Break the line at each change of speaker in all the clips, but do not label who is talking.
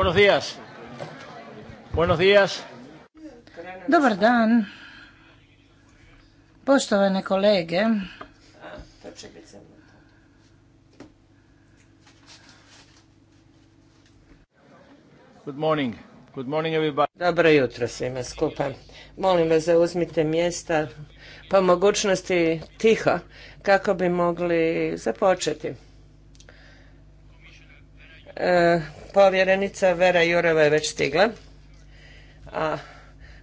Buenos días.
Buenos días. Dobar dan. Poštovane kolege.
Good morning. Good morning everybody. Dobro jutro svima skupa. Molim vas da uzmite mjesta po mogućnosti tiho kako bi mogli započeti. E, povjerenica Vera Jurova je već stigla. A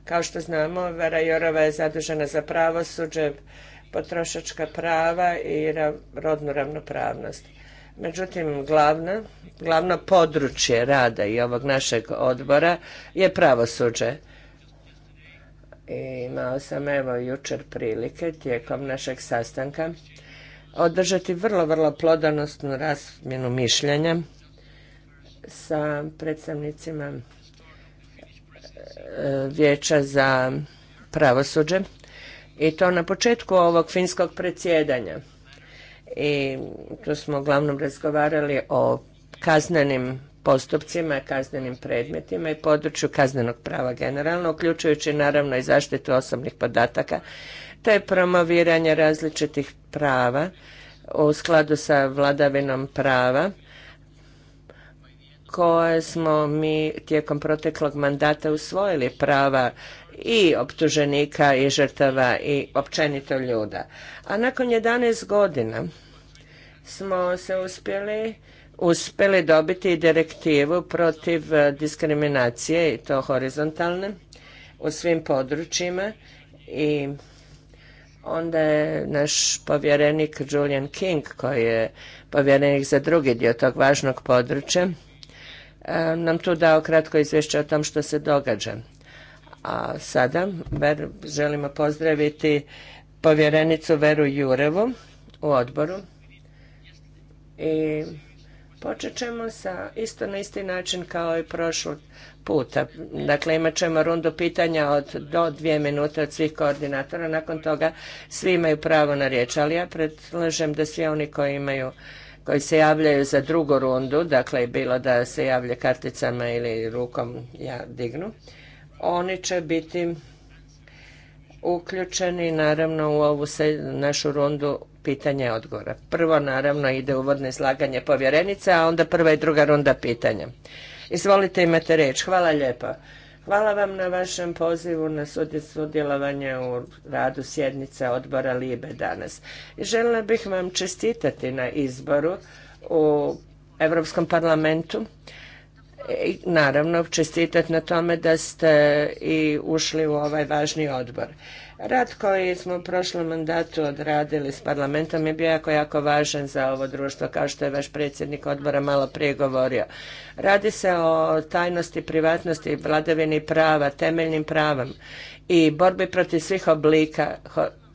kao što znamo, Vera Jurova je zadužena za pravosuđe, potrošačka prava i rodnu ravnopravnost. Međutim, glavna, glavno područje rada i ovog našeg odbora je pravosuđe. I imao sam evo jučer prilike tijekom našeg sastanka održati vrlo, vrlo plodonosnu razmjenu mišljenja sa predstavnicima e, Vijeća za pravosuđe i to na početku ovog finskog predsjedanja. I tu smo uglavnom razgovarali o kaznenim postupcima, kaznenim predmetima i području kaznenog prava generalno, uključujući naravno i zaštitu osobnih podataka, te promoviranje različitih prava u skladu sa vladavinom prava koje smo mi tijekom proteklog mandata usvojili prava i optuženika i žrtava i općenito ljuda. A nakon 11 godina smo se uspjeli uspjeli dobiti direktivu protiv e, diskriminacije i to horizontalne u svim područjima i onda je naš povjerenik Julian King koji je povjerenik za drugi dio tog važnog područja nam tu dao kratko izvješće o tom što se događa. A sada želimo pozdraviti povjerenicu Veru Jurevu u odboru. I počet ćemo sa isto na isti način kao i prošlog puta. Dakle, imat ćemo rundu pitanja od do dvije minute od svih koordinatora. Nakon toga svi imaju pravo na riječ, ali ja predlažem da svi oni koji imaju koji se javljaju za drugu rundu, dakle bilo da se javlja karticama ili rukom ja dignu, oni će biti uključeni naravno u ovu našu rundu pitanja i odgovora. Prvo naravno ide uvodno izlaganje povjerenice, a onda prva i druga runda pitanja. Izvolite imate riječ. Hvala lijepa. Hvala vam na vašem pozivu na sudjelovanje u radu sjednice odbora Libe danas. Željela bih vam čestitati na izboru u Europskom parlamentu i naravno čestitati na tome da ste i ušli u ovaj važni odbor. Rad koji smo u prošlom mandatu odradili s parlamentom je bio jako, jako važan za ovo društvo, kao što je vaš predsjednik odbora malo prije govorio. Radi se o tajnosti, privatnosti, vladavini prava, temeljnim pravom i borbi protiv svih oblika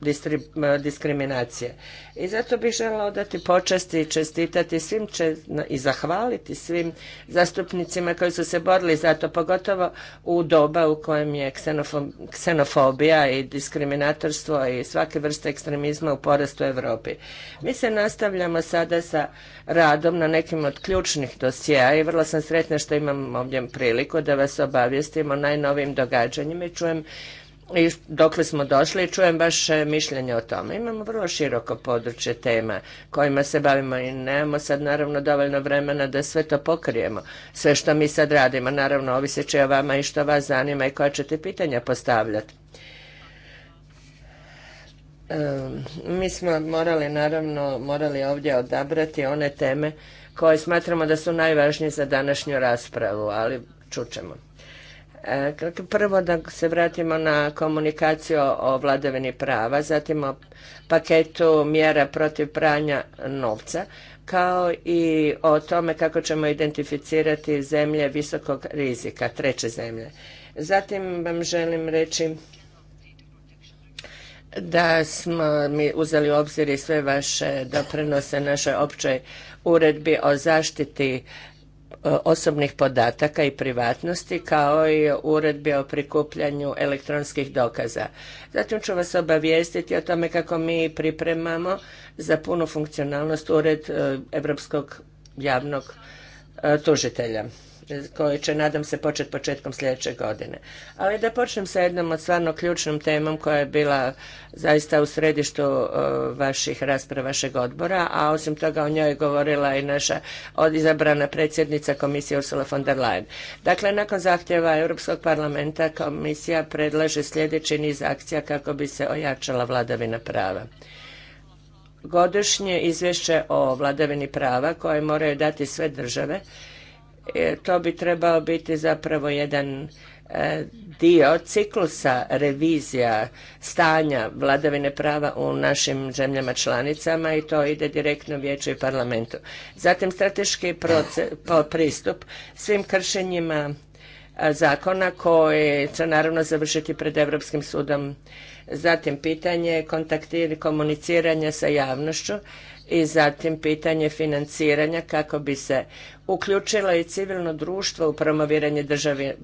E, diskriminacije. I zato bih željela odati počasti i čestitati svim če, i zahvaliti svim zastupnicima koji su se borili za to, pogotovo u doba u kojem je ksenofobija i diskriminatorstvo i svake vrste ekstremizma u porastu Europi. Mi se nastavljamo sada sa radom na nekim od ključnih dosjea i vrlo sam sretna što imam ovdje priliku da vas obavijestim o najnovijim događanjima i čujem i dokle smo došli i čujem vaše mišljenje o tome. Imamo vrlo široko područje tema kojima se bavimo i nemamo sad naravno dovoljno vremena da sve to pokrijemo. Sve što mi sad radimo, naravno će o vama i što vas zanima i koja ćete pitanja postavljati. mi smo morali naravno morali ovdje odabrati one teme koje smatramo da su najvažnije za današnju raspravu, ali čućemo. E, prvo da se vratimo na komunikaciju o vladavini prava, zatim o paketu mjera protiv pranja novca, kao i o tome kako ćemo identificirati zemlje visokog rizika, treće zemlje. Zatim vam želim reći da smo mi uzeli u obzir i sve vaše doprinose našoj općoj uredbi o zaštiti E, osobnih podataka i privatnosti kao i uredbe o prikupljanju elektronskih dokaza. Zatim ću vas obavijestiti o tome kako mi pripremamo za punu funkcionalnost ured Europskog javnog e, tužitelja koje će, nadam se, početi početkom sljedeće godine. Ali da počnem sa jednom od stvarno ključnom temom koja je bila zaista u središtu vaših rasprava, vašeg odbora, a osim toga o njoj je govorila i naša odizabrana predsjednica komisije Ursula von der Leyen. Dakle, nakon zahtjeva Europskog parlamenta komisija predlaže sljedeći niz akcija kako bi se ojačala vladavina prava godišnje izvješće o vladavini prava koje moraju dati sve države E, to bi trebao biti zapravo jedan e, dio ciklusa revizija stanja vladavine prava u našim zemljama članicama i to ide direktno vijeću i parlamentu. Zatim strateški pristup svim kršenjima e, zakona koje će naravno završiti pred Europskim sudom. Zatim pitanje kontaktiranja, komuniciranja sa javnošću i zatim pitanje financiranja kako bi se uključilo i civilno društvo u promoviranje države,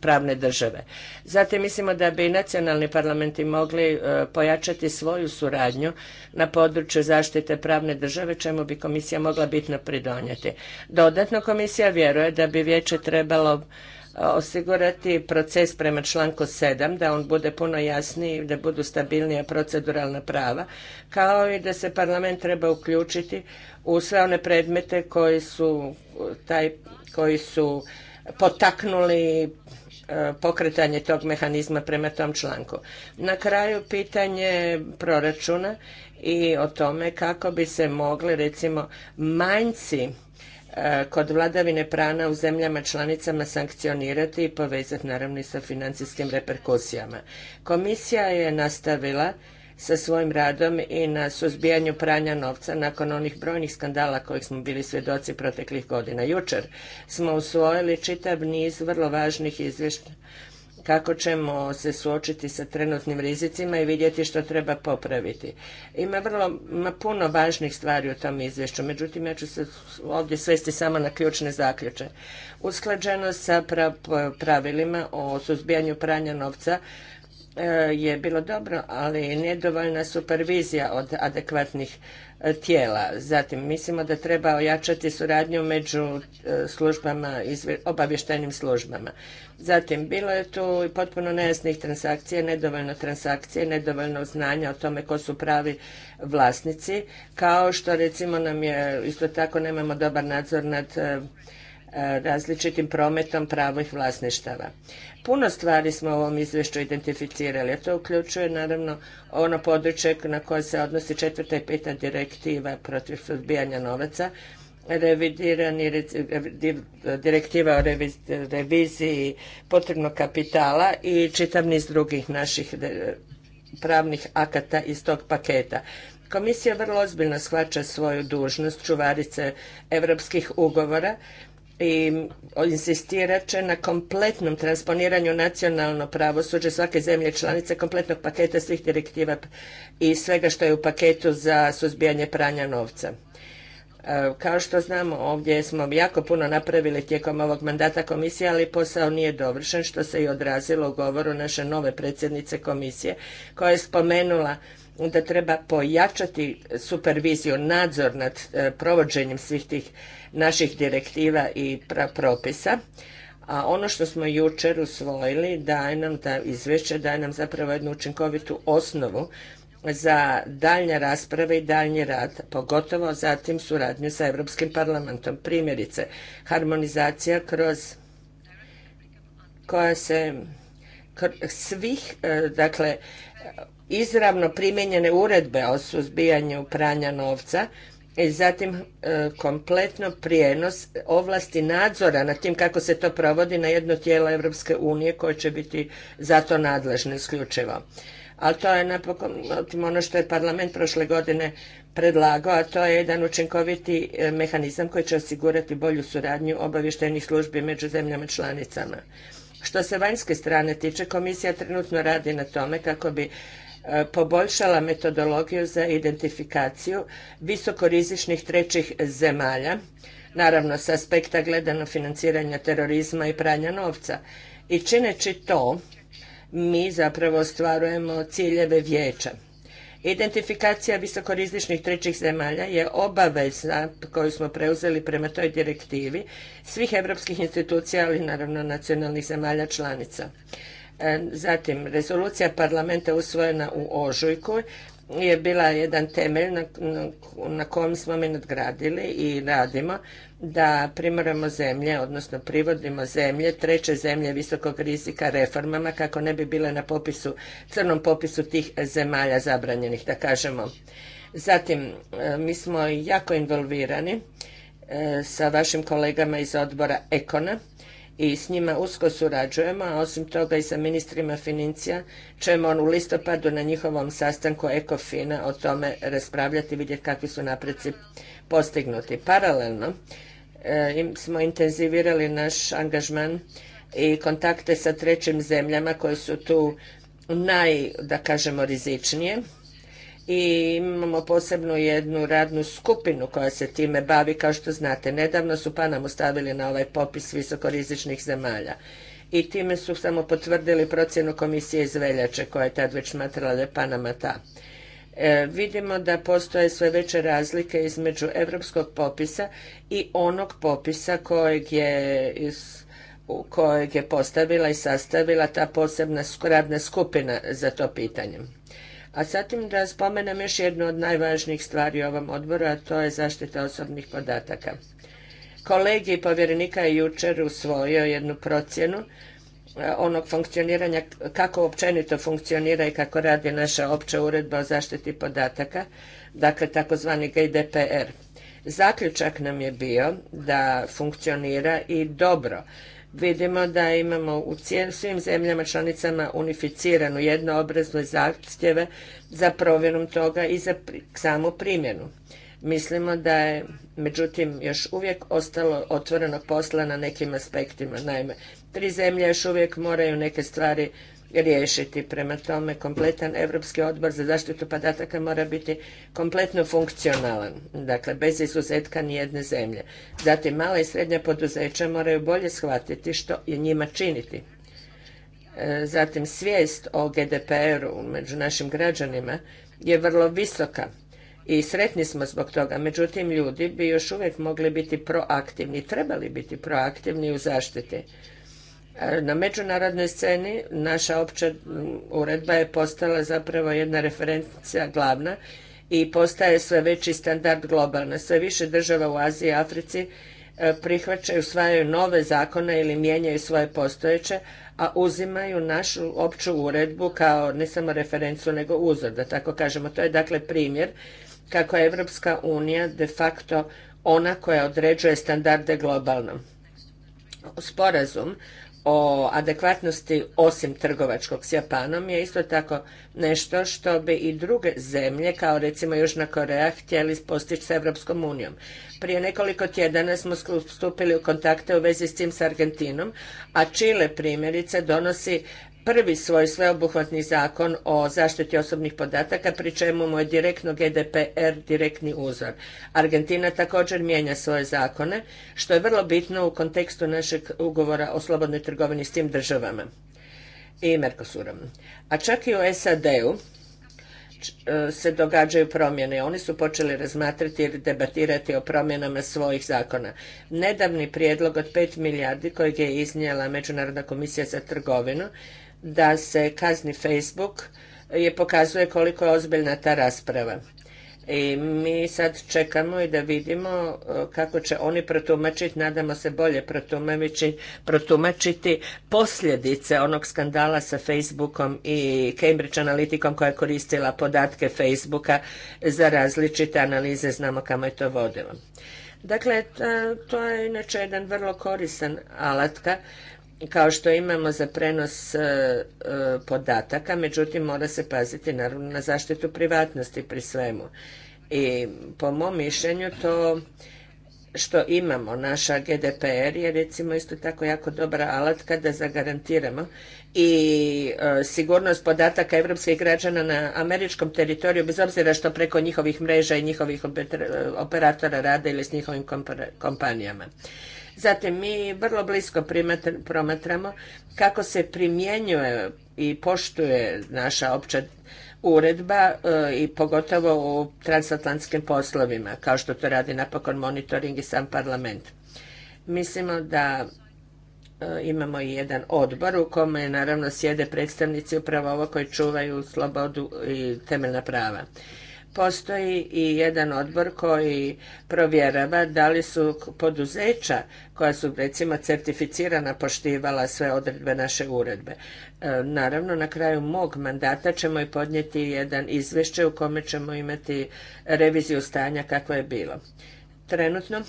pravne države. Zatim mislimo da bi nacionalni parlamenti mogli e, pojačati svoju suradnju na području zaštite pravne države, čemu bi komisija mogla bitno pridonijeti. Dodatno komisija vjeruje da bi vijeće trebalo osigurati proces prema članku 7, da on bude puno jasniji, da budu stabilnija proceduralna prava, kao i da se parlament treba uključiti u sve one predmete koji su, taj, koji su potaknuli e, pokretanje tog mehanizma prema tom članku. Na kraju pitanje proračuna i o tome kako bi se mogli recimo manjci E, kod vladavine prana u zemljama članicama sankcionirati i povezati naravno i sa financijskim reperkusijama. Komisija je nastavila sa svojim radom i na suzbijanju pranja novca nakon onih brojnih skandala kojih smo bili svjedoci proteklih godina. Jučer smo usvojili čitav niz vrlo važnih izvješća kako ćemo se suočiti sa trenutnim rizicima i vidjeti što treba popraviti. Ima vrlo ima puno važnih stvari u tom izvješću, međutim ja ću se ovdje svesti samo na ključne zaključe. Usklađeno sa pravilima o suzbijanju pranja novca e, je bilo dobro, ali nedovoljna supervizija od adekvatnih E, tijela. Zatim, mislimo da treba ojačati suradnju među e, službama, obavještajnim službama. Zatim, bilo je tu potpuno nejasnih transakcija, nedovoljno transakcije, nedovoljno znanja o tome ko su pravi vlasnici, kao što recimo nam je, isto tako nemamo dobar nadzor nad e, E, različitim prometom pravih vlasništava. Puno stvari smo u ovom izvješću identificirali, a to uključuje naravno ono područje na koje se odnosi četvrta i peta direktiva protiv suzbijanja novaca, revidirani direktiva o reviziji potrebnog kapitala i čitav niz drugih naših e, pravnih akata iz tog paketa. Komisija vrlo ozbiljno shvaća svoju dužnost čuvarice europskih ugovora i insistirat će na kompletnom transponiranju nacionalno pravosuđe svake zemlje članice, kompletnog paketa svih direktiva i svega što je u paketu za suzbijanje pranja novca. E, kao što znamo, ovdje smo jako puno napravili tijekom ovog mandata komisije, ali posao nije dovršen, što se i odrazilo u govoru naše nove predsjednice komisije, koja je spomenula da treba pojačati superviziju, nadzor nad e, provođenjem svih tih naših direktiva i propisa. A ono što smo jučer usvojili daje nam ta izvješća, daje nam zapravo jednu učinkovitu osnovu za daljnje rasprave i daljnji rad, pogotovo zatim suradnju sa Europskim parlamentom. Primjerice, harmonizacija kroz koja se svih, e, dakle, izravno primijenjene uredbe o suzbijanju pranja novca i zatim e, kompletno prijenos ovlasti nadzora nad tim kako se to provodi na jedno tijelo Europske unije koje će biti za to nadležno isključivo. Ali to je napokon ono što je parlament prošle godine predlagao, a to je jedan učinkoviti e, mehanizam koji će osigurati bolju suradnju obavještajnih službi među zemljama članicama. Što se vanjske strane tiče, komisija trenutno radi na tome kako bi E, poboljšala metodologiju za identifikaciju visokorizičnih trećih zemalja, naravno s aspekta gledano financiranja terorizma i pranja novca. I čineći to, mi zapravo stvarujemo ciljeve vijeća. Identifikacija visokorizičnih trećih zemalja je obaveza koju smo preuzeli prema toj direktivi svih europskih institucija, ali naravno nacionalnih zemalja članica. E, zatim, rezolucija parlamenta usvojena u ožujku je bila jedan temelj na, kojem smo mi nadgradili i radimo da primoramo zemlje, odnosno privodimo zemlje, treće zemlje visokog rizika reformama kako ne bi bile na popisu, crnom popisu tih zemalja zabranjenih, da kažemo. Zatim, e, mi smo jako involvirani e, sa vašim kolegama iz odbora Ekona i s njima usko surađujemo, a osim toga i sa ministrima financija ćemo u listopadu na njihovom sastanku ECOFINA o tome raspravljati i vidjeti kakvi su napreci postignuti. Paralelno eh, smo intenzivirali naš angažman i kontakte sa trećim zemljama koje su tu naj, da kažemo, rizičnije i imamo posebnu jednu radnu skupinu koja se time bavi, kao što znate. Nedavno su Panamu stavili na ovaj popis visokorizičnih zemalja i time su samo potvrdili procjenu komisije iz veljače koja je tad već smatrala da je Panama ta. E, vidimo da postoje sve veće razlike između europskog popisa i onog popisa kojeg je iz kojeg je postavila i sastavila ta posebna radna skupina za to pitanje. A zatim da spomenem još jednu od najvažnijih stvari u ovom odboru, a to je zaštita osobnih podataka. Kolegi povjerenika je jučer usvojio jednu procjenu e, onog funkcioniranja, kako općenito funkcionira i kako radi naša opća uredba o zaštiti podataka, dakle takozvani GDPR. Zaključak nam je bio da funkcionira i dobro vidimo da imamo u svim zemljama članicama unificiranu jednoobrazne zahtjeve za provjerom toga i za samu primjenu. Mislimo da je, međutim, još uvijek ostalo otvoreno posla na nekim aspektima. Naime, tri zemlje još uvijek moraju neke stvari riješiti. Prema tome, kompletan Europski odbor za zaštitu podataka mora biti kompletno funkcionalan, dakle bez izuzetka nijedne zemlje. Zatim, mala i srednja poduzeća moraju bolje shvatiti što je njima činiti. E, zatim, svijest o GDPR-u među našim građanima je vrlo visoka i sretni smo zbog toga. Međutim, ljudi bi još uvijek mogli biti proaktivni, trebali biti proaktivni u zaštiti E, na međunarodnoj sceni naša opća uredba je postala zapravo jedna referencija glavna i postaje sve veći standard globalna. Sve više država u Aziji i Africi e, prihvaćaju, usvajaju nove zakone ili mijenjaju svoje postojeće, a uzimaju našu opću uredbu kao ne samo referencu nego uzor, da tako kažemo. To je dakle primjer kako je Evropska unija de facto ona koja određuje standarde globalno. Sporazum o adekvatnosti osim trgovačkog s Japanom je isto tako nešto što bi i druge zemlje, kao recimo Južna Koreja, htjeli postići s Europskom unijom. Prije nekoliko tjedana smo stupili u kontakte u vezi s tim s Argentinom, a Čile primjerice donosi prvi svoj sveobuhvatni zakon o zaštiti osobnih podataka, pri čemu mu je direktno GDPR direktni uzor. Argentina također mijenja svoje zakone, što je vrlo bitno u kontekstu našeg ugovora o slobodnoj trgovini s tim državama i Mercosurom. A čak i u SAD-u e, se događaju promjene. Oni su počeli razmatrati i debatirati o promjenama svojih zakona. Nedavni prijedlog od 5 milijardi kojeg je iznijela Međunarodna komisija za trgovinu da se kazni Facebook je pokazuje koliko je ozbiljna ta rasprava. I mi sad čekamo i da vidimo e, kako će oni protumačiti, nadamo se bolje protumačiti, protumačiti posljedice onog skandala sa Facebookom i Cambridge analitikom koja je koristila podatke Facebooka za različite analize, znamo kamo je to vodilo. Dakle, to je inače jedan vrlo koristan alatka kao što imamo za prenos e, e, podataka, međutim mora se paziti naravno na zaštitu privatnosti pri svemu. I po mom mišljenju to što imamo, naša GDPR je recimo isto tako jako dobra alatka da zagarantiramo i e, sigurnost podataka evropskih građana na američkom teritoriju, bez obzira što preko njihovih mreža i njihovih operatora rade ili s njihovim kompanijama. Zatim, mi vrlo blisko promatramo kako se primjenjuje i poštuje naša opća uredba e, i pogotovo u transatlantskim poslovima, kao što to radi napokon monitoring i sam parlament. Mislimo da e, imamo i jedan odbor u kome naravno sjede predstavnici upravo ovo koji čuvaju slobodu i temeljna prava postoji i jedan odbor koji provjerava da li su poduzeća koja su recimo certificirana poštivala sve odredbe naše uredbe. E, naravno, na kraju mog mandata ćemo i podnijeti jedan izvješće u kome ćemo imati reviziju stanja kakva je bilo. Trenutno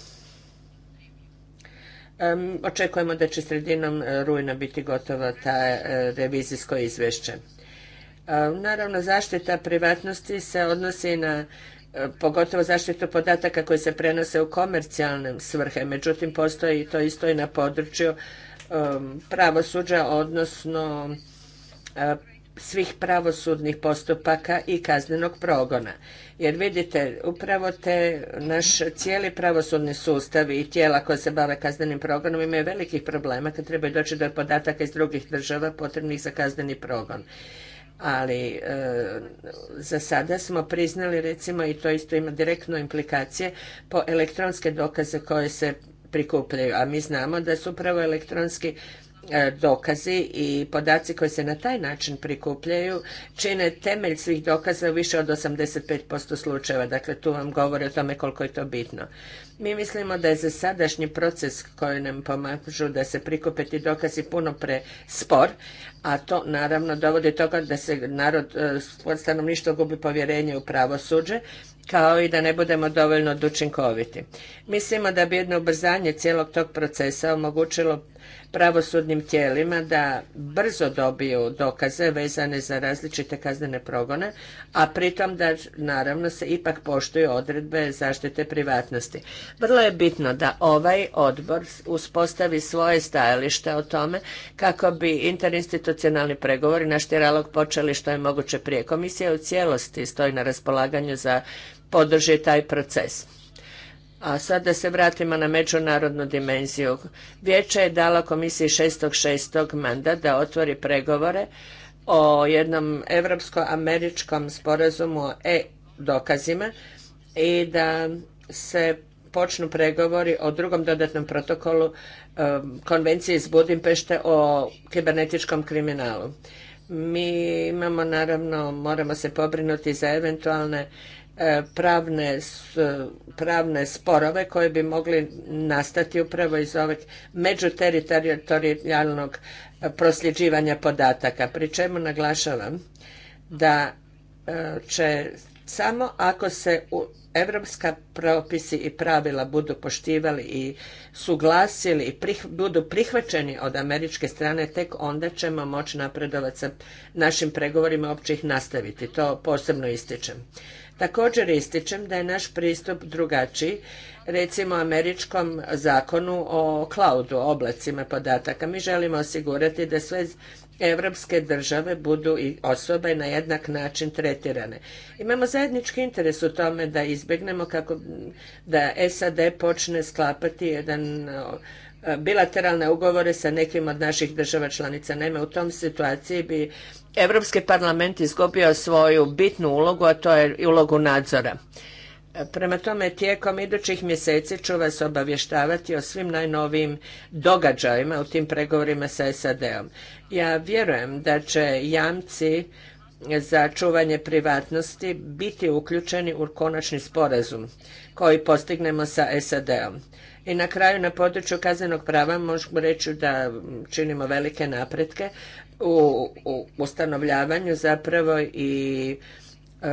očekujemo da će sredinom rujna biti gotovo ta e, revizijsko izvješće. Naravno, zaštita privatnosti se odnosi na e, pogotovo zaštitu podataka koji se prenose u komercijalne svrhe. Međutim, postoji to isto i na području um, pravosuđa, odnosno e, svih pravosudnih postupaka i kaznenog progona. Jer vidite, upravo te naš cijeli pravosudni sustav i tijela koja se bave kaznenim progonom imaju velikih problema kad trebaju doći do podataka iz drugih država potrebnih za kazneni progon ali e, za sada smo priznali recimo i to isto ima direktno implikacije po elektronske dokaze koje se prikupljaju, a mi znamo da su upravo elektronski E, dokazi i podaci koji se na taj način prikupljaju čine temelj svih dokaza u više od 85% slučajeva. Dakle, tu vam govori o tome koliko je to bitno. Mi mislimo da je za sadašnji proces koji nam pomažu da se prikupe ti dokazi puno spor, a to naravno dovodi do toga da se narod, e, stanovništvo gubi povjerenje u pravosuđe, kao i da ne budemo dovoljno učinkoviti. Mislimo da bi jedno ubrzanje cijelog tog procesa omogućilo pravosudnim tijelima da brzo dobiju dokaze vezane za različite kaznene progone, a pritom da naravno se ipak poštuju odredbe zaštite privatnosti. Vrlo je bitno da ovaj odbor uspostavi svoje stajalište o tome kako bi interinstitucionalni pregovori naš tjeralog počeli što je moguće prije. Komisija u cijelosti stoji na raspolaganju za podrži taj proces. A sad da se vratimo na međunarodnu dimenziju. Vijeće je dala komisiji 6.6. mandat da otvori pregovore o jednom europsko američkom sporazumu o e-dokazima i da se počnu pregovori o drugom dodatnom protokolu um, konvencije iz Budimpešte o kibernetičkom kriminalu. Mi imamo naravno, moramo se pobrinuti za eventualne E, pravne, e, pravne sporove koje bi mogli nastati upravo iz ovog međuteritorijalnog prosljeđivanja podataka. Pri čemu naglašavam da e, će samo ako se u evropska propisi i pravila budu poštivali i suglasili i budu prihvaćeni od američke strane, tek onda ćemo moći napredovati sa našim pregovorima, opće ih nastaviti. To posebno ističem. Također ističem da je naš pristup drugačiji, recimo američkom zakonu o cloudu, oblacima podataka. Mi želimo osigurati da sve evropske države budu i osobe na jednak način tretirane. Imamo zajednički interes u tome da izbjegnemo kako da SAD počne sklapati jedan bilateralne ugovore sa nekim od naših država članica. Naime, u tom situaciji bi Europski parlament izgubio svoju bitnu ulogu, a to je ulogu nadzora. Prema tome, tijekom idućih mjeseci ću vas obavještavati o svim najnovijim događajima u tim pregovorima sa SAD-om. Ja vjerujem da će jamci za čuvanje privatnosti biti uključeni u konačni sporazum koji postignemo sa SAD-om. I na kraju na području kaznenog prava možemo reći da činimo velike napretke u, ustanovljavanju zapravo i e,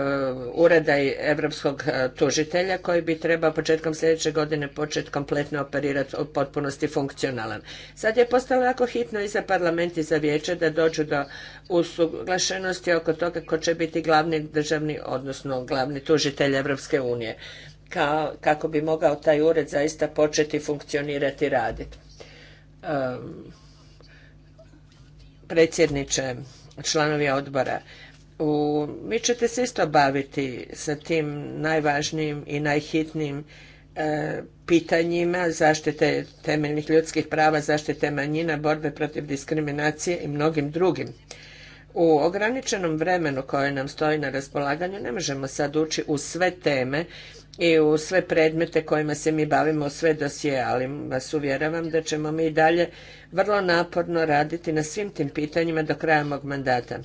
ureda europskog e, tužitelja koji bi trebao početkom sljedeće godine početi kompletno operirati u potpunosti funkcionalan. Sad je postalo jako hitno i za parlament i za vijeće da dođu do usuglašenosti oko toga ko će biti glavni državni, odnosno glavni tužitelj Evropske unije, kako bi mogao taj ured zaista početi funkcionirati i raditi predsjedniče, članovi odbora, u, vi ćete se isto baviti sa tim najvažnijim i najhitnijim e, pitanjima zaštite temeljnih ljudskih prava, zaštite manjina, borbe protiv diskriminacije i mnogim drugim. U ograničenom vremenu koje nam stoji na raspolaganju ne možemo sad ući u sve teme i u sve predmete kojima se mi bavimo, sve dosije, ali vas uvjeravam da ćemo mi i dalje vrlo naporno raditi na svim tim pitanjima do kraja mog mandata.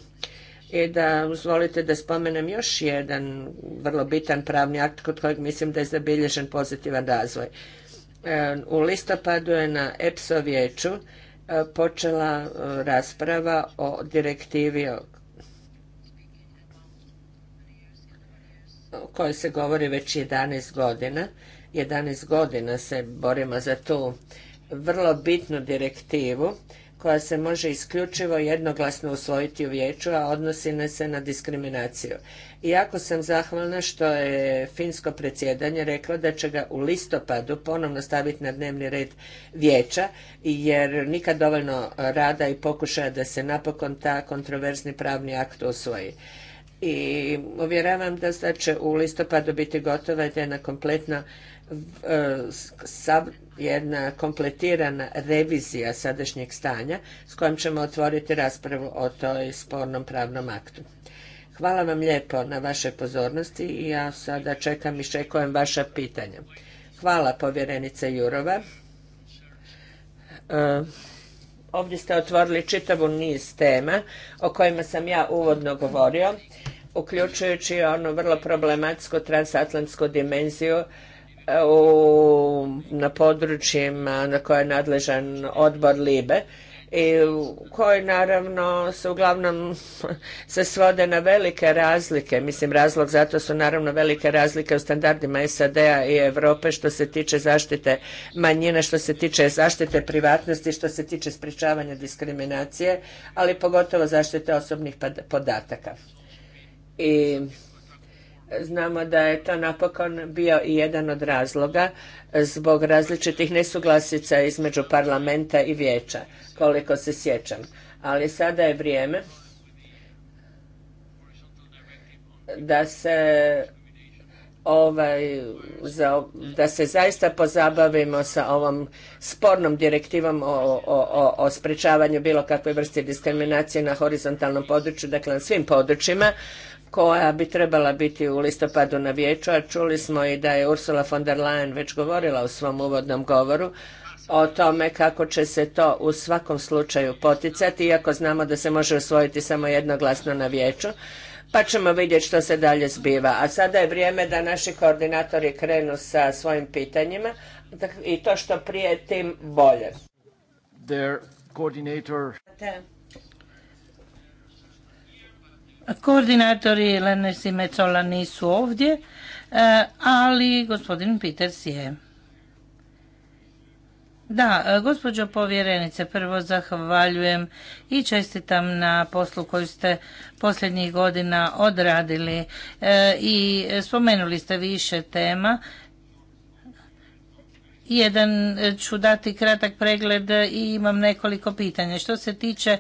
I da uzvolite da spomenem još jedan vrlo bitan pravni akt kod kojeg mislim da je zabilježen pozitivan razvoj. E, u listopadu je na EPSO vijeću e, počela e, rasprava o direktivi o kojoj se govori već 11 godina. 11 godina se borimo za tu vrlo bitnu direktivu koja se može isključivo jednoglasno usvojiti u vijeću, a odnosi se na diskriminaciju. Iako jako sam zahvalna što je finsko predsjedanje reklo da će ga u listopadu ponovno staviti na dnevni red vijeća, jer nikad dovoljno rada i pokušaja da se napokon ta kontroverzni pravni akt usvoji i uvjeravam da da će u listopadu biti gotova jedna kompletna e, jedna kompletirana revizija sadašnjeg stanja s kojom ćemo otvoriti raspravu o toj spornom pravnom aktu. Hvala vam lijepo na vašoj pozornosti i ja sada čekam i čekujem vaša pitanja. Hvala povjerenice Jurova. E, ovdje ste otvorili čitavu niz tema o kojima sam ja uvodno govorio uključujući onu vrlo problematsku transatlantsku dimenziju e, na područjima na koje je nadležan odbor LIBE i koji naravno se uglavnom se svode na velike razlike. Mislim, razlog za to su naravno velike razlike u standardima SAD-a i Europe što se tiče zaštite manjina, što se tiče zaštite privatnosti, što se tiče sprječavanja diskriminacije, ali pogotovo zaštite osobnih podataka i znamo da je to napokon bio i jedan od razloga zbog različitih nesuglasica između parlamenta i vijeća, koliko se sjećam. Ali sada je vrijeme da se ovaj, da se zaista pozabavimo sa ovom spornom direktivom o, o, o, bilo kakve vrste diskriminacije na horizontalnom području, dakle na svim područjima, koja bi trebala biti u listopadu na vijeću, a čuli smo i da je Ursula von der Leyen već govorila u svom uvodnom govoru o tome kako će se to u svakom slučaju poticati, iako znamo da se može usvojiti samo jednoglasno na vijeću, pa ćemo vidjeti što se dalje zbiva. A sada je vrijeme da naši koordinatori krenu sa svojim pitanjima i to što prije tim bolje.
Koordinatori Lenes i Mecola nisu ovdje, e, ali gospodin Peters je. Da, e, gospođo povjerenice, prvo zahvaljujem i čestitam na poslu koju ste posljednjih godina odradili e, i spomenuli ste više tema. Jedan ću dati kratak pregled i imam nekoliko pitanja. Što se tiče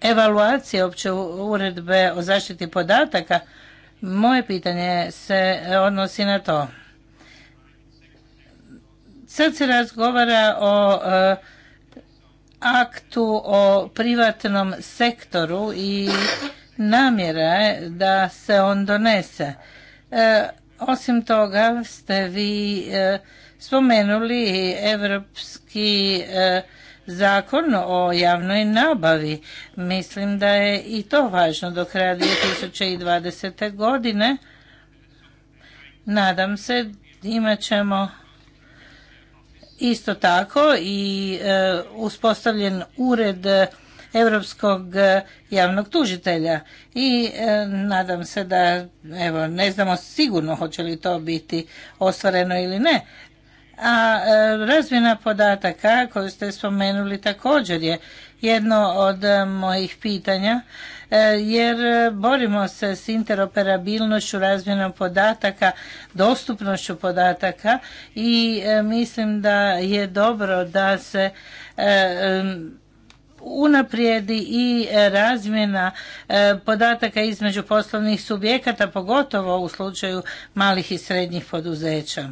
evaluacije opće uredbe o zaštiti podataka, moje pitanje se e, odnosi na to. Sad se razgovara o e, aktu o privatnom sektoru i namjera je da se on donese. E, osim toga ste vi spomenuli Evropski zakon o javnoj nabavi. Mislim da je i to važno do kraja 2020. godine. Nadam se imat ćemo isto tako i e, uspostavljen ured europskog javnog tužitelja i e, nadam se da evo ne znamo sigurno hoće li to biti ostvareno ili ne a e, razmjena podataka koju ste spomenuli također je jedno od e, mojih pitanja e, jer borimo se s interoperabilnošću razmjenom podataka, dostupnošću podataka i mislim da je dobro da se unaprijedi i razmjena podataka između poslovnih subjekata, pogotovo u slučaju malih i srednjih poduzeća.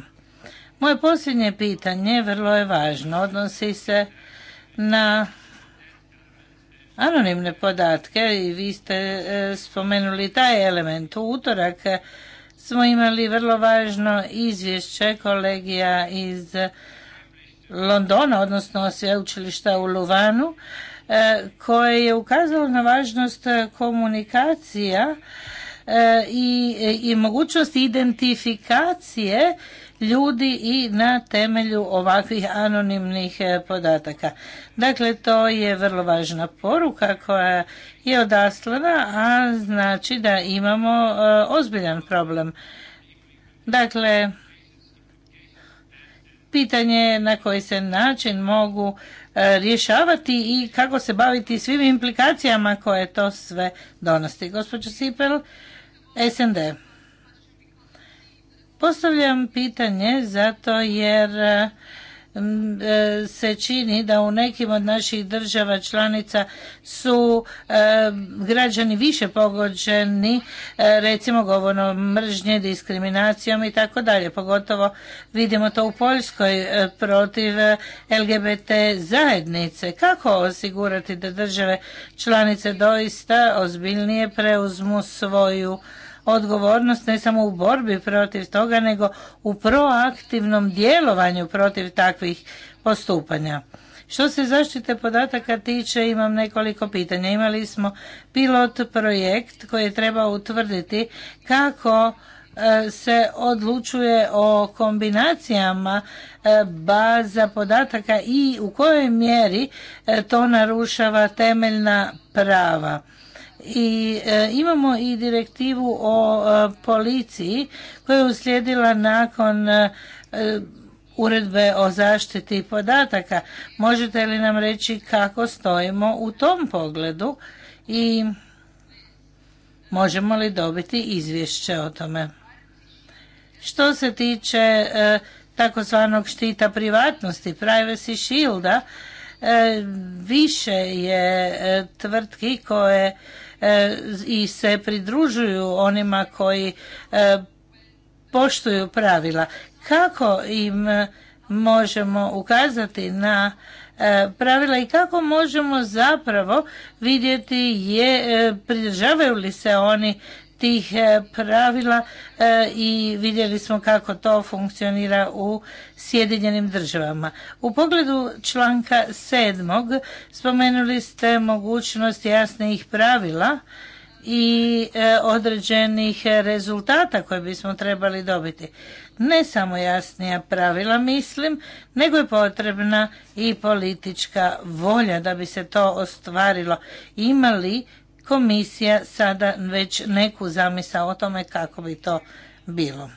Moje posljednje pitanje vrlo je važno, odnosi se na anonimne podatke i vi ste e, spomenuli taj element. U utorak smo imali vrlo važno izvješće kolegija iz Londona, odnosno sveučilišta u Luvanu, e, koje je ukazalo na važnost komunikacija e, i, i mogućnost identifikacije ljudi i na temelju ovakvih anonimnih e, podataka. Dakle, to je vrlo važna poruka koja je odaslana, a znači da imamo e, ozbiljan problem. Dakle, pitanje na koji se način mogu e, rješavati i kako se baviti svim implikacijama koje to sve donosti. Gospođo Sipel, SND. Postavljam pitanje zato jer mm, e, se čini da u nekim od naših država članica su e, građani više pogođeni e, recimo govorom mržnje, diskriminacijom i tako dalje. Pogotovo vidimo to u Poljskoj protiv LGBT zajednice. Kako osigurati da države članice doista ozbiljnije preuzmu svoju odgovornost ne samo u borbi protiv toga, nego u proaktivnom djelovanju protiv takvih postupanja. Što se zaštite podataka tiče, imam nekoliko pitanja. Imali smo pilot projekt koji je trebao utvrditi kako e, se odlučuje o kombinacijama e, baza podataka i u kojoj mjeri e, to narušava temeljna prava. I e, imamo i direktivu o e, policiji koja je uslijedila nakon e, uredbe o zaštiti podataka. Možete li nam reći kako stojimo u tom pogledu i možemo li dobiti izvješće o tome? Što se tiče takozvanog štita privatnosti, privacy shielda, više je tvrtki koje E, i se pridružuju onima koji e, poštuju pravila. Kako im e, možemo ukazati na pravila i kako možemo zapravo vidjeti je, pridržavaju li se oni tih e, pravila e, i vidjeli smo kako to funkcionira u Sjedinjenim državama. U pogledu članka sedmog spomenuli ste mogućnost jasnijih pravila i e, određenih rezultata koje bismo trebali dobiti. Ne samo jasnija pravila, mislim, nego je potrebna i politička volja da bi se to ostvarilo. Ima li komisija sada već neku zamisao o tome kako bi to bilo.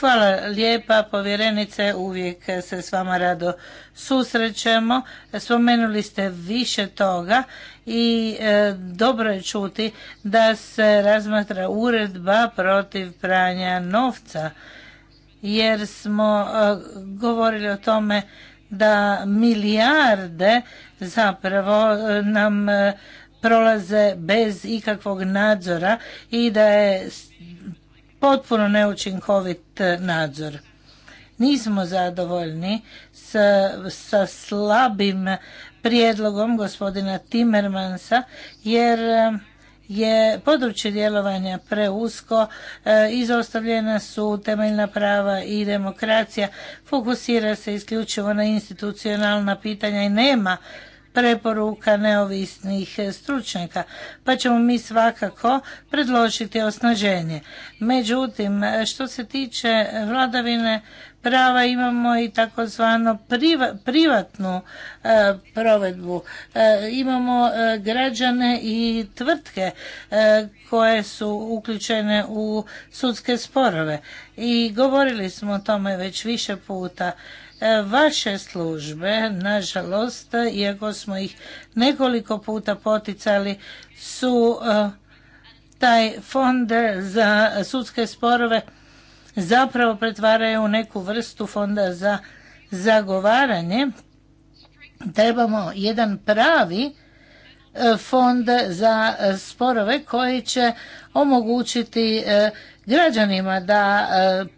Hvala lijepa povjerenice, uvijek se s vama rado susrećemo. Spomenuli ste više toga i e, dobro je čuti da se razmatra uredba protiv pranja novca jer smo e, govorili o tome da milijarde zapravo e, nam e, prolaze bez ikakvog nadzora i da je potpuno neučinkovit e, nadzor. Nismo zadovoljni sa, slabim prijedlogom gospodina Timmermansa jer je područje djelovanja preusko, e, izostavljena su temeljna prava i demokracija, fokusira se isključivo na institucionalna pitanja i nema preporuka neovisnih stručnjaka, pa ćemo mi svakako predložiti osnaženje. Međutim, što se tiče vladavine prava imamo i takozvano privatnu e, provedbu. E, imamo e, građane i tvrtke koje su uključene u sudske sporove i govorili smo o tome već više puta. Vaše službe, nažalost, iako smo ih nekoliko puta poticali, su taj fond za sudske sporove zapravo pretvaraju u neku vrstu fonda za zagovaranje. Trebamo jedan pravi e, fond za e, sporove koji će omogućiti e, građanima da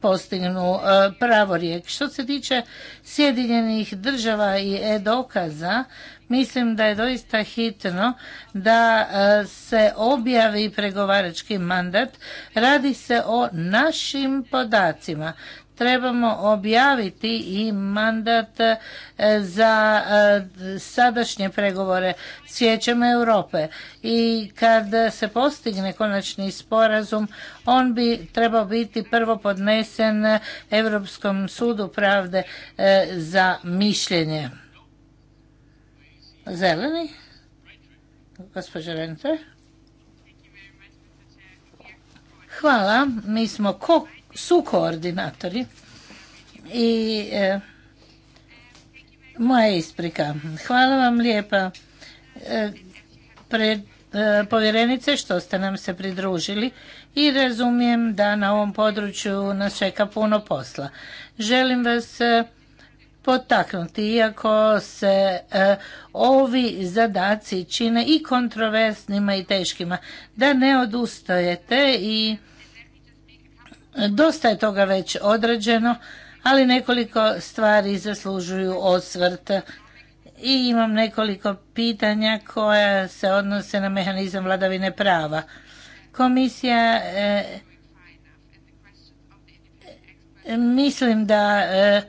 postignu pravorijek. Što se tiče Sjedinjenih država i e-dokaza, Mislim da je doista hitno da e, se objavi pregovarački mandat. Radi se o našim podacima. Trebamo objaviti i mandat e, za e, sadašnje pregovore s Vijećem Europe. I kad se postigne konačni sporazum, on bi trebao biti prvo podnesen Europskom sudu pravde za mišljenje. Zeleni, gospođa Renter. Hvala, mi smo sukoordinatori i e, moja isprika. Hvala vam lijepa e, pred e, povjerenice što ste nam se pridružili i razumijem da na ovom području nas čeka puno posla. Želim vas potaknuti, iako se e, ovi zadaci čine i kontroversnima i teškima, da ne odustajete i dosta je toga već određeno, ali nekoliko stvari zaslužuju osvrt. I imam nekoliko pitanja koja se odnose na mehanizam vladavine prava. Komisija e, mislim da e,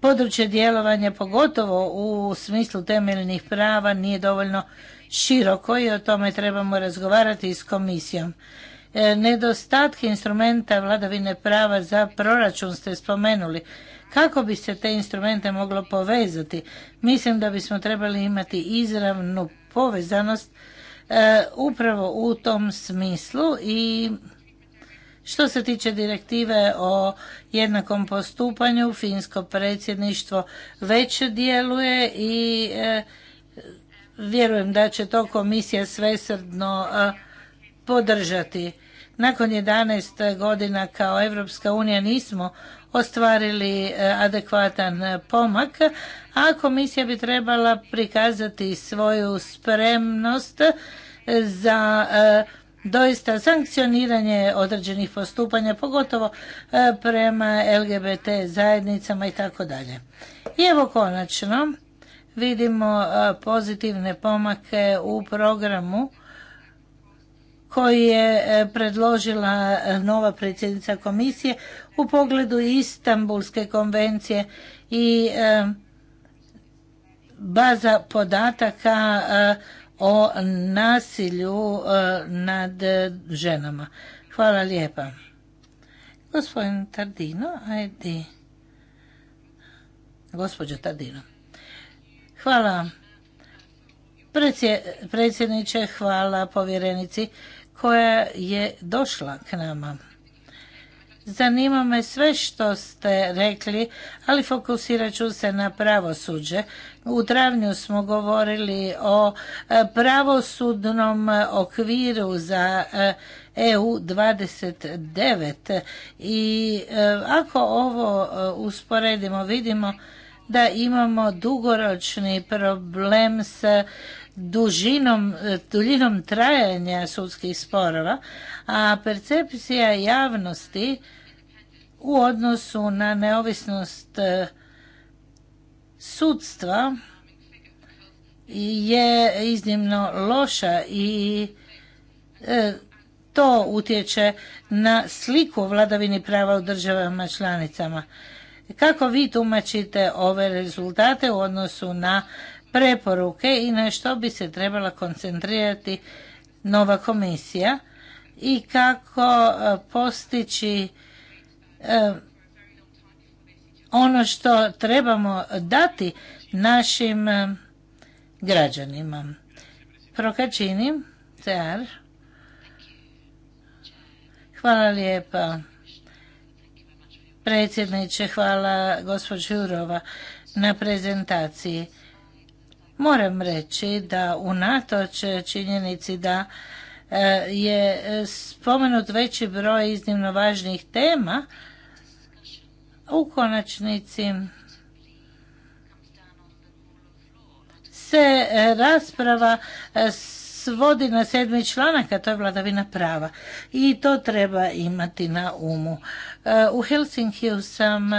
područje djelovanja, pogotovo u smislu temeljnih prava, nije dovoljno široko i o tome trebamo razgovarati s komisijom. E, nedostatke instrumenta vladavine prava za proračun ste spomenuli. Kako bi se te instrumente moglo povezati? Mislim da bismo trebali imati izravnu povezanost e, upravo u tom smislu i što se tiče direktive o jednakom postupanju, finsko predsjedništvo već djeluje i e, vjerujem da će to komisija svesrdno e, podržati. Nakon 11 godina kao Europska unija nismo ostvarili e, adekvatan pomak, a komisija bi trebala prikazati svoju spremnost za doista sankcioniranje određenih postupanja, pogotovo e, prema LGBT zajednicama i tako dalje. I evo konačno vidimo e, pozitivne pomake u programu koji je e, predložila nova predsjednica komisije u pogledu Istanbulske konvencije i baza podataka o nasilju e, nad ženama. Hvala lijepa. Gospodin Tardino, ajde. Gospodin Tardino. Hvala predsjedniče, hvala povjerenici koja je došla k nama. Zanima me sve što ste rekli, ali fokusirat ću se na pravosuđe u travnju smo govorili o e, pravosudnom e, okviru za EU e 29 i ako ovo usporedimo vidimo da imamo dugoročni problem s dužinom, duljinom trajanja sudskih sporova, a percepcija javnosti u odnosu na neovisnost sudstva je iznimno loša i e, to utječe na sliku vladavini prava u državama članicama. Kako vi tumačite ove rezultate u odnosu na preporuke i na što bi se trebala koncentrirati nova komisija i kako e, postići e, ono što trebamo dati našim eh, građanima. Prokačini, CR. Hvala lijepa. Predsjedniče, hvala gospođo Jurova na prezentaciji. Moram reći da unatoč činjenici da eh, je eh, spomenut veći broj iznimno važnih tema, u konačnici se e, rasprava e, svodi na sedmi članak, a to je vladavina prava. I to treba imati na umu. E, u Helsinkiju sam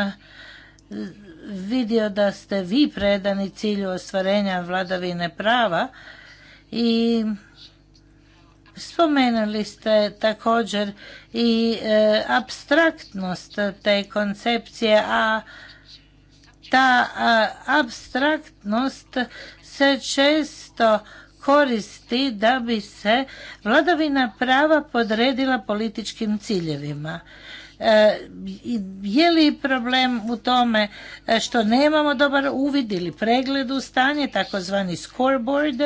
vidio da ste vi predani cilju ostvarenja vladavine prava i Spomenuli ste također i e, abstraktnost te koncepcije, a ta abstraktnost se često koristi da bi se vladavina prava podredila političkim ciljevima. E, je li problem u tome što nemamo dobar uvid ili pregled u stanje, takozvani scoreboard,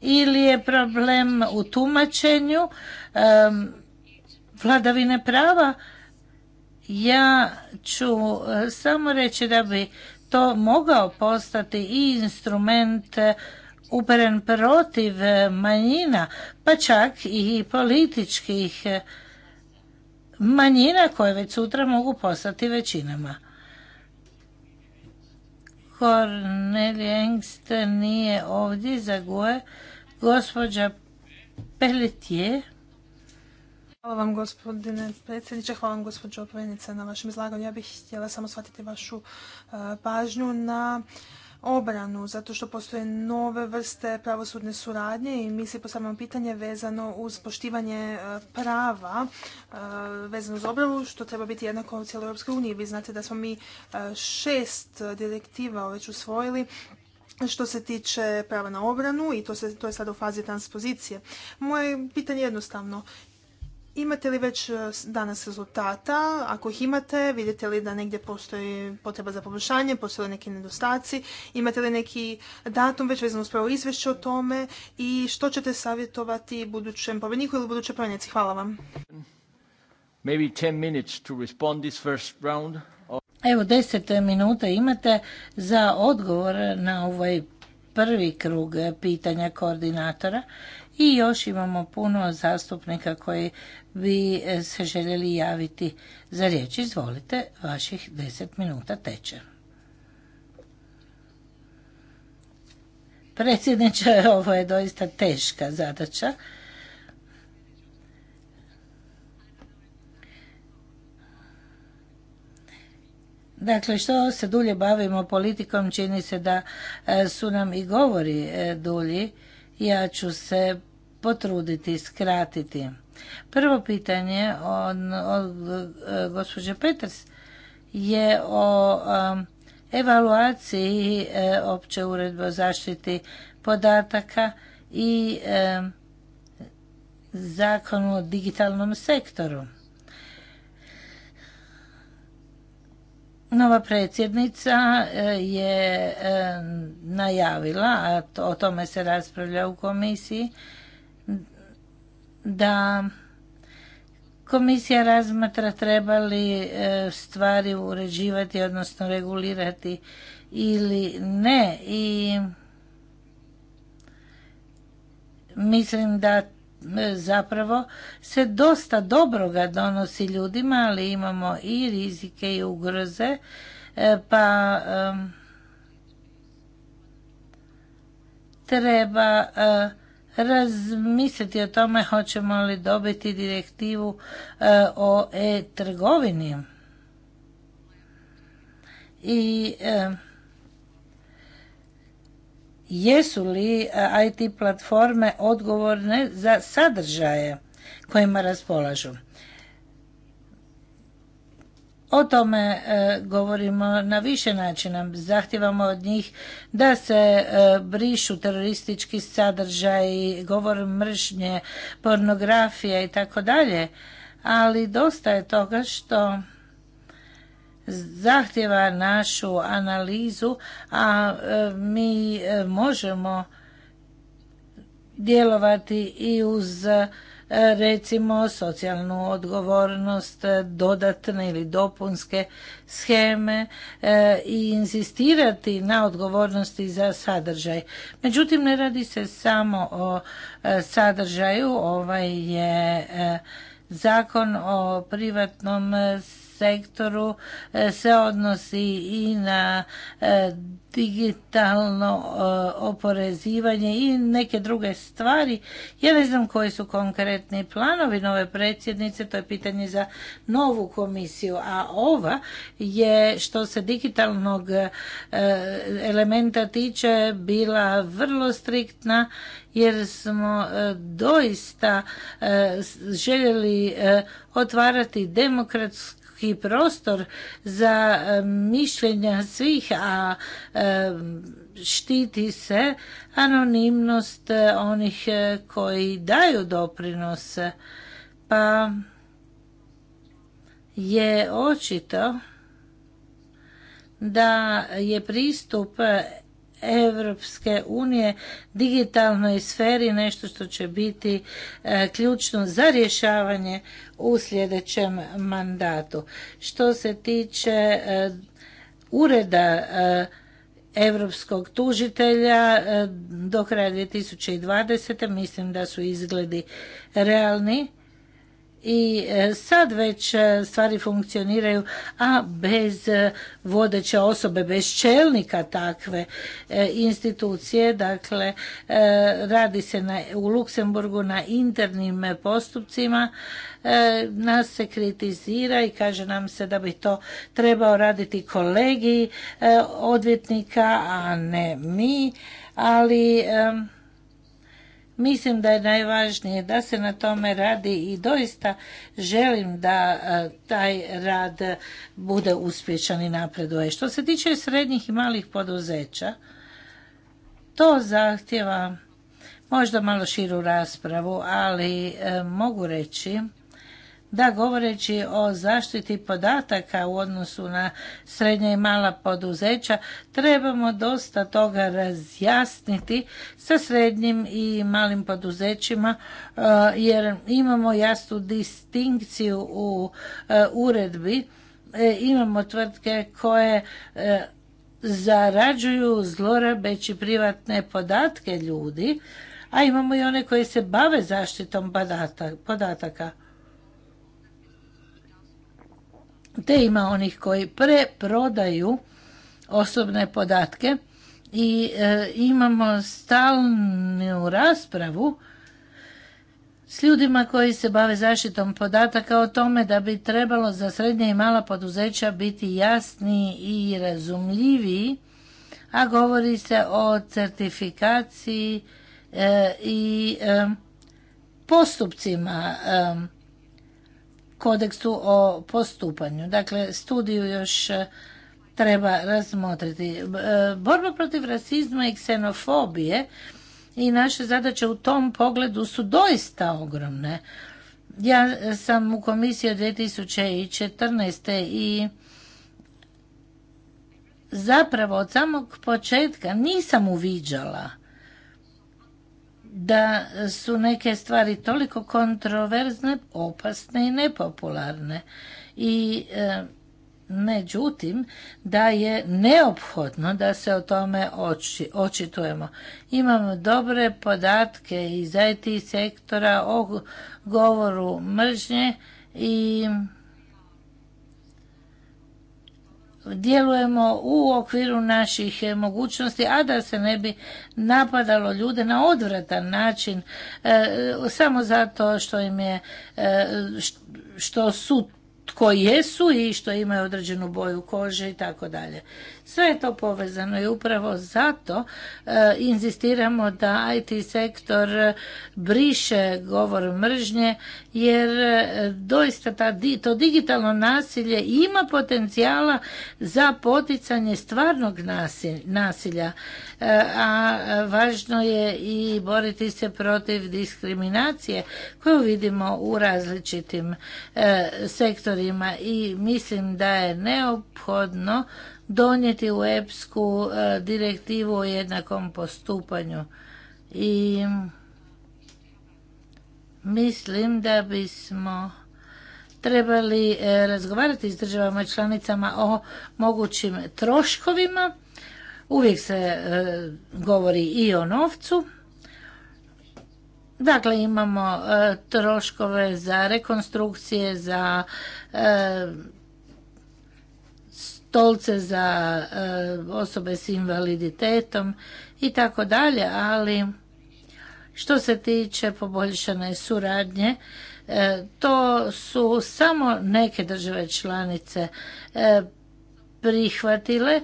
ili je problem u tumačenju vladavine prava ja ću e, samo reći da bi to mogao postati i instrument e, uperen protiv e, manjina, pa čak i političkih manjina koje već sutra mogu postati većinama. Cornelia Engst nije ovdje za goje Gospođa Pelletier.
Hvala vam gospodine predsjedniče, hvala vam gospođo Povjednice na vašem izlaganju. Ja bih htjela samo shvatiti vašu e, pažnju na obranu, zato što postoje nove vrste pravosudne suradnje i mi se postavljamo pitanje vezano uz poštivanje e, prava e, vezano uz obranu, što treba biti jednako u cijeloj Europskoj uniji. Vi znate da smo mi e, šest direktiva već usvojili što se tiče prava na obranu i to, se, to je sada u fazi transpozicije. Moje pitanje je jednostavno. Imate li već e, danas rezultata? Ako ih imate, vidite li da negdje postoji potreba za poboljšanje, postoje li neki nedostaci? Imate li neki datum već vezano spravo izvješće o tome? I što ćete savjetovati budućem pobjedniku ili budućoj pravnici? Hvala vam. Evo
10 minuta imate za odgovor na ovaj prvi krug pitanja koordinatora i još imamo puno zastupnika koji bi e, se željeli javiti za riječ. Izvolite, vaših deset minuta teče. Predsjedniče, ovo je doista teška zadaća. Dakle, što se dulje bavimo politikom, čini se da e, su nam i govori e, dulji. Ja ću se potruditi, skratiti. Prvo pitanje od, od e, gospođe Peters je o evaluaciji opće uredbe o zaštiti podataka i zakonu o digitalnom sektoru. Nova predsjednica e, je e, najavila, a to, o tome se raspravlja u komisiji, da komisija razmatra treba li e, stvari uređivati, odnosno regulirati ili ne. I mislim da E, zapravo se dosta dobroga donosi ljudima, ali imamo i rizike i ugroze, e, pa treba e, razmisliti o tome hoćemo li dobiti direktivu o e-trgovini. I jesu li e, IT platforme odgovorne za sadržaje kojima raspolažu. O tome e, govorimo na više načina. Zahtjevamo od njih da se e, brišu teroristički sadržaj, govor mržnje, pornografija i tako dalje. Ali dosta je toga što zahtjeva našu analizu, a e, mi e, možemo djelovati i uz e, recimo socijalnu odgovornost, dodatne ili dopunske scheme i insistirati na odgovornosti za sadržaj. Međutim, ne radi se samo o sadržaju, ovaj je zakon o privatnom sektoru e, se odnosi i na e, digitalno e, oporezivanje i neke druge stvari. Ja ne znam koji su konkretni planovi nove predsjednice, to je pitanje za novu komisiju, a ova je što se digitalnog elementa tiče bila vrlo striktna jer smo doista željeli otvarati demokratsku i prostor za mišljenja svih, a štiti se anonimnost e, onih e, koji daju doprinose. Pa je očito da je pristup Europske unije digitalnoj sferi nešto što će biti e, ključno za rješavanje u sljedećem mandatu. Što se tiče e, ureda europskog tužitelja e, do kraja 2020. mislim da su izgledi realni i e, sad već e, stvari funkcioniraju, a bez e, vodeće osobe, bez čelnika takve institucije, dakle radi se na, u Luksemburgu na internim postupcima, nas se kritizira i kaže nam se da bi to trebao raditi kolegi odvjetnika, a ne mi, ali Mislim da je najvažnije da se na tome radi i doista želim da e, taj rad bude uspješan i napreduje. Što se tiče srednjih i malih poduzeća, to zahtjeva možda malo širu raspravu, ali e, mogu reći da, govoreći o zaštiti podataka u odnosu na srednja i mala poduzeća, trebamo dosta toga razjasniti sa srednjim i malim poduzećima, e, jer imamo jasnu distinkciju u e, uredbi. E, imamo tvrtke koje zarađuju zlorabeći privatne podatke ljudi, a imamo i one koji se bave zaštitom podataka te ima onih koji preprodaju osobne podatke i e, imamo stalnu raspravu s ljudima koji se bave zaštitom podataka o tome da bi trebalo za srednje i mala poduzeća biti jasniji i razumljiviji, a govori se o certifikaciji e, i e, postupcima kodeksu o postupanju. Dakle, studiju još e, treba razmotriti. E, borba protiv rasizma i ksenofobije i naše zadaće u tom pogledu su doista ogromne. Ja sam u komisiji od 2014. i zapravo od samog početka nisam uviđala da su neke stvari toliko kontroverzne, opasne i nepopularne. I e, međutim da je neophodno da se o tome očitujemo. Imamo dobre podatke iz IT sektora o govoru mržnje i djelujemo u okviru naših e, mogućnosti, a da se ne bi napadalo ljude na odvratan način e, samo zato što im je e, što su tko jesu i što imaju određenu boju kože i tako dalje. Sve je to povezano i upravo zato e, inzistiramo da IT sektor e, briše govor mržnje jer e, doista to digitalno nasilje ima potencijala za poticanje stvarnog nasilja, e, a važno je i boriti se protiv diskriminacije koju vidimo u različitim sektorima i mislim da je neophodno donijeti u EPSku e, direktivu o jednakom postupanju. I mislim da bismo trebali e, razgovarati s državama članicama o mogućim troškovima. Uvijek se e, govori i o novcu. Dakle, imamo troškove za rekonstrukcije, za stolce za e, osobe s invaliditetom i tako dalje, ali što se tiče poboljšane suradnje, e, to su samo neke države članice e, prihvatile,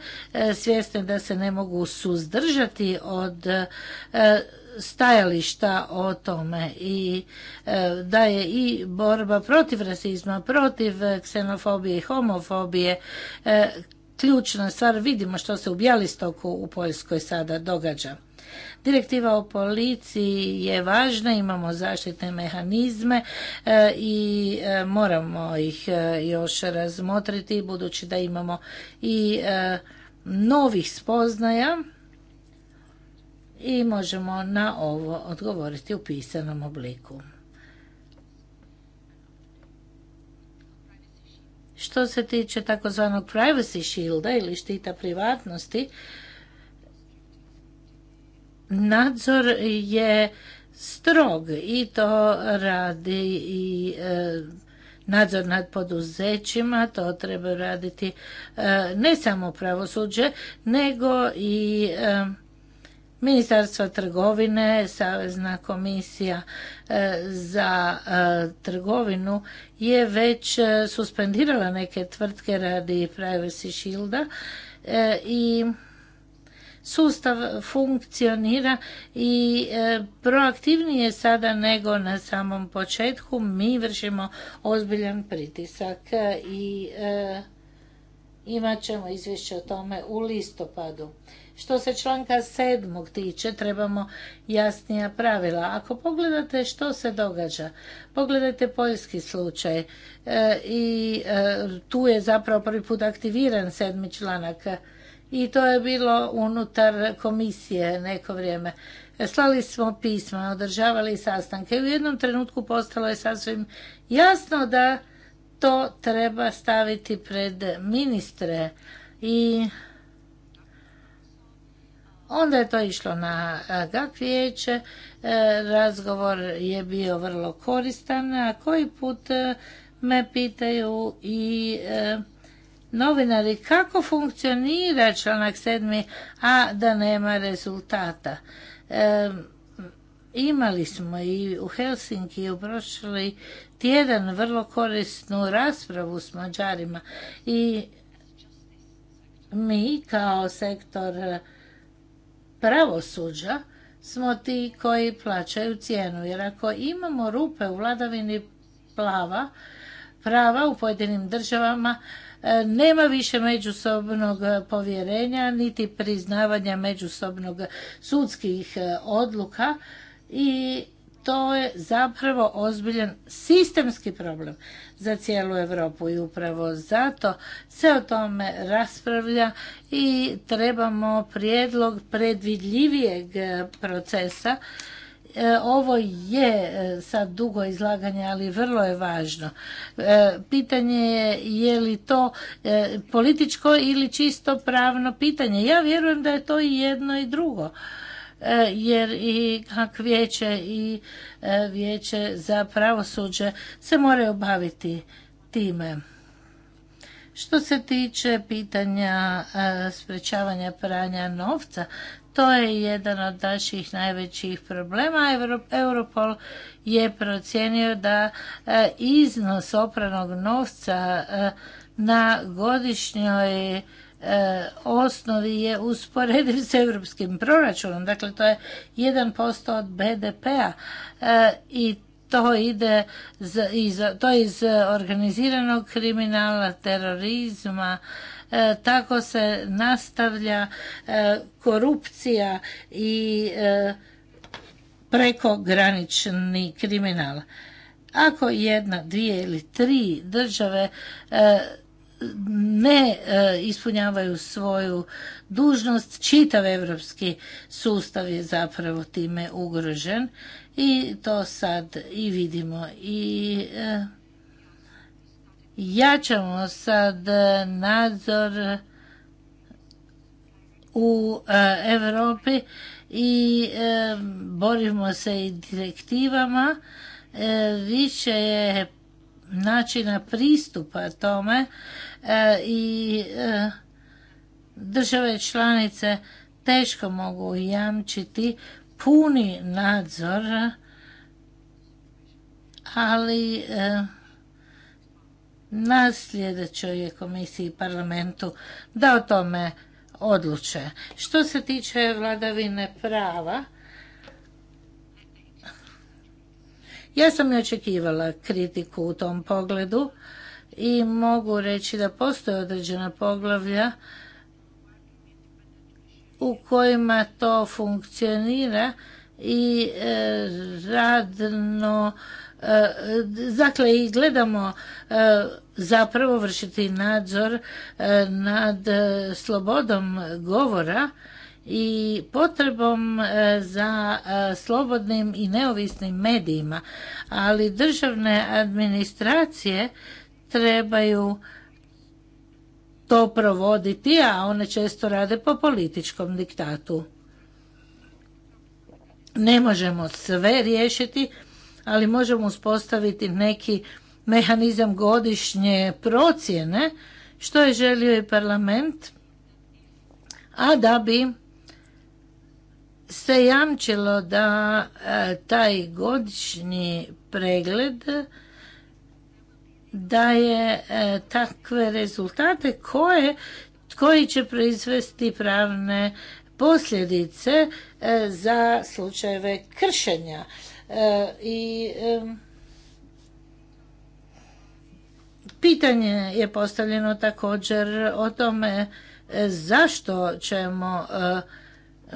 svjesne da se ne mogu suzdržati od stajališta o tome i e, da je i borba protiv rasizma, protiv ksenofobije i homofobije e, ključna stvar. Vidimo što se u Bjelistoku u Poljskoj sada događa. Direktiva o policiji je važna, imamo zaštitne mehanizme e, i moramo ih još razmotriti budući da imamo i novih spoznaja i možemo na ovo odgovoriti u pisanom obliku. Što se tiče takozvanog privacy shielda ili štita privatnosti, nadzor je strog i to radi i e, nadzor nad poduzećima, to treba raditi e, ne samo pravosuđe, nego i e, Ministarstvo trgovine, Savezna komisija e, za e, trgovinu je već e, suspendirala neke tvrtke radi Privacy Shielda i sustav funkcionira i proaktivnije sada nego na samom početku. Mi vršimo ozbiljan pritisak i imat ćemo izvješće o tome u listopadu. Što se članka sedmog tiče, trebamo jasnija pravila. Ako pogledate što se događa, pogledajte poljski slučaj e, i e, tu je zapravo prvi put aktiviran sedmi članak i to je bilo unutar komisije neko vrijeme. Slali smo pisma, održavali sastanke i u jednom trenutku postalo je sasvim jasno da to treba staviti pred ministre i Onda je to išlo na GAK vijeće, e, razgovor je bio vrlo koristan, a koji put e, me pitaju i e, novinari kako funkcionira članak 7. a da nema rezultata. Imali smo i u Helsinki u prošli tjedan vrlo korisnu raspravu s Mađarima i mi kao sektor pravosuđa smo ti koji plaćaju cijenu. Jer ako imamo rupe u vladavini plava, prava u pojedinim državama, e, nema više međusobnog e, povjerenja niti priznavanja međusobnog sudskih e, odluka i to je zapravo ozbiljan sistemski problem za cijelu Europu i upravo zato se o tome raspravlja i trebamo prijedlog predvidljivijeg e, procesa e, ovo je e, sad dugo izlaganje, ali vrlo je važno. Pitanje je je li to političko ili čisto pravno pitanje. Ja vjerujem da je to i jedno i drugo. E, jer i kak vijeće i e, vijeće za pravosuđe se moraju baviti time. Što se tiče pitanja e, sprečavanja pranja novca, to je jedan od naših najvećih problema. Europol je procijenio da iznos opranog novca na godišnjoj E, osnovi je usporediv s europskim proračunom, dakle to je 1% od BDP-a e, i to ide iz, to iz organiziranog kriminala, terorizma, e, tako se nastavlja korupcija i prekogranični kriminal. Ako jedna, dvije ili tri države ne e, ispunjavaju svoju dužnost, čitav evropski sustav je zapravo time ugrožen i to sad i vidimo i e, jačamo sad nadzor u Europi i e, borimo se i direktivama više je načina pristupa tome e, i e, države članice teško mogu jamčiti puni nadzor ali e, na sljedećoj je komisiji parlamentu da o tome odluče. Što se tiče vladavine prava, Ja sam i očekivala kritiku u tom pogledu i mogu reći da postoje određena poglavlja u kojima to funkcionira i e, radno e, dakle i gledamo e, zapravo vršiti nadzor nad slobodom govora i potrebom e, za e, slobodnim i neovisnim medijima, ali državne administracije trebaju to provoditi, a one često rade po političkom diktatu. Ne možemo sve riješiti, ali možemo uspostaviti neki mehanizam godišnje procjene što je želio i parlament, a da bi se jamčilo da e, taj godišnji pregled e, daje e, takve rezultate koje, koji će proizvesti pravne posljedice za slučajeve kršenja. I pitanje je postavljeno također o tome zašto ćemo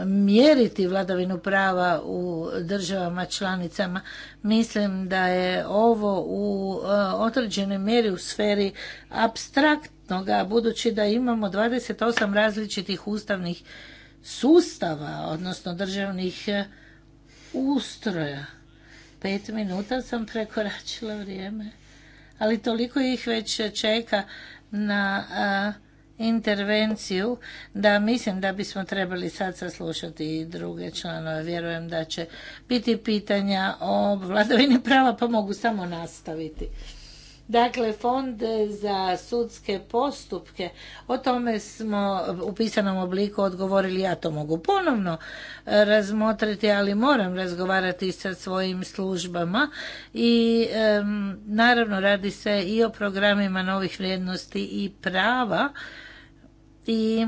mjeriti vladavinu prava u državama članicama. Mislim da je ovo u e, određenoj mjeri u sferi abstraktnoga, budući da imamo 28 različitih ustavnih sustava, odnosno državnih e, ustroja. Pet minuta sam prekoračila vrijeme, ali toliko ih već čeka na e, intervenciju da mislim da bismo trebali sad saslušati i druge članove. Vjerujem da će biti pitanja o vladovini prava pa mogu samo nastaviti. Dakle, fond za sudske postupke, o tome smo u pisanom obliku odgovorili, ja to mogu ponovno e, razmotriti, ali moram razgovarati sa svojim službama i naravno radi se i o programima novih vrijednosti i prava i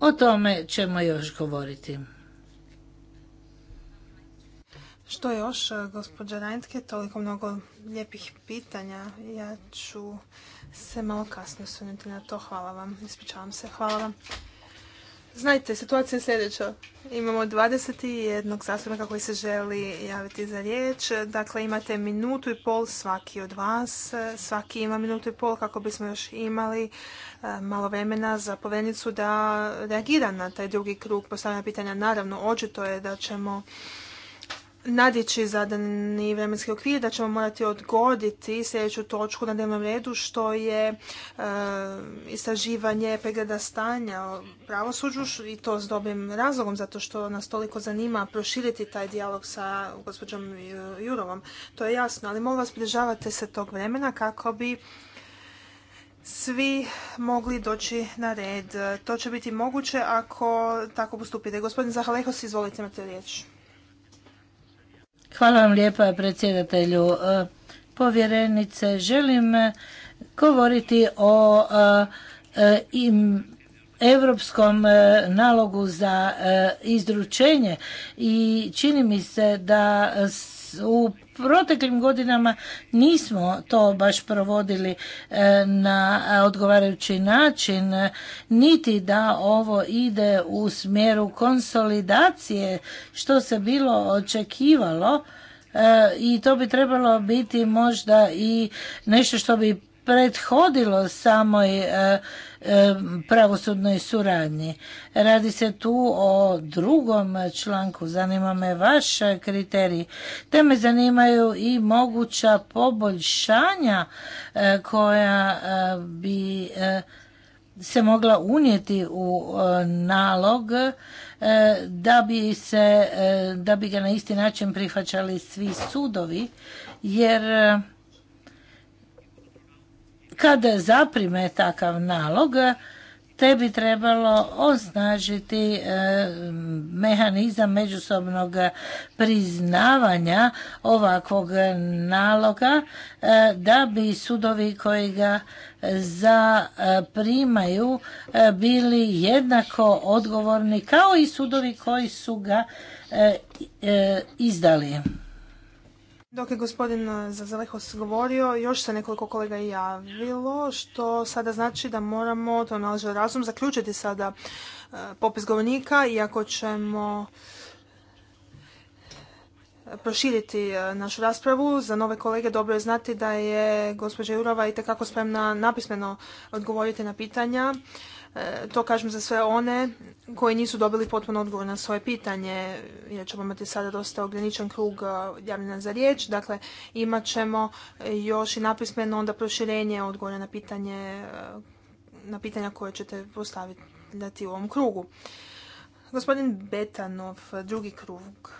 o tome ćemo još govoriti.
Što još, e, gospođa Rajntke, toliko mnogo lijepih pitanja. Ja ću se malo kasnije osvrnuti na to. Hvala vam, ispričavam se. Hvala vam. Znajte, situacija je sljedeća. Imamo 21 zastupnika koji se želi javiti za riječ. Dakle, imate minutu i pol svaki od vas. Svaki ima minutu i pol kako bismo još imali e, malo vremena za povenicu da reagira na taj drugi krug postavljanja pitanja. Naravno, očito je da ćemo nadjeći zadani vremenski okvir, da ćemo morati odgoditi sljedeću točku na dnevnom redu, što je e, istraživanje pregleda stanja pravosuđu i to s dobrim razlogom, zato što nas toliko zanima proširiti taj dijalog sa gospođom e, Jurovom. To je jasno, ali molim vas pridržavate se tog vremena kako bi svi mogli doći na red. To će biti moguće ako tako postupite. Gospodin Zahalehos, izvolite, imate riječ.
Hvala vam lijepa predsjedatelju e, povjerenice. Želim e, govoriti o europskom e, nalogu za izručenje i čini mi se da u proteklim godinama nismo to baš provodili e, na odgovarajući način, niti da ovo ide u smjeru konsolidacije što se bilo očekivalo e, i to bi trebalo biti možda i nešto što bi prethodilo samoj e, pravosudnoj suradnji. Radi se tu o drugom članku. Zanima me vaš kriterij. Te me zanimaju i moguća poboljšanja eh, koja eh, bi eh, se mogla unijeti u nalog da bi, se, da bi ga na isti način prihvaćali svi sudovi jer kad zaprime takav nalog, te bi trebalo osnažiti e, mehanizam međusobnog priznavanja ovakvog naloga e, da bi sudovi koji ga zaprimaju e, bili jednako odgovorni kao i sudovi
koji su ga izdali. Dok je gospodin eh, Zazalehos govorio, još se nekoliko kolega javilo, što sada znači da moramo, to nalaže razum, zaključiti sada eh, popis govornika, iako ćemo eh, proširiti našu raspravu. Za nove kolege dobro je znati da je gospođa Jurova i tekako spremna napismeno odgovoriti na pitanja E, to kažem za sve one koji nisu dobili potpuno odgovor na svoje pitanje, jer ćemo imati sada dosta ograničen krug e, javljena za riječ. Dakle, imat ćemo e, još i napismeno onda proširenje odgovora na pitanje na pitanja koje ćete postaviti u ovom krugu. Gospodin Betanov, drugi krug.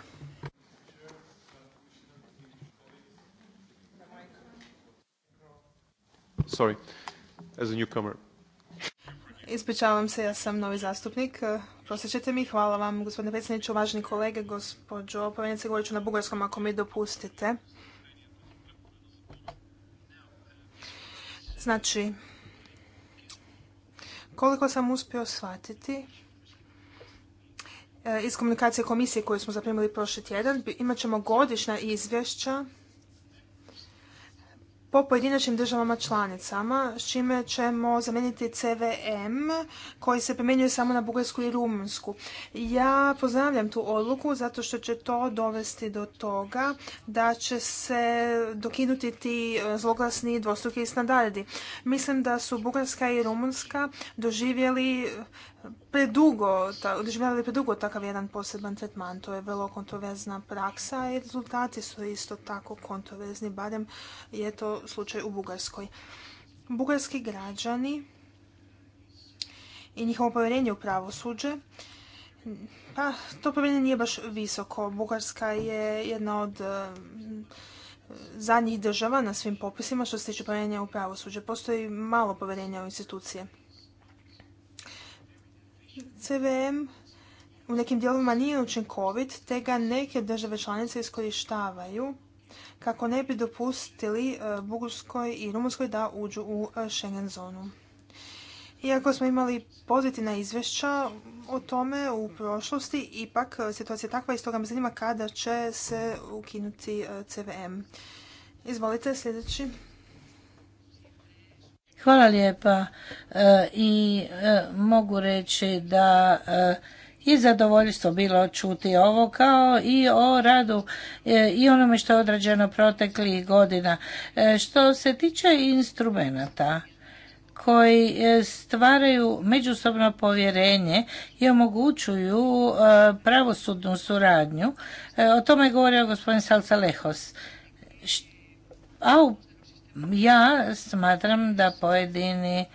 Sorry, as a newcomer. Ispričavam se, ja sam novi zastupnik. E, Prosjećete mi, hvala vam, gospodine predsjedniče, uvaženi kolege, gospođo povjerenice, govorit ću na bugarskom ako mi dopustite. Znači, koliko sam uspio shvatiti, e, iz komunikacije komisije koju smo zaprimili prošli tjedan, imat ćemo godišnja izvješća po pojedinačnim državama članicama, s čime ćemo zamijeniti CVM koji se primjenjuje samo na Bugarsku i Rumunsku. Ja pozdravljam tu odluku zato što će to dovesti do toga da će se dokinuti ti e, zloglasni dvostruki standardi. Mislim da su Bugarska i Rumunska doživjeli e, predugo, doživjeli predugo takav jedan poseban tretman. To je vrlo kontroverzna praksa i rezultati su isto tako kontroverzni, barem je to slučaj u Bugarskoj. Bugarski građani i njihovo povjerenje u pravosuđe pa to povjerenje nije baš visoko. Bugarska je jedna od e, zadnjih država na svim popisima što se tiče povjerenja u pravosuđe. Postoji malo povjerenja u institucije. CVM u nekim dijelovima nije učinkovit, te ga neke države članice iskorištavaju kako ne bi dopustili e, Bugarskoj i Rumunskoj da uđu u e, Schengen zonu. Iako smo imali pozitivna izvješća o tome u prošlosti, ipak e, situacija je takva i stoga me zanima kada će se ukinuti CVM. Izvolite sljedeći.
Hvala lijepa i mogu reći da i zadovoljstvo bilo čuti ovo kao i o radu e, i onome što je odrađeno proteklih godina. E, što se tiče instrumenata koji e, stvaraju međusobno povjerenje i omogućuju pravosudnu suradnju. O tome je govorio gospodin lehos A ja smatram da pojedini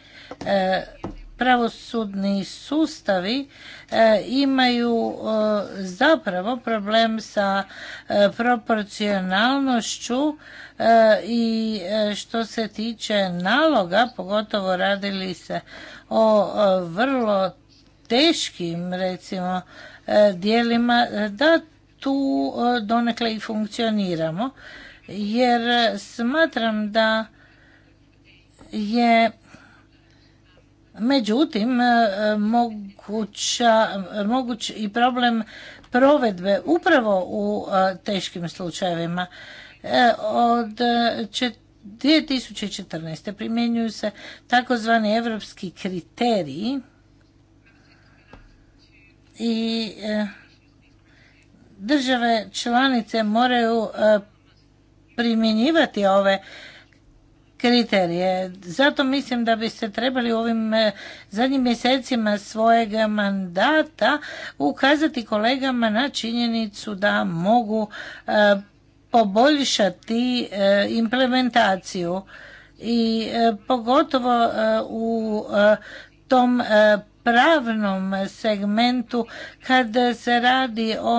pravosudni sustavi e, imaju e, zapravo problem sa e, proporcionalnošću i što se tiče naloga, pogotovo radili se o vrlo teškim recimo dijelima, da tu donekle i funkcioniramo jer smatram da je Međutim, e, e, moguća, e, moguć i problem provedbe upravo u teškim slučajevima od 2014. primjenjuju se takozvani evropski kriteriji i države članice moraju primjenjivati ove kriterije. Zato mislim da biste trebali u ovim eh, zadnjim mjesecima svojega mandata ukazati kolegama na činjenicu da mogu eh, poboljšati eh, implementaciju i pogotovo u tom pravnom segmentu kad se radi o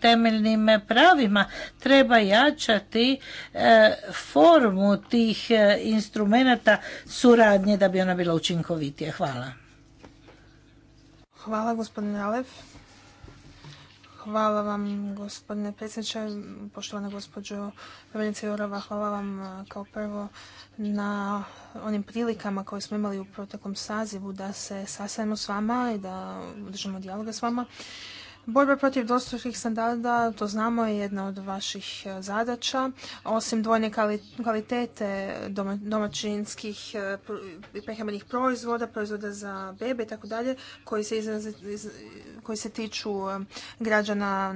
temeljnim pravima treba jačati e, formu tih e, instrumenata suradnje da bi ona bila učinkovitija. Hvala.
Hvala gospodine Alef. Hvala vam, gospodine predsjedniče, poštovana gospođo Pravljenice Jurova, hvala vam e, kao prvo na onim prilikama koje smo imali u proteklom sazivu da se sasajemo s vama i da držimo dijaloga s vama. Borba protiv dvostrukih standarda, to znamo, je jedna od vaših e, zadaća. Osim dvojne kvalitete domaćinskih e, prehrambenih proizvoda, proizvoda za bebe i tako dalje, koji se, koji se tiču e, građana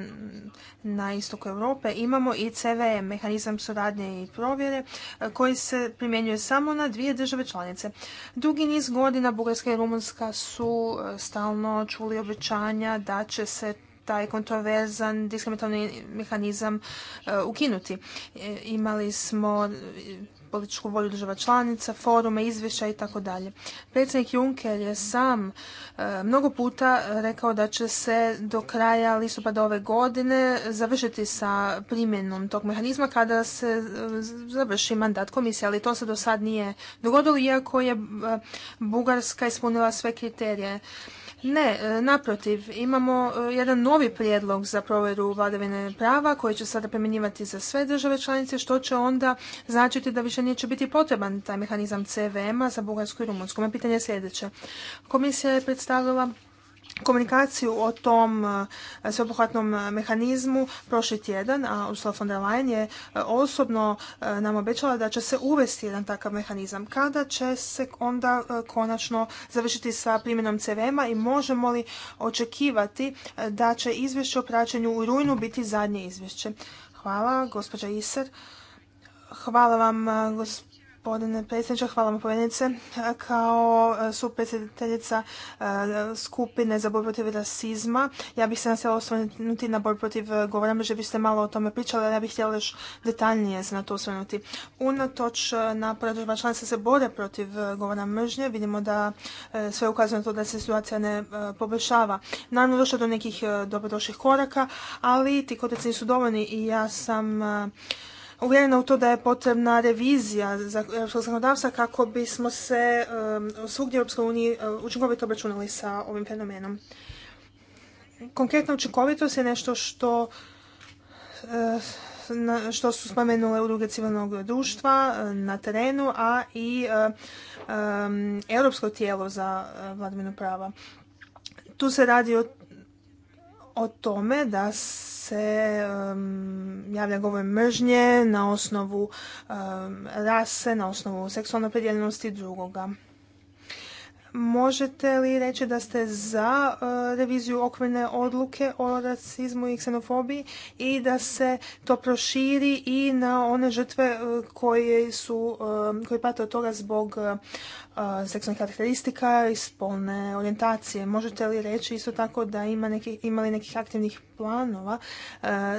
na istoku Europe, imamo i CVM, mehanizam suradnje i provjere, koji se primjenjuje samo na dvije države članice. Dugi niz godina Bugarska i Rumunska su stalno čuli obećanja da će se taj kontroverzan diskriminatorni mehanizam e, ukinuti. E, imali smo e, političku volju država članica, forume, izvješća i tako dalje. Predsjednik Juncker je sam mnogo puta rekao da će se do kraja listopada ove godine završiti sa primjenom tog mehanizma kada se završi mandat komisije, ali to se do sad nije dogodilo, iako je Bugarska ispunila sve kriterije. Ne, e, naprotiv, imamo e, jedan novi prijedlog za provjeru vladavine prava koji će sada primjenjivati za sve države članice, što će onda značiti da više neće biti potreban taj mehanizam CVM-a za Bugarsku i Rumunsku. Moje pitanje je sljedeće. Komisija je predstavila komunikaciju o tom e, sveobuhvatnom e, mehanizmu prošli tjedan, a Ursula von der Leyen je e, osobno nam obećala da će se uvesti jedan takav mehanizam. Kada će se onda konačno završiti sa primjenom cv a i možemo li očekivati da će izvješće o praćenju u rujnu biti zadnje izvješće? Hvala, gospođa Iser. Hvala vam, gospođa Gospodine predsjedniče, hvala vam povjednice. Kao e, supredsjediteljica e, skupine za borbu protiv rasizma, ja bih se se osvrnuti na borbu protiv e, govora mržnje. Vi ste malo o tome pričali, ali ja bih htjela još detaljnije se na to osvrnuti. Unatoč napora država članica se bore protiv govora mržnje. Vidimo da sve ukazuje na to da se situacija ne poboljšava. Naravno, došlo do nekih dobrodošlih koraka, ali ti koraci nisu dovoljni i ja sam uvjerena u to da je potrebna revizija europskog zakonodavstva kako bismo se svugdje u Europskoj uniji e, učinkovito obračunali sa ovim fenomenom. Konkretna učinkovitost je nešto što e, što su spomenule udruge civilnog društva e, na terenu, a i Europsko tijelo za vladavinu prava. Tu se radi o o tome da se javlja govor mržnje na osnovu rase, na osnovu seksualne opredjeljenosti drugoga. Možete li reći da ste za e, reviziju okvirne odluke o rasizmu i ksenofobiji i da se to proširi i na one žrtve e, koje, su, e, koje pate od toga zbog seksualnih karakteristika i spolne orijentacije? Možete li reći isto tako da ima, nekih aktivnih planova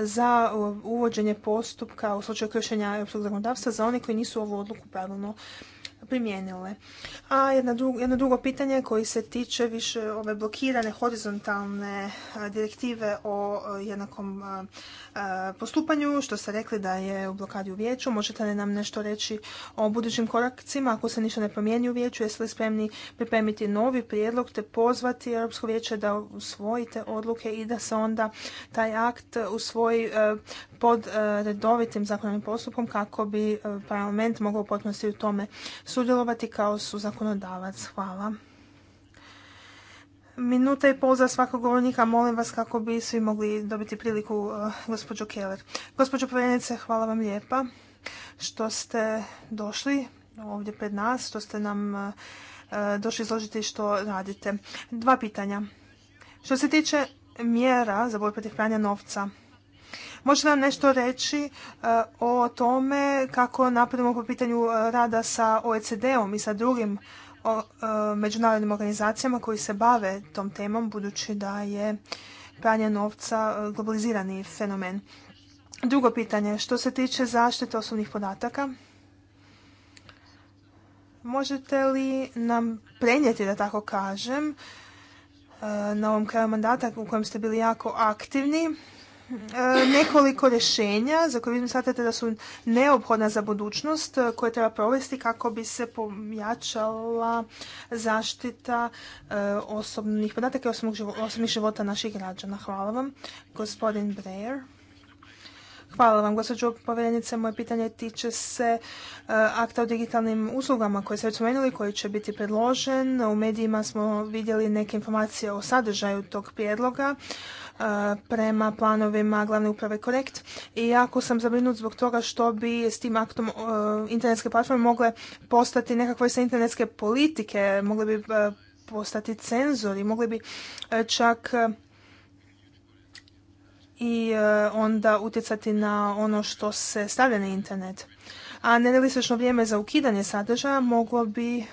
za uvođenje postupka u slučaju kršenja europskog zakonodavstva za one koji nisu ovu odluku pravilno primijenile. A jedno drugo, pitanje koji se tiče više ove blokirane horizontalne direktive o jednakom postupanju, što ste rekli da je u blokadi u vijeću. Možete li nam nešto reći o budućim korakcima Ako se ništa ne promijeni u vijeću, jeste li spremni pripremiti novi prijedlog te pozvati Europsko vijeće da usvojite odluke i da se onda taj akt usvoji pod e, redovitim zakonodavnim postupom kako bi e, parlament mogao u u tome sudjelovati kao su zakonodavac. Hvala. Minuta i pol za svakog govornika, molim vas kako bi svi mogli dobiti priliku e, gospođo Keller. Gospođo povjerenice, hvala vam lijepa što ste došli ovdje pred nas, što ste nam došli izložiti što radite. Dva pitanja. Što se tiče mjera za borbu protiv pranja novca, Možete nam nešto reći e, o tome kako napravimo po pitanju e, rada sa OECD-om i sa drugim e, međunarodnim organizacijama koji se bave tom temom budući da je pranje novca globalizirani fenomen. Drugo pitanje, što se tiče zaštite osobnih podataka, možete li nam prenijeti, da tako kažem, na ovom kraju mandata u kojem ste bili jako aktivni, E, nekoliko rješenja za koje vi smatrate da su neophodna za budućnost e, koje treba provesti kako bi se pojačala zaštita e, osobnih podataka i osobnih života naših građana. Hvala vam. Gospodin Breyer. Hvala vam, gospođo povjerenice. Moje pitanje tiče se akta o digitalnim uslugama koje ste već spomenuli, koji će biti predložen. U medijima smo vidjeli neke informacije o sadržaju tog prijedloga prema planovima glavne uprave Korekt i jako sam zabrinut zbog toga što bi s tim aktom e, internetske platforme mogle postati nekakve sa internetske politike, mogle bi e, postati cenzori, mogli bi e, čak i onda utjecati na ono što se stavlja na internet. A nerealistično vrijeme za ukidanje sadržaja moglo bi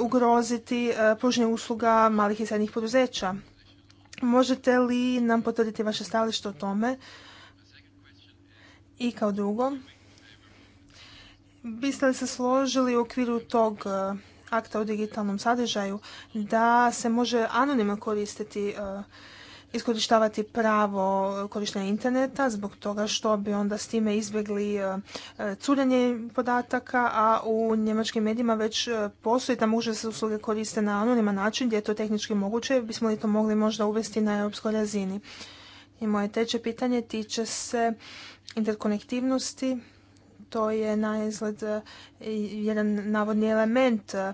ugroziti pružnje usluga malih i srednjih poduzeća. Možete li nam potvrditi vaše stajalište o tome? I kao drugo, biste li se složili u okviru tog e, akta o digitalnom sadržaju da se može anonimno koristiti e, iskorištavati pravo korištenja interneta zbog toga što bi onda s time izbjegli e, curenje podataka, a u njemačkim medijima već e, postoji da mogućnost se usluge koriste na anoniman način gdje je to tehnički moguće, bismo li to mogli možda uvesti na europskoj razini. I moje treće pitanje tiče se interkonektivnosti to je na e, jedan navodni element e,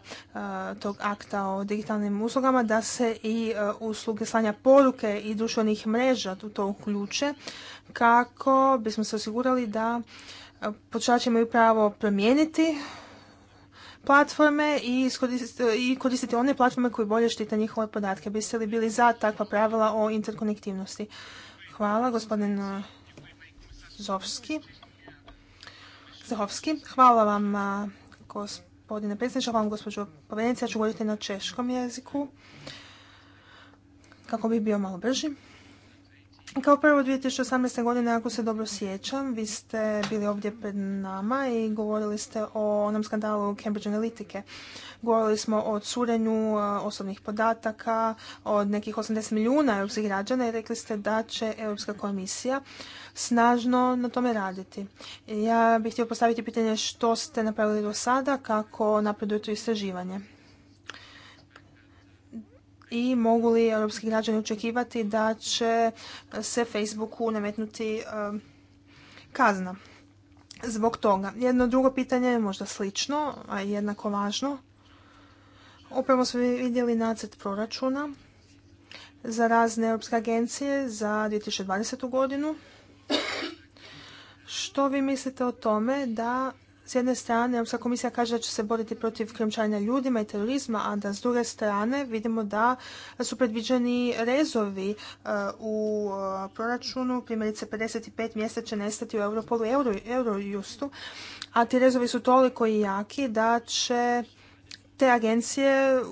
tog akta o digitalnim uslugama da se i e, usluge slanja poruke i društvenih mreža u to uključe kako bismo se osigurali da potrošači imaju pravo promijeniti platforme i koristiti one platforme koje bolje štite njihove podatke. Biste li bili za takva pravila o interkonektivnosti? Hvala, gospodin Zovski. Zahovski, hvala vam gospodine predsjedniče, hvala vam gospođo povjerenice. ja ću govoriti na češkom jeziku kako bi bio malo brži. Kao prvo 2018. godine, ako se dobro sjećam, vi ste bili ovdje pred nama i govorili ste o onom skandalu Cambridge Analytica. Govorili smo o curenju e, osobnih podataka od nekih 80 milijuna europskih građana i rekli ste da će Europska komisija snažno na tome raditi. Ja bih htio postaviti pitanje što ste napravili do sada, kako napreduje to istraživanje i mogu li europski građani očekivati da će se Facebooku nametnuti um, kazna zbog toga. Jedno drugo pitanje je možda slično, a jednako važno. Upravo smo vidjeli nacrt proračuna za razne europske agencije za 2020. godinu. Što vi mislite o tome da s jedne strane, Europska komisija kaže da će se boriti protiv krijumčarenja ljudima i terorizma, a da s druge strane vidimo da su predviđeni rezovi e, u e, proračunu, primjerice 55 mjesta će nestati u Europolu i Eurojustu, a ti rezovi su toliko i jaki da će te agencije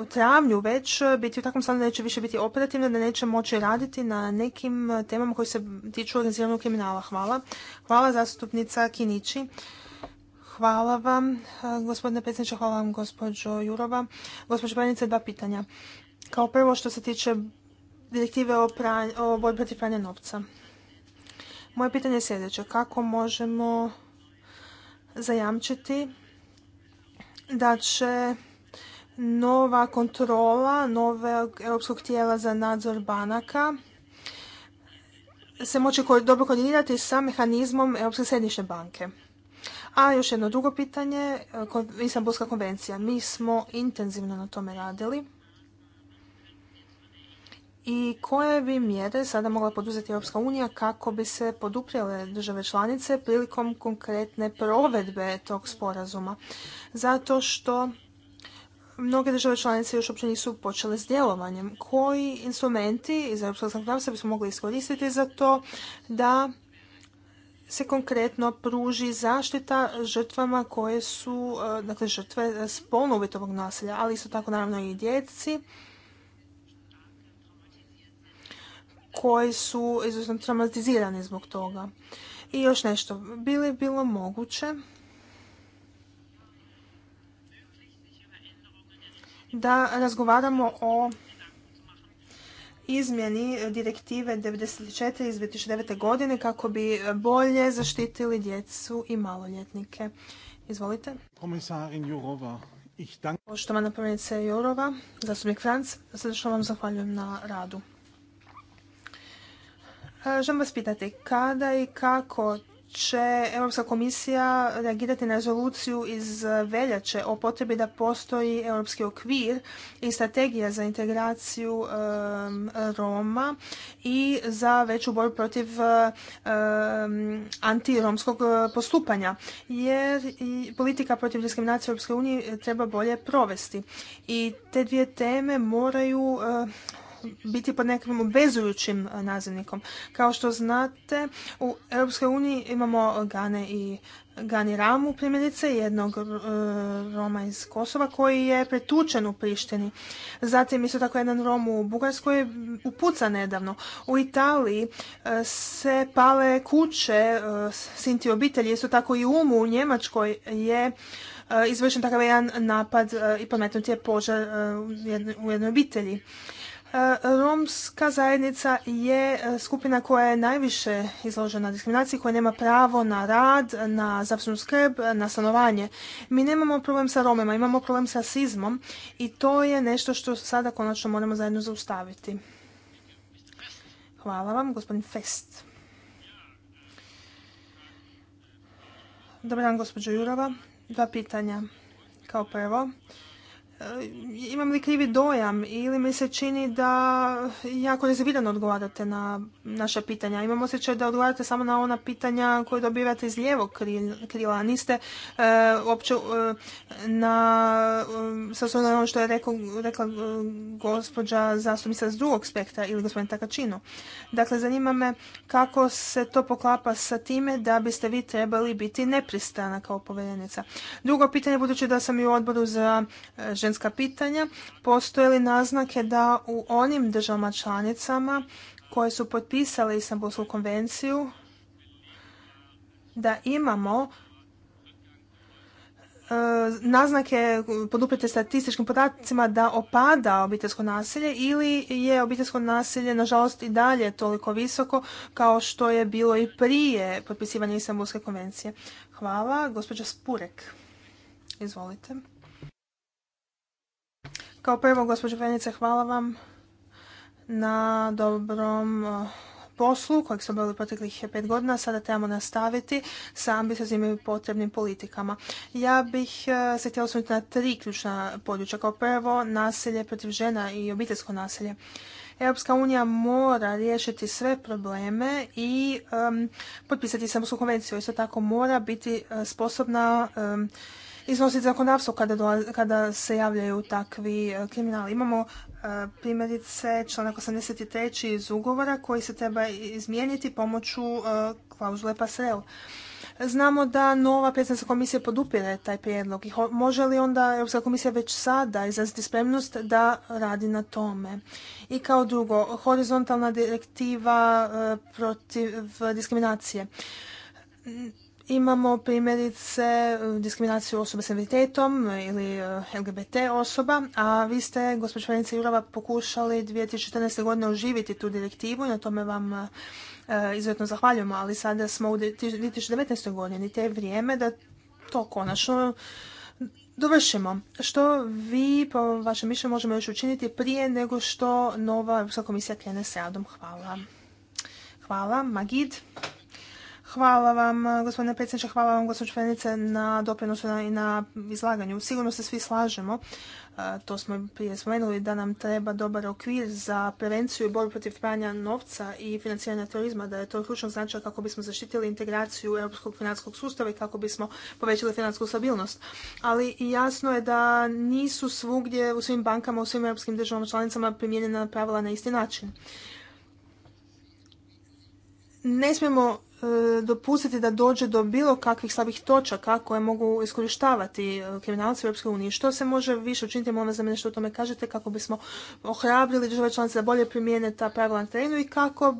u travnju već biti u takvom stanju da neće više biti operativne, da neće moći raditi na nekim temama koji se tiču organiziranog kriminala. Hvala. Hvala zastupnica Kinići. Hvala vam, gospodine predsjedniče, hvala vam, gospođo Jurova. Gospođo Pranjice, dva pitanja. Kao prvo što se tiče direktive o, borbi protiv pranja novca. Moje pitanje je sljedeće. Kako možemo zajamčiti da će nova kontrola nove europskog tijela za nadzor banaka se moći dobro koordinirati sa mehanizmom Europske središnje banke? A još jedno drugo pitanje, e, Istanbulska konvencija. Mi smo intenzivno na tome radili. I koje bi mjere sada mogla poduzeti Europska unija kako bi se poduprijele države članice prilikom konkretne provedbe tog sporazuma? Zato što mnoge države članice još uopće nisu počele s djelovanjem. Koji instrumenti iz europskog zakonodavstva bismo mogli iskoristiti za to da se konkretno pruži zaštita žrtvama koje su, e, dakle, žrtve spolno nasilja, ali isto tako naravno i djeci koji su izuzetno traumatizirani zbog toga. I još nešto, bi li bilo moguće da razgovaramo o izmjeni direktive 94 iz 2009. godine kako bi bolje zaštitili djecu i maloljetnike. Izvolite. Komisarin Jurova, Poštovana pomjenica Jurova, zastupnik Franc, srdečno vam zahvaljujem na radu. E, želim vas pitati kada i kako će Europska komisija reagirati na rezoluciju iz veljače o potrebi da postoji europski okvir i strategija za integraciju Roma i za veću borbu protiv antiromskog postupanja. Jer i politika protiv diskriminacije Europske unije treba bolje provesti. I te dvije teme moraju biti pod nekim obvezujućim e, nazivnikom. Kao što znate, u Europskoj uniji imamo Gane i Gani Ramu, primjerice jednog e, Roma iz Kosova koji je pretučen u Prištini. Zatim isto tako jedan Rom u Bugarskoj je upuca nedavno. U Italiji e, se pale kuće Sinti obitelji, isto tako i Umu u Njemačkoj je izvršen takav jedan napad i pometnut je požar u jednoj obitelji. E, romska zajednica je e, skupina koja je najviše izložena diskriminaciji, koja nema pravo na rad, na zapisnu skrb, na stanovanje. Mi nemamo problem sa Romima, imamo problem sa sizmom i to je nešto što sada konačno moramo zajedno zaustaviti. Hvala vam, gospodin Fest. Dobar gospođo Jurova. Dva pitanja. Kao prvo, E, imam li krivi dojam ili mi se čini da jako rezervirano odgovarate na naša pitanja. Imam osjećaj da odgovarate samo na ona pitanja koje dobivate iz lijevog krila, a niste e, uopće e, na ono što je rekla gospođa zastupnica s drugog spektra ili gospodin Takačino. Dakle, zanima me kako se to poklapa sa time da biste vi trebali biti nepristrana kao povjerenica. Drugo pitanje, budući da sam i u odboru za ženska pitanja, postoje li naznake da u onim državama članicama koje su potpisale Istanbulsku konvenciju, da imamo e, naznake poduprite statističkim podacima da opada obiteljsko nasilje ili je obiteljsko nasilje nažalost i dalje toliko visoko kao što je bilo i prije potpisivanja Istanbulske konvencije. Hvala. Gospođa Spurek. Izvolite. Kao prvo, gospođo Venice, hvala vam na dobrom poslu kojeg smo bili proteklih pet godina, sada trebamo nastaviti sa ambicioznim i potrebnim politikama. Ja bih e, se htjela osvrnuti na tri ključna područja. Kao prvo, nasilje protiv žena i obiteljsko nasilje. Europska unija mora riješiti sve probleme i potpisati Istanbulsku konvenciju. Isto tako mora biti e, sposobna iznositi zakonodavstvo kada, se javljaju takvi e, kriminali. Imamo e, primjerice članak 83. iz ugovora koji se treba izmijeniti pomoću e, klauzule pasrel. Znamo da nova predsjednica komisija podupire taj prijedlog i može li onda Europska komisija već sada izraziti spremnost da radi na tome? I kao drugo, horizontalna direktiva protiv diskriminacije imamo primjerice eh, diskriminaciju osoba s invaliditetom ili eh, LGBT osoba, a vi ste, gospođo Ferenica Jurava, pokušali 2014. godine oživiti tu direktivu i na tome vam eh, izuzetno zahvaljujemo, ali sada smo u 2019. godini, te vrijeme da to konačno dovršimo. Što vi, po vašem mišljenju, možemo još učiniti prije nego što nova Europska komisija krene s radom? Hvala. Hvala. Magid. Hvala vam, eh, gospodine predsjedniče, hvala vam, gospođo Fenice, na doprinosu i na izlaganju. Sigurno se svi slažemo, eh, to smo prije spomenuli, da nam treba dobar okvir za prevenciju i borbu protiv pranja novca i financiranja terorizma, da je to ključno značaj kako bismo zaštitili integraciju europskog financijskog sustava i kako bismo povećali financijsku stabilnost. Ali jasno je da nisu svugdje u svim bankama, u svim europskim državama članicama primijenjena pravila na isti način. Ne smijemo E, dopustiti da dođe do bilo kakvih slabih točaka koje mogu iskorištavati e, kriminalci u EU. Što se može više učiniti, molim vas da mi nešto o tome kažete, kako bismo ohrabrili države članice da bolje primijene ta pravila na terenu i kako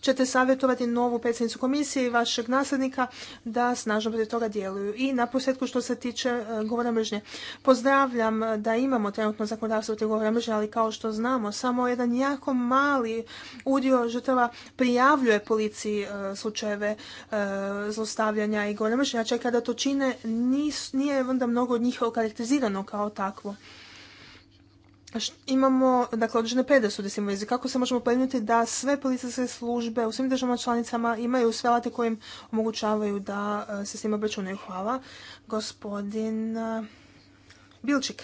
ćete savjetovati novu predsjednicu komisije i vašeg nasljednika da snažno protiv toga djeluju. I na posljedku što se tiče e, govora mržnje. Pozdravljam da imamo trenutno zakonodavstvo protiv govora mržnje, ali kao što znamo, samo jedan jako mali udio žrtava prijavljuje policiji slučaje slučajeve e, zlostavljanja i gore mišljenja, čak kada to čine nije onda mnogo od njih okarakterizirano kao takvo. Imamo dakle, određene predrasude s vezi. Kako se možemo pojednuti da sve policijske službe u svim državama članicama imaju sve alate koje omogućavaju da e, se s njima obračunaju? Hvala. Gospodin e, Bilčik.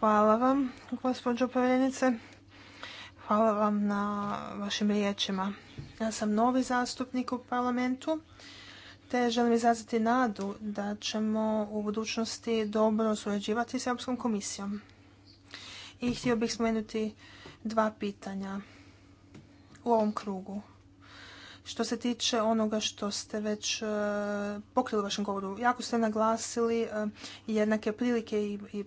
Hvala vam, gospođo povjerenice. Hvala vam na vašim riječima. Ja sam novi zastupnik u parlamentu te želim izraziti nadu da ćemo u budućnosti dobro surađivati s Europskom komisijom. I htio bih spomenuti dva pitanja u ovom krugu. Što se tiče onoga što ste već e, pokrili u vašem govoru, jako ste naglasili e, jednake prilike i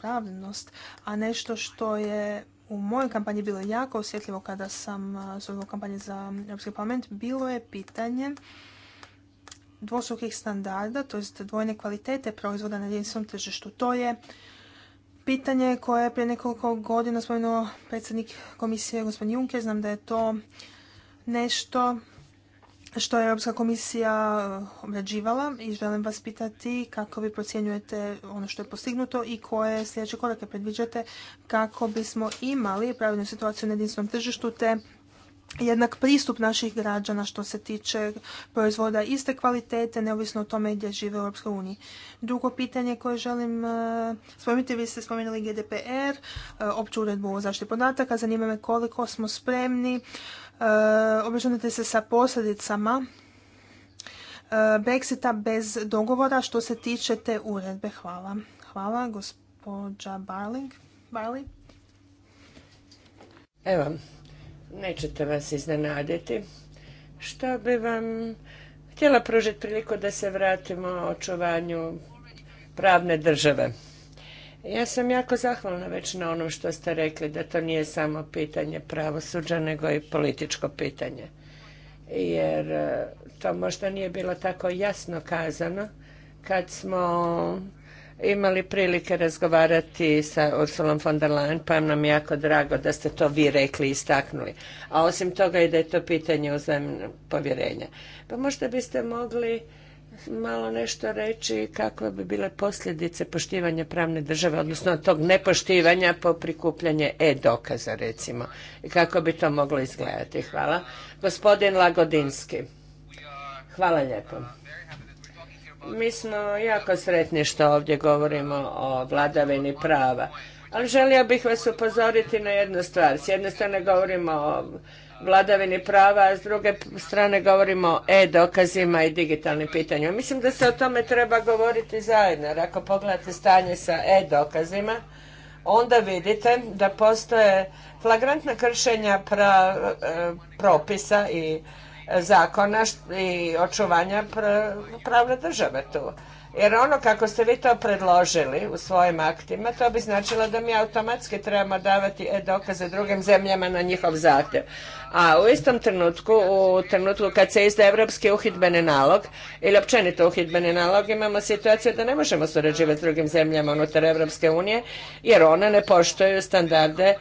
pravednost, a nešto što je u mojoj kampanji bilo jako osjetljivo kada sam sudjelovao u kampanji za Europski parlament, bilo je pitanje dvostrukih standarda, to dvojne kvalitete proizvoda na jedinstvenom tržištu. To je pitanje koje je prije nekoliko godina spomenuo predsjednik komisije gospodin Juncker. Znam da je to nešto što je Europska komisija eh, obrađivala i želim vas pitati kako vi procjenjujete ono što je postignuto i koje sljedeće korake predviđate kako bismo imali pravilnu situaciju na jedinstvenom tržištu te jednak pristup naših građana što se tiče proizvoda iste kvalitete, neovisno o tome gdje žive u Europskoj uniji. Drugo pitanje koje želim eh, spomenuti, vi ste spomenuli GDPR, eh, opću uredbu o zaštiti podataka, zanima me koliko smo spremni E, obračunati se sa posljedicama e, Brexita bez dogovora što se tiče te uredbe. Hvala. Hvala, gospođa Barling. Barley.
Evo, nećete vas iznenaditi. Što bi vam htjela pružiti priliku da se vratimo o očuvanju pravne države. Ja sam jako zahvalna već na onom što ste rekli, da to nije samo pitanje pravosuđa, nego i političko pitanje. Jer e, to možda nije bilo tako jasno kazano kad smo imali prilike razgovarati sa Ursulom von der Leyen, pa nam jako drago da ste to vi rekli i istaknuli. A osim toga i da je to pitanje uzajemnog povjerenja. Pa možda biste mogli malo nešto reći kakve bi bile posljedice poštivanja pravne države, odnosno tog nepoštivanja po prikupljanje e-dokaza recimo i kako bi to moglo izgledati. Hvala. Gospodin Lagodinski. Hvala lijepo. Mi smo jako sretni što ovdje govorimo o vladavini prava. Ali želio bih vas upozoriti na jednu stvar. S jedne strane govorimo o vladavini prava, a s druge strane govorimo o e-dokazima i digitalnim pitanjima. Mislim da se o tome treba govoriti zajedno, jer ako pogledate stanje sa e-dokazima, onda vidite da postoje flagrantna kršenja e, propisa i zakona i očuvanja pravne države tu. Jer ono kako ste vi to predložili u svojim aktima, to bi značilo da mi automatski trebamo davati e-dokaze drugim zemljama na njihov zahtjev. A u istom trenutku, u trenutku kad se izda evropski uhidbeni nalog ili općenito uhidbeni nalog, imamo situaciju da ne možemo surađivati s drugim zemljama unutar Evropske unije jer one ne poštuju standarde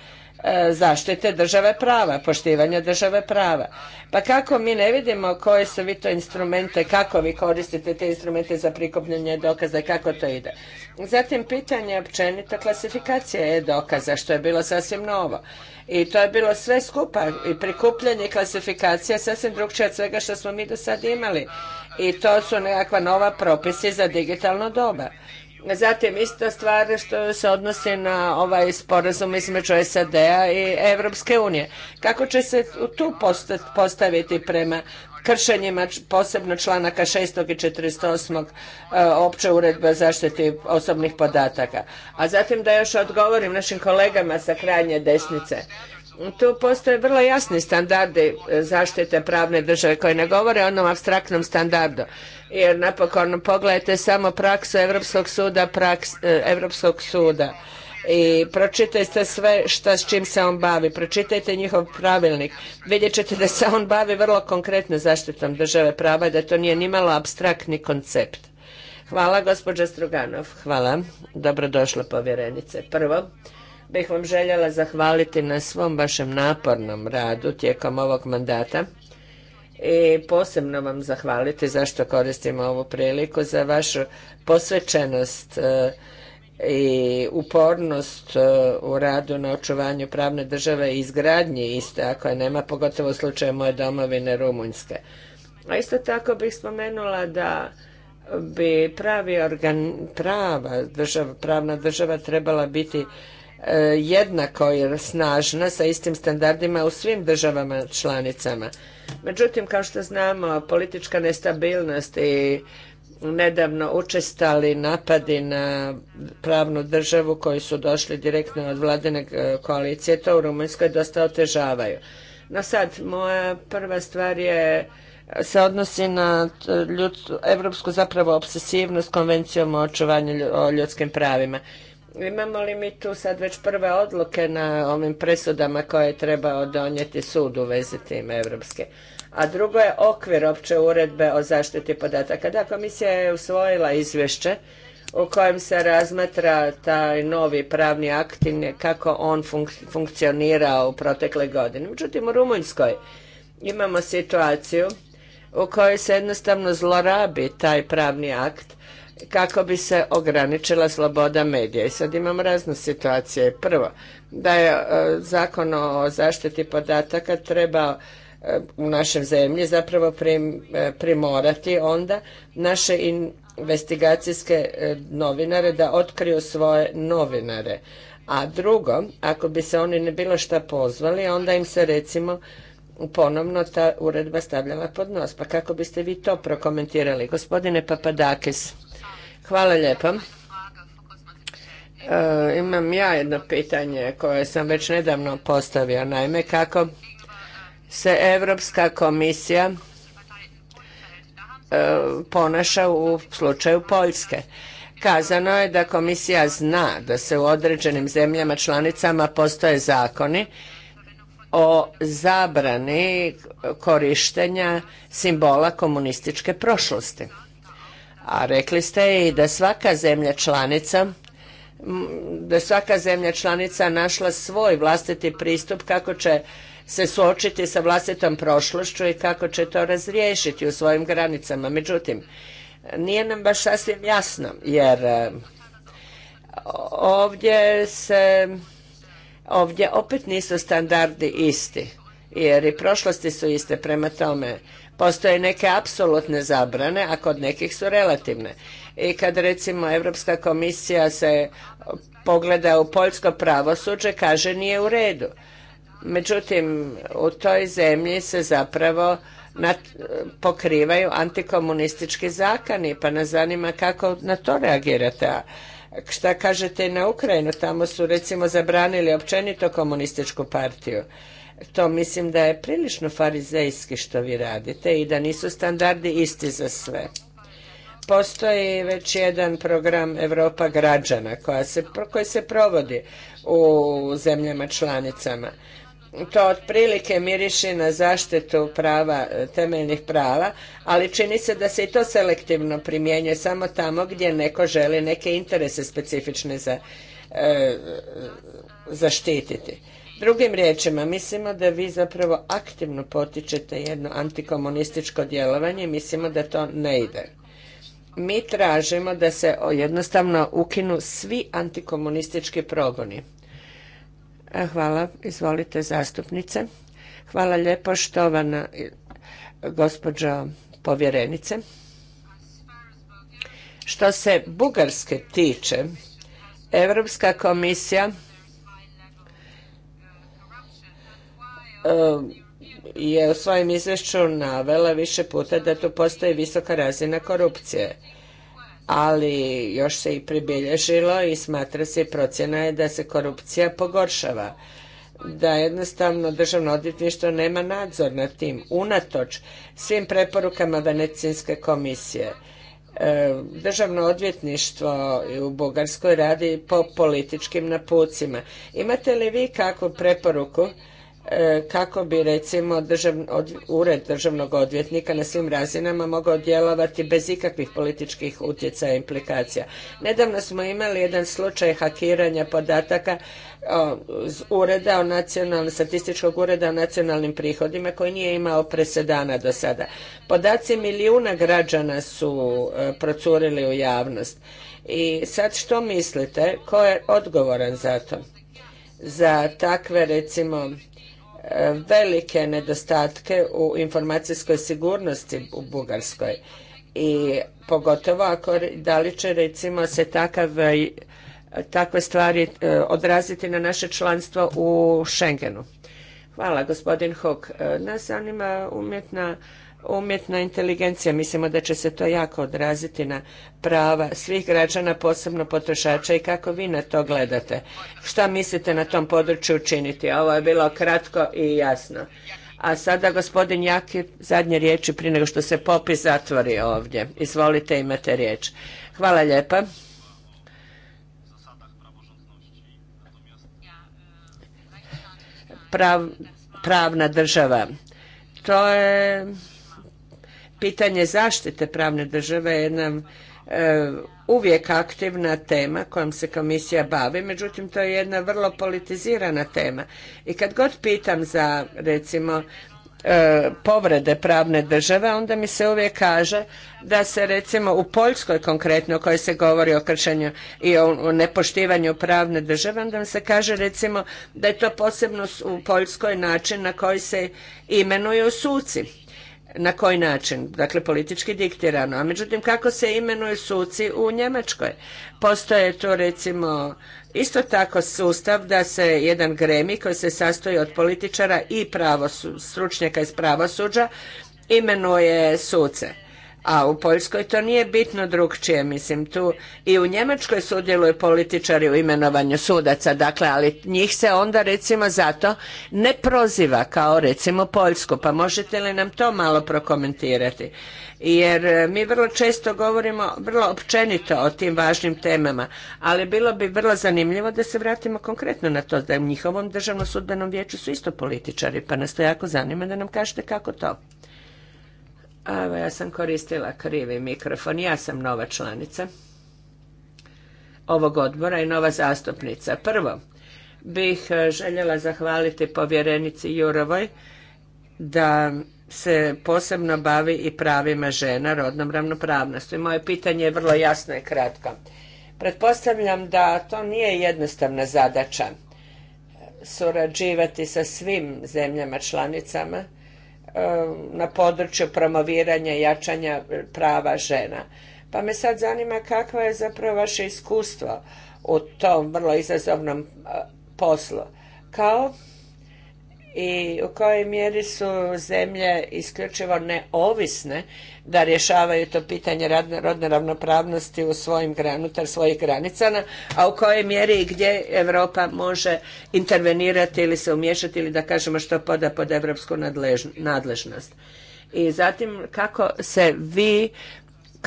E, zaštite države prava, poštivanja države prava. Pa kako mi ne vidimo koje su vi to instrumente, kako vi koristite te instrumente za prikupljanje dokaza i kako to ide. Zatim pitanje općenito klasifikacije e-dokaza što je bilo sasvim novo. I to je bilo sve skupa i prikupljanje klasifikacija sasvim drugčije od svega što smo mi do sada imali. I to su nekakva nova propisi za digitalno doba. Zatim ista stvar što se odnosi na ovaj sporazum između SAD-a i Europske unije. Kako će se tu postaviti prema kršenjima posebno članaka 6. i 48. E, opće uredbe o zaštiti osobnih podataka. A zatim da još odgovorim našim kolegama sa krajnje desnice. Tu postoje vrlo jasni standardi e, zaštite pravne države koje ne govore o onom abstraktnom standardu. Jer napokon pogledajte samo praksu Europskog suda, praks, Europskog suda i pročitajte sve šta s čim se on bavi, pročitajte njihov pravilnik, vidjet ćete da se on bavi vrlo konkretno zaštitom države prava i da to nije nimalo abstraktni koncept. Hvala gospođa Struganov, hvala, dobrodošla povjerenice. Prvo, bih vam željela zahvaliti na svom vašem napornom radu tijekom ovog mandata i posebno vam zahvaliti zašto koristim ovu priliku za vašu posvećenost e, i upornost e, u radu na očuvanju pravne države i izgradnji iste ako je nema, pogotovo u slučaju moje domovine Rumunjske. A isto tako bih spomenula da bi pravi organ, prava država, pravna država trebala biti E, jednako jer snažna sa istim standardima u svim državama članicama. Međutim, kao što znamo, politička nestabilnost i nedavno učestali napadi na pravnu državu koji su došli direktno od vladine e, koalicije, to u Rumunjskoj dosta otežavaju. No sad, moja prva stvar je e, se odnosi na europsku evropsku zapravo obsesivnost konvencijom o očuvanju o ljudskim pravima. Imamo li mi tu sad već prve odluke na ovim presudama koje je trebao donijeti sud u vezi tim evropske? A drugo je okvir opće uredbe o zaštiti podataka. Da, komisija je usvojila izvješće u kojem se razmatra taj novi pravni akt i kako on funkcionira u protekle godine. Međutim, u Rumunjskoj imamo situaciju u kojoj se jednostavno zlorabi taj pravni akt kako bi se ograničila sloboda medija. I sad imam razne situacije. Prvo, da je e, zakon o zaštiti podataka treba e, u našem zemlji zapravo e, primorati onda naše investigacijske novinare da otkriju svoje novinare. A drugo, ako bi se oni ne bilo šta pozvali, onda im se recimo ponovno ta uredba stavljala pod nos. Pa kako biste vi to prokomentirali? Gospodine Papadakis. Hvala lijepa. E, imam ja jedno pitanje koje sam već nedavno postavio. Naime, kako se Europska komisija e, ponaša u slučaju Poljske. Kazano je da komisija zna da se u određenim zemljama članicama postoje zakoni o zabrani korištenja simbola komunističke prošlosti. A rekli ste i da svaka zemlja članica da svaka zemlja članica našla svoj vlastiti pristup kako će se suočiti sa vlastitom prošlošću i kako će to razriješiti u svojim granicama. Međutim, nije nam baš sasvim jasno, jer e, ovdje se ovdje opet nisu standardi isti, jer i prošlosti su iste prema tome. Postoje neke apsolutne zabrane, a kod nekih su relativne. I kad recimo Europska komisija se pogleda u poljsko pravosuđe, kaže nije u redu. Međutim, u toj zemlji se zapravo pokrivaju antikomunistički zakani, pa nas zanima kako na to reagirate. Šta kažete na Ukrajinu? Tamo su recimo zabranili općenito komunističku partiju to mislim da je prilično farizejski što vi radite i da nisu standardi isti za sve. Postoji već jedan program Europa građana koja se, koji se provodi u zemljama članicama. To otprilike miriši na zaštitu prava, temeljnih prava, ali čini se da se i to selektivno primjenjuje samo tamo gdje neko želi neke interese specifične za, e, zaštititi. Drugim riječima, mislimo da vi zapravo aktivno potičete jedno antikomunističko djelovanje i mislimo da to ne ide. Mi tražimo da se jednostavno ukinu svi antikomunistički progoni. E, hvala, izvolite zastupnice. Hvala lijepo štovana e, gospođo povjerenice. Što se Bugarske tiče, Europska komisija je u svojem izvješću navela više puta da tu postoji visoka razina korupcije. Ali još se i pribilježilo i smatra se i procjena je da se korupcija pogoršava. Da jednostavno državno odvjetništvo nema nadzor nad tim, unatoč svim preporukama Venecijske komisije. Državno odvjetništvo u Bugarskoj radi po političkim napucima. Imate li vi kakvu preporuku E, kako bi recimo ured državnog odvjetnika na svim razinama mogao djelovati bez ikakvih političkih utjecaja i implikacija. Nedavno smo imali jedan slučaj hakiranja podataka iz ureda statističkog ureda o nacionalnim prihodima koji nije imao presedana do sada. Podaci milijuna građana su e, procurili u javnost. I sad što mislite, ko je odgovoran za to? Za takve recimo velike nedostatke u informacijskoj sigurnosti u Bugarskoj i pogotovo ako da li će recimo se takav e, takve stvari e, odraziti na naše članstvo u Schengenu. Hvala gospodin Hook. E, nas zanima umjetna umjetna inteligencija. Mislimo da će se to jako odraziti na prava svih građana, posebno potrošača i kako vi na to gledate. Šta mislite na tom području učiniti? Ovo je bilo kratko i jasno. A sada gospodin Jaki, zadnje riječi prije nego što se popis zatvori ovdje. Izvolite, imate riječ. Hvala lijepa. pravna država. To je pitanje zaštite pravne države je nam e, uvijek aktivna tema kojom se komisija bavi, međutim to je jedna vrlo politizirana tema. I kad god pitam za recimo e, povrede pravne države, onda mi se uvijek kaže da se recimo u Poljskoj konkretno o se govori o kršenju i o, nepoštivanju pravne države, onda mi se kaže recimo da je to posebno u Poljskoj način na koji se imenuju suci na koji način, dakle politički diktirano. A međutim, kako se imenuju suci u Njemačkoj? Postoje tu recimo isto tako sustav da se jedan gremi koji se sastoji od političara i stručnjaka iz pravosuđa imenuje suce a u Poljskoj to nije bitno drugčije, mislim tu i u Njemačkoj sudjeluju političari u imenovanju sudaca, dakle, ali njih se onda recimo zato ne proziva kao recimo Poljsku, pa možete li nam to malo prokomentirati? Jer e, mi vrlo često govorimo vrlo općenito o tim važnim temama, ali bilo bi vrlo zanimljivo da se vratimo konkretno na to da u njihovom državnom sudbenom vijeću su isto političari, pa nas to jako zanima da nam kažete kako to ja sam koristila krivi mikrofon. Ja sam nova članica ovog odbora i nova zastupnica. Prvo, bih e, željela zahvaliti povjerenici Jurovoj da se posebno bavi i pravima žena, rodnom ravnopravnosti. Moje pitanje je vrlo jasno i kratko. Pretpostavljam da to nije jednostavna zadaća e, surađivati sa svim zemljama članicama na području promoviranja i jačanja prava žena. Pa me sad zanima kakva je zapravo vaše iskustvo u tom vrlo izazovnom poslu. Kao i u kojoj mjeri su zemlje isključivo neovisne da rješavaju to pitanje rodne ravnopravnosti u svojim granutar svojih granicama, a u kojoj mjeri i gdje Europa može intervenirati ili se umiješati ili da kažemo što poda pod europsku nadležnost. I zatim kako se vi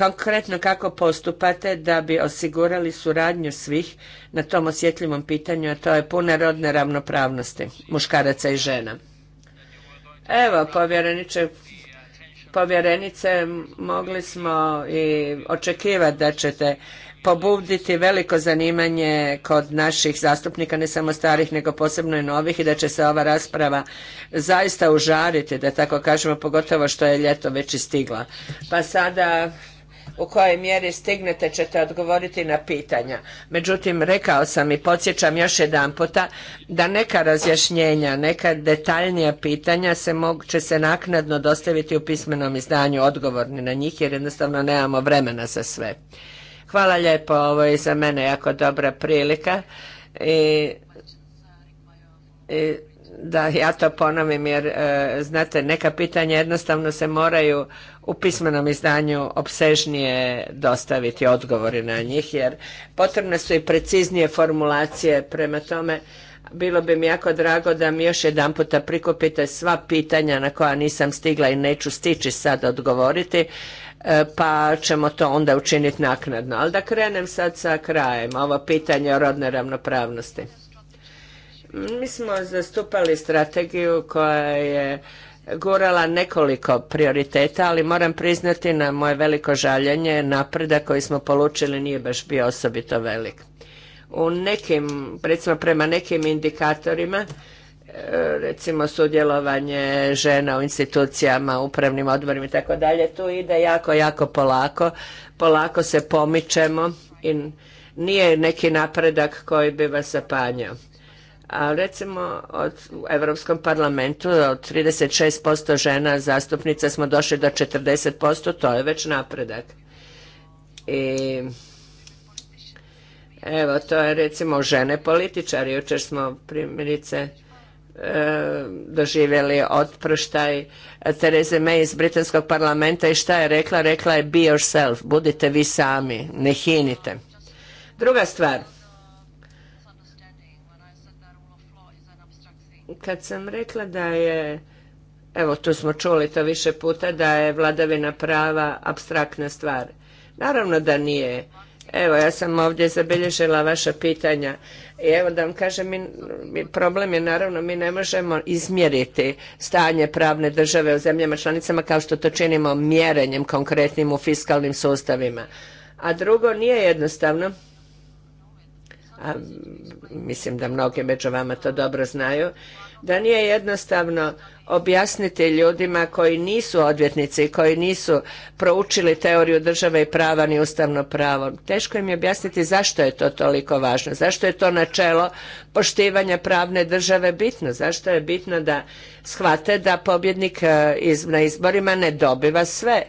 konkretno kako postupate da bi osigurali suradnju svih na tom osjetljivom pitanju, a to je puna rodne ravnopravnosti muškaraca i žena. Evo, povjereniče, povjerenice, mogli smo i očekivati da ćete pobuditi veliko zanimanje kod naših zastupnika, ne samo starih, nego posebno i novih i da će se ova rasprava zaista užariti, da tako kažemo, pogotovo što je ljeto već i stigla. Pa sada u kojoj mjeri stignete ćete odgovoriti na pitanja. Međutim, rekao sam i podsjećam još jedan puta da neka razjašnjenja, neka detaljnija pitanja se će se naknadno dostaviti u pismenom izdanju odgovorni na njih jer jednostavno nemamo vremena za sve. Hvala lijepo, ovo je za mene jako dobra prilika i da ja to ponovim jer e, znate neka pitanja jednostavno se moraju u pismenom izdanju opsežnije dostaviti odgovori na njih jer potrebne su i preciznije formulacije prema tome bilo bi mi jako drago da mi još jedan puta prikupite sva pitanja na koja nisam stigla i neću stići sad odgovoriti e, pa ćemo to onda učiniti naknadno. Ali da krenem sad sa krajem, ovo pitanje o rodnoj ravnopravnosti. Mi smo zastupali strategiju koja je gurala nekoliko prioriteta, ali moram priznati na moje veliko žaljenje napredak koji smo polučili nije baš bio osobito velik. U nekim, recimo prema nekim indikatorima, e, recimo sudjelovanje žena u institucijama, upravnim odborima i tako dalje, tu ide jako, jako polako, polako se pomičemo i nije neki napredak koji bi vas zapanjao. A recimo od, u Europskom parlamentu od 36% žena zastupnica smo došli do 40%, to je već napredak. I evo, to je recimo žene političari. Jučer smo primjerice e, doživjeli otproštaj Tereze May iz Britanskog parlamenta i šta je rekla? Rekla je be yourself, budite vi sami, ne hinite. Druga stvar, Kad sam rekla da je, evo tu smo čuli to više puta, da je vladavina prava abstraktna stvar. Naravno da nije. Evo, ja sam ovdje zabilježila vaša pitanja. I evo da vam kažem, mi, problem je naravno, mi ne možemo izmjeriti stanje pravne države u zemljama članicama kao što to činimo mjerenjem konkretnim u fiskalnim sustavima. A drugo, nije jednostavno a mislim da mnogi među vama to dobro znaju, da nije jednostavno objasniti ljudima koji nisu odvjetnici koji nisu proučili teoriju države i prava ni ustavno pravo. Teško im je objasniti zašto je to toliko važno, zašto je to načelo poštivanja pravne države bitno, zašto je bitno da shvate da pobjednik e, na izborima ne dobiva sve.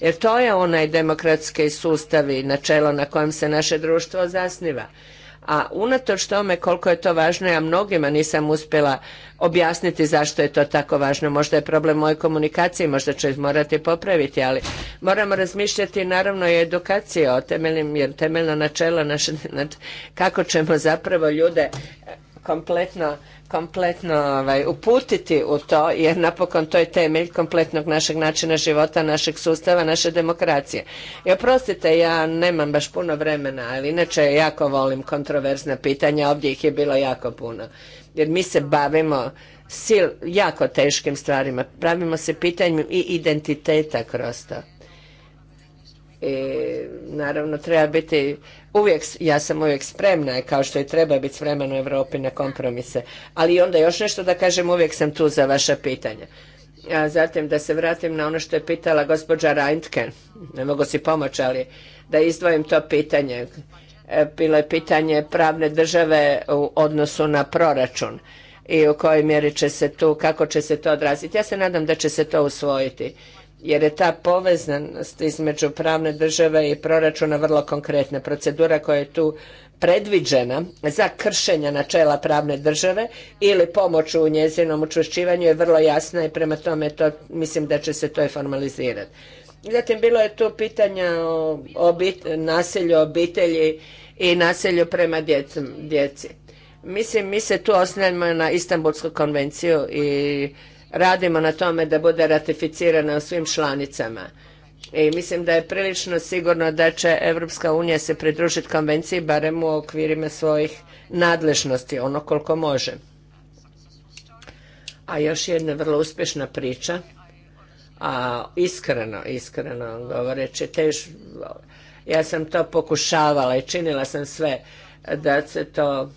Jer to je onaj demokratski sustav i načelo na kojem se naše društvo zasniva. A unatoč tome koliko je to važno, ja mnogima nisam uspjela objasniti zašto je to tako važno. Možda je problem moje komunikacije, možda ću ih morati popraviti, ali moramo razmišljati naravno i edukacije o temeljnim, jer temeljno načelo naše, kako ćemo zapravo ljude kompletno kompletno ovaj, uputiti u to, jer napokon to je temelj kompletnog našeg načina života, našeg sustava, naše demokracije. I oprostite, ja nemam baš puno vremena, ali inače jako volim kontroverzna pitanja, ovdje ih je bilo jako puno. Jer mi se bavimo sil, jako teškim stvarima, pravimo se pitanjem i identiteta kroz to i naravno treba biti uvijek, ja sam uvijek spremna kao što i treba biti spremna u Europi na kompromise, ali onda još nešto da kažem uvijek sam tu za vaša pitanja. A zatim da se vratim na ono što je pitala gospođa Reintke, ne mogu si pomoći, ali da izdvojim to pitanje. E, bilo je pitanje pravne države u odnosu na proračun i u kojoj mjeri će se tu, kako će se to odraziti. Ja se nadam da će se to usvojiti jer je ta povezanost između pravne države i proračuna vrlo konkretna. Procedura koja je tu predviđena za kršenje načela pravne države ili pomoć u njezinom učvršćivanju je vrlo jasna i prema tome to, mislim da će se to i formalizirati. Zatim bilo je tu pitanja o obit, nasilju obitelji i nasilju prema djecom, djeci. Mislim, mi se tu osnajemo na Istanbulsku konvenciju i radimo na tome da bude ratificirana u svim članicama. I mislim da je prilično sigurno da će Evropska unija se pridružiti konvenciji barem u okvirima svojih nadležnosti, ono koliko može. A još jedna vrlo uspješna priča, a iskreno, iskreno govoreći, tež, ja sam to pokušavala i činila sam sve da se to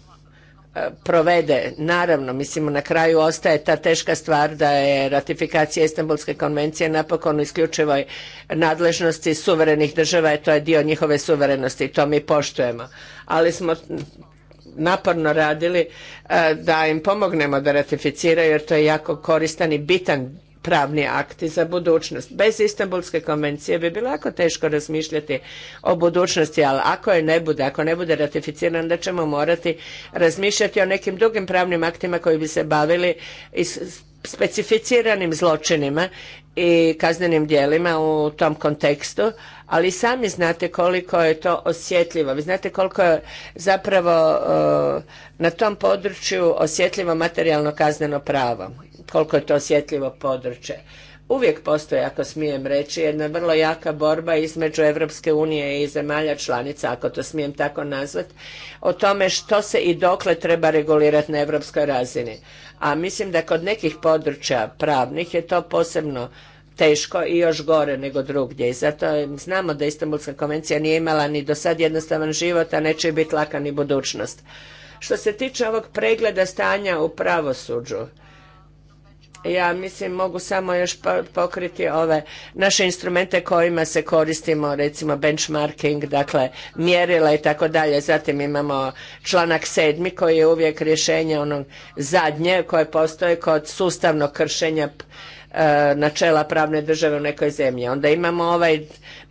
E, provede. Naravno, mislimo na kraju ostaje ta teška stvar da je ratifikacija Istanbulske konvencije napokon u isključivoj nadležnosti suverenih država i e, to je dio njihove suverenosti i to mi poštujemo. Ali smo naporno radili e, da im pomognemo da ratificiraju jer to je jako koristan i bitan pravni akti za budućnost. Bez Istanbulske konvencije bi bilo jako teško razmišljati o budućnosti, ali ako je ne bude, ako ne bude ratificiran, da ćemo morati razmišljati o nekim drugim pravnim aktima koji bi se bavili specificiranim zločinima i kaznenim djelima u tom kontekstu, ali sami znate koliko je to osjetljivo. Vi znate koliko je zapravo eh, na tom području osjetljivo materijalno kazneno pravo koliko je to osjetljivo područje. Uvijek postoji, ako smijem reći, jedna vrlo jaka borba između Evropske unije i zemalja članica, ako to smijem tako nazvati, o tome što se i dokle treba regulirati na evropskoj razini. A mislim da kod nekih područja pravnih je to posebno teško i još gore nego drugdje. I zato znamo da Istanbulska konvencija nije imala ni do sad jednostavan život, a neće biti laka ni budućnost. Što se tiče ovog pregleda stanja u pravosuđu, ja mislim mogu samo još pokriti ove naše instrumente kojima se koristimo, recimo benchmarking, dakle mjerila i tako dalje. Zatim imamo članak sedmi koji je uvijek rješenje onog zadnje koje postoje kod sustavnog kršenja e, načela pravne države u nekoj zemlji. Onda imamo ovaj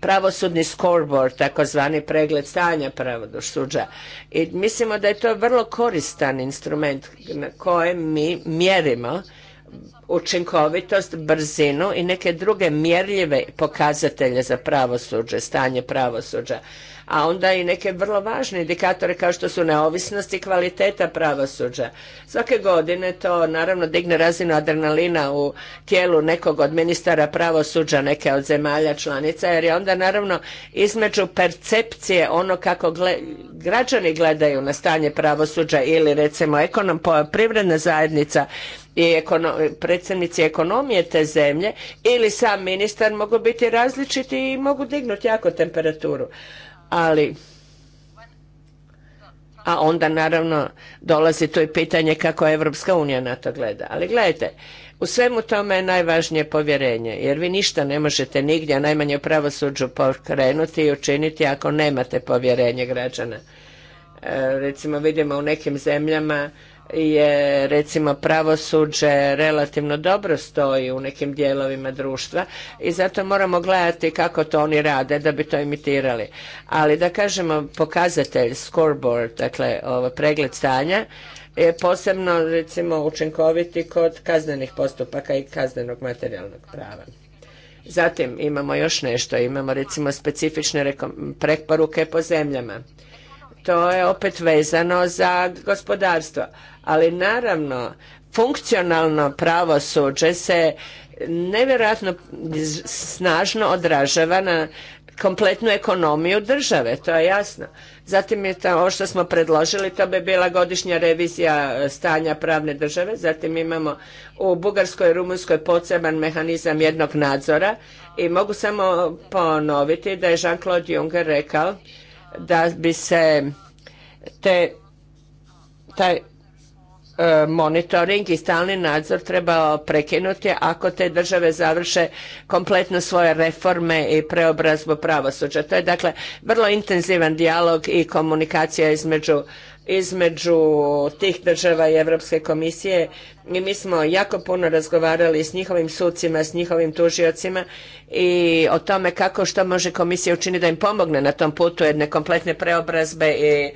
pravosudni scoreboard, takozvani pregled stanja pravosuđa. I mislimo da je to vrlo koristan instrument na kojem mi mjerimo učinkovitost, brzinu i neke druge mjerljive pokazatelje za pravosuđe, stanje pravosuđa, a onda i neke vrlo važne indikatore kao što su neovisnost i kvaliteta pravosuđa. Svake godine to naravno digne razinu adrenalina u tijelu nekog od ministara pravosuđa, neke od zemalja članica, jer je onda naravno između percepcije ono kako građani gledaju na stanje pravosuđa ili recimo ekonom, privredna zajednica i ekono, ekonomije te zemlje ili sam ministar mogu biti različiti i mogu dignuti jako temperaturu. Ali a onda naravno dolazi to i pitanje kako Evropska unija na to gleda. Ali gledajte, u svemu tome je najvažnije povjerenje, jer vi ništa ne možete nigdje, a najmanje u pravosuđu pokrenuti i učiniti ako nemate povjerenje građana. E, recimo vidimo u nekim zemljama je recimo pravosuđe relativno dobro stoji u nekim dijelovima društva i zato moramo gledati kako to oni rade da bi to imitirali. Ali da kažemo pokazatelj, scoreboard, dakle ovo, pregled stanja je posebno recimo učinkoviti kod kaznenih postupaka i kaznenog materijalnog prava. Zatim imamo još nešto, imamo recimo specifične preporuke po zemljama to je opet vezano za gospodarstvo. Ali naravno, funkcionalno pravosuđe se nevjerojatno snažno odražava na kompletnu ekonomiju države, to je jasno. Zatim je to, ovo što smo predložili, to bi bila godišnja revizija e, stanja pravne države, zatim imamo u Bugarskoj i Rumunskoj poseban mehanizam jednog nadzora i mogu samo ponoviti da je Jean-Claude Juncker rekao da bi se te, taj e, monitoring i stalni nadzor trebao prekinuti ako te države završe kompletno svoje reforme i preobrazbu pravosuđa. To je dakle vrlo intenzivan dijalog i komunikacija između između tih država i Europske komisije i mi smo jako puno razgovarali s njihovim sucima, s njihovim tužiocima i o tome kako što može komisija učiniti da im pomogne na tom putu jedne kompletne preobrazbe i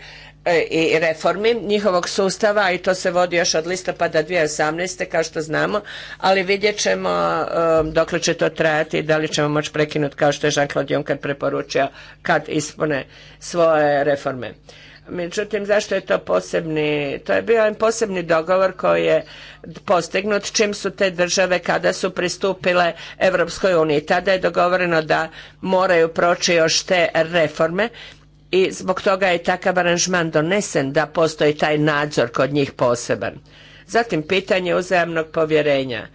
e, i reformi njihovog sustava i to se vodi još od listopada 2018. kao što znamo, ali vidjet ćemo um, dokle će to trajati i da li ćemo moći prekinuti kao što je Jean-Claude Juncker preporučio kad ispune svoje reforme. Međutim, zašto je to posebni? To je bio posebni dogovor koji je postignut čim su te države kada su pristupile Europskoj uniji. Tada je dogovoreno da moraju proći još te reforme i zbog toga je takav aranžman donesen da postoji taj nadzor kod njih poseban. Zatim pitanje uzajamnog povjerenja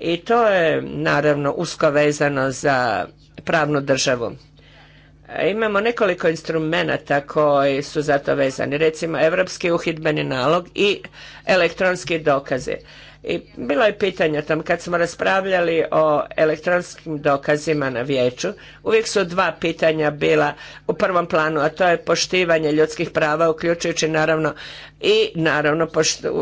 i to je naravno usko vezano za pravnu državu. Imamo nekoliko instrumenata koji su za to vezani, recimo Europski uhidbeni nalog i elektronski dokazi. I bilo je pitanja tam kad smo raspravljali o elektronskim dokazima na vijeću, uvijek su dva pitanja bila u prvom planu, a to je poštivanje ljudskih prava, uključujući naravno i naravno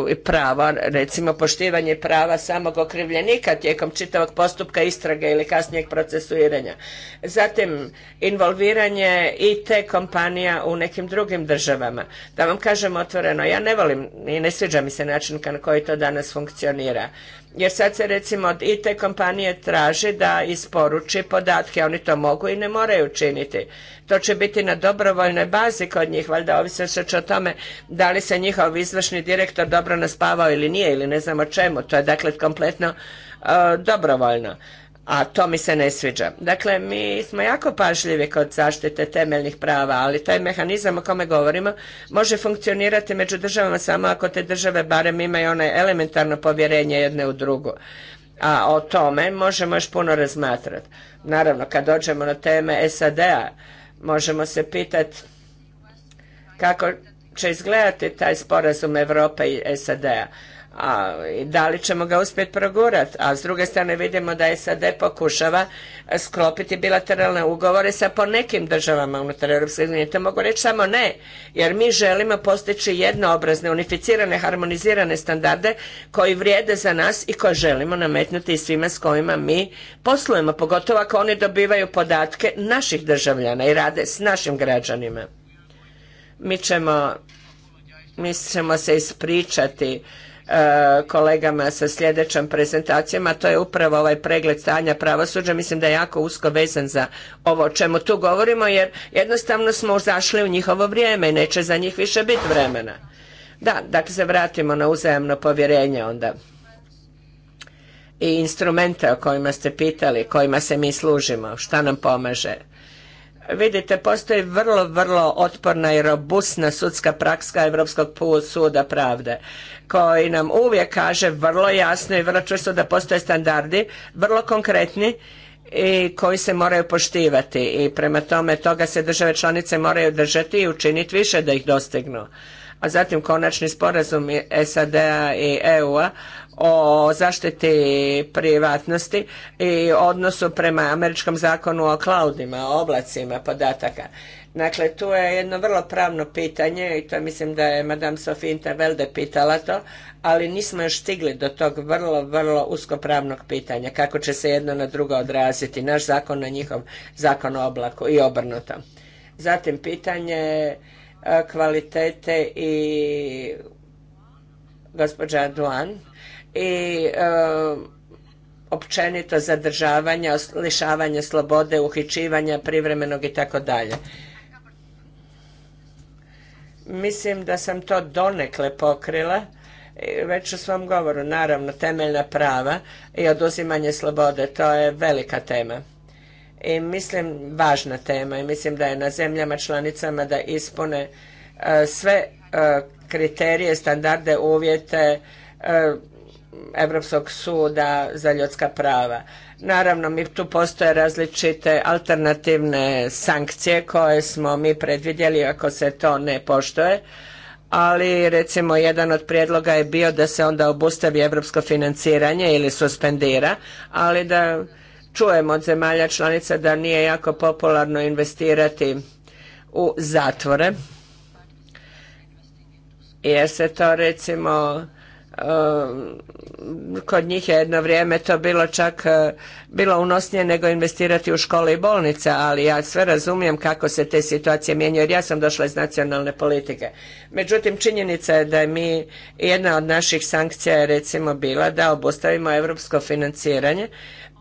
i prava, recimo poštivanje prava samog okrivljenika tijekom čitavog postupka istrage ili kasnijeg procesuiranja. Zatim involviranje i te kompanija u nekim drugim državama. Da vam kažem otvoreno, ja ne volim i ne sviđa mi se način na koji to danas funkcionira funkcionira. Jer sad se recimo od IT kompanije traži da isporuči podatke, oni to mogu i ne moraju činiti. To će biti na dobrovoljnoj bazi kod njih, valjda ovisno se o tome da li se njihov izvršni direktor dobro naspavao ili nije ili ne znamo čemu, to je dakle kompletno e, dobrovoljno a to mi se ne sviđa. Dakle, mi smo jako pažljivi kod zaštite temeljnih prava, ali taj mehanizam o kome govorimo može funkcionirati među državama samo ako te države barem imaju ono elementarno povjerenje jedne u drugu. A o tome možemo još puno razmatrati. Naravno, kad dođemo na teme SAD-a, možemo se pitati kako će izgledati taj sporazum Europe i SAD-a a da li ćemo ga uspjet progurat, a s druge strane vidimo da SAD pokušava sklopiti bilateralne ugovore sa po nekim državama unutar Europske unije. To mogu reći samo ne, jer mi želimo postići jednoobrazne, unificirane, harmonizirane standarde koji vrijede za nas i koje želimo nametnuti svima s kojima mi poslujemo, pogotovo ako oni dobivaju podatke naših državljana i rade s našim građanima. Mi ćemo, mi ćemo se ispričati E, kolegama sa sljedećom prezentacijom, a to je upravo ovaj pregled stanja pravosuđa. Mislim da je jako usko vezan za ovo o čemu tu govorimo, jer jednostavno smo zašli u njihovo vrijeme i neće za njih više biti vremena. Da, dakle se vratimo na uzajamno povjerenje onda i instrumente o kojima ste pitali, kojima se mi služimo, šta nam pomaže. Vidite, postoji vrlo, vrlo otporna i robustna sudska praksa Europskog suda pravde koji nam uvijek kaže vrlo jasno i vrlo čvrsto da postoje standardi, vrlo konkretni i koji se moraju poštivati i prema tome toga se države članice moraju držati i učiniti više da ih dostignu a zatim konačni sporazum SAD-a i EU-a o zaštiti privatnosti i odnosu prema američkom zakonu o cloudima, o oblacima podataka. Dakle, tu je jedno vrlo pravno pitanje i to mislim da je Madame Sophie Velde pitala to, ali nismo još stigli do tog vrlo, vrlo uskopravnog pitanja kako će se jedno na drugo odraziti, naš zakon na njihov zakon o oblaku i obrnuto. Zatim pitanje E, kvalitete i gospođa Duan i e, općenito zadržavanja, lišavanja slobode, uhičivanja privremenog i tako dalje. Mislim da sam to donekle pokrila e, već u svom govoru. Naravno, temeljna prava i oduzimanje slobode, to je velika tema i mislim važna tema i mislim da je na zemljama članicama da ispune e, sve e, kriterije, standarde, uvjete e, Europskog suda za ljudska prava. Naravno, mi tu postoje različite alternativne sankcije koje smo mi predvidjeli ako se to ne poštuje, ali recimo jedan od prijedloga je bio da se onda obustavi europsko financiranje ili suspendira, ali da čujem od zemalja članica da nije jako popularno investirati u zatvore jer se to recimo um, kod njih je jedno vrijeme to bilo čak uh, bilo unosnije nego investirati u škole i bolnice, ali ja sve razumijem kako se te situacije mijenjaju jer ja sam došla iz nacionalne politike. Međutim, činjenica je da je mi jedna od naših sankcija je recimo bila da obustavimo europsko financiranje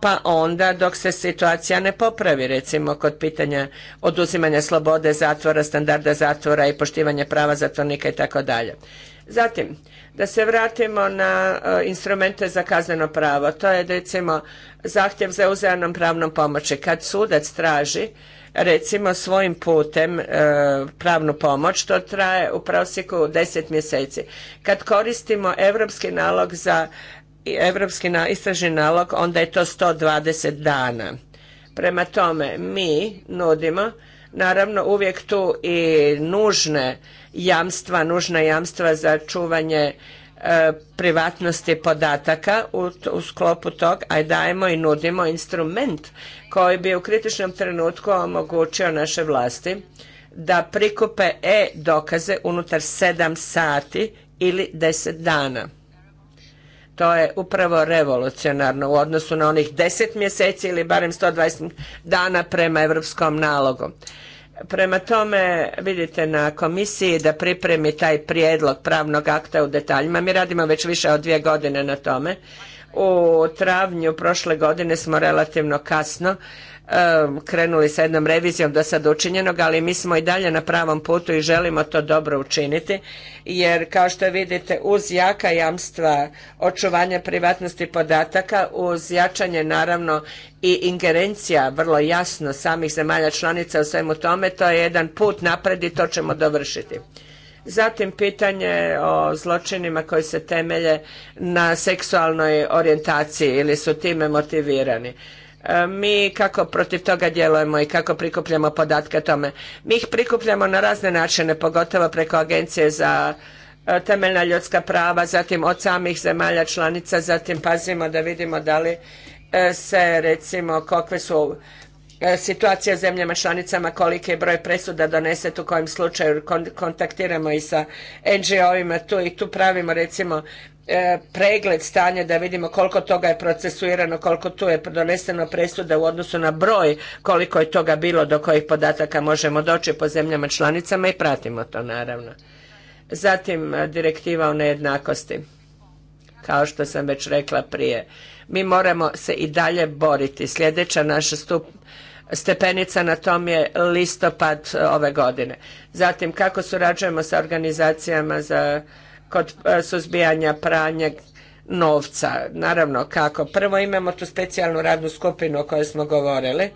pa onda dok se situacija ne popravi, recimo kod pitanja oduzimanja slobode zatvora, standarda zatvora i poštivanja prava zatvornika i tako dalje. Zatim, da se vratimo na e, instrumente za kazneno pravo. To je, recimo, zahtjev za uzajamnom pravnom pomoći. Kad sudac traži, recimo, svojim putem e, pravnu pomoć, to traje u prosjeku 10 mjeseci. Kad koristimo evropski nalog za evropski na, istražni nalog, onda je to 120 dana. Prema tome, mi nudimo naravno uvijek tu i nužne jamstva, nužna jamstva za čuvanje e, privatnosti podataka u, u sklopu tog, a dajemo i nudimo instrument koji bi u kritičnom trenutku omogućio naše vlasti da prikupe e-dokaze unutar 7 sati ili 10 dana. To je upravo revolucionarno u odnosu na onih 10 mjeseci ili barem 120 dana prema evropskom nalogu. Prema tome, vidite na komisiji da pripremi taj prijedlog pravnog akta u detaljima. Mi radimo već više od dvije godine na tome. U travnju prošle godine smo relativno kasno krenuli sa jednom revizijom do sad učinjenog, ali mi smo i dalje na pravom putu i želimo to dobro učiniti, jer kao što vidite uz jaka jamstva očuvanja privatnosti podataka, uz jačanje naravno i ingerencija vrlo jasno samih zemalja članica u svemu tome, to je jedan put napred i to ćemo dovršiti. Zatim pitanje o zločinima koji se temelje na seksualnoj orijentaciji ili su time motivirani. E, mi kako protiv toga djelujemo i kako prikupljamo podatke o tome. Mi ih prikupljamo na razne načine, pogotovo preko Agencije za e, temeljna ljudska prava, zatim od samih zemalja članica, zatim pazimo da vidimo da li e, se recimo kakve su E, situacija zemljama članicama, koliki je broj presuda doneset u kojem slučaju, kontaktiramo i sa NGO-ima tu i tu pravimo recimo e, pregled stanja da vidimo koliko toga je procesuirano, koliko tu je doneseno presuda u odnosu na broj koliko je toga bilo, do kojih podataka možemo doći po zemljama članicama i pratimo to naravno. Zatim e, direktiva o nejednakosti. Kao što sam već rekla prije, mi moramo se i dalje boriti. Sljedeća naša stup, stepenica na tom je listopad e, ove godine. Zatim kako surađujemo sa organizacijama za kod e, suzbijanja pranja novca. Naravno kako. Prvo imamo tu specijalnu radnu skupinu o kojoj smo govorili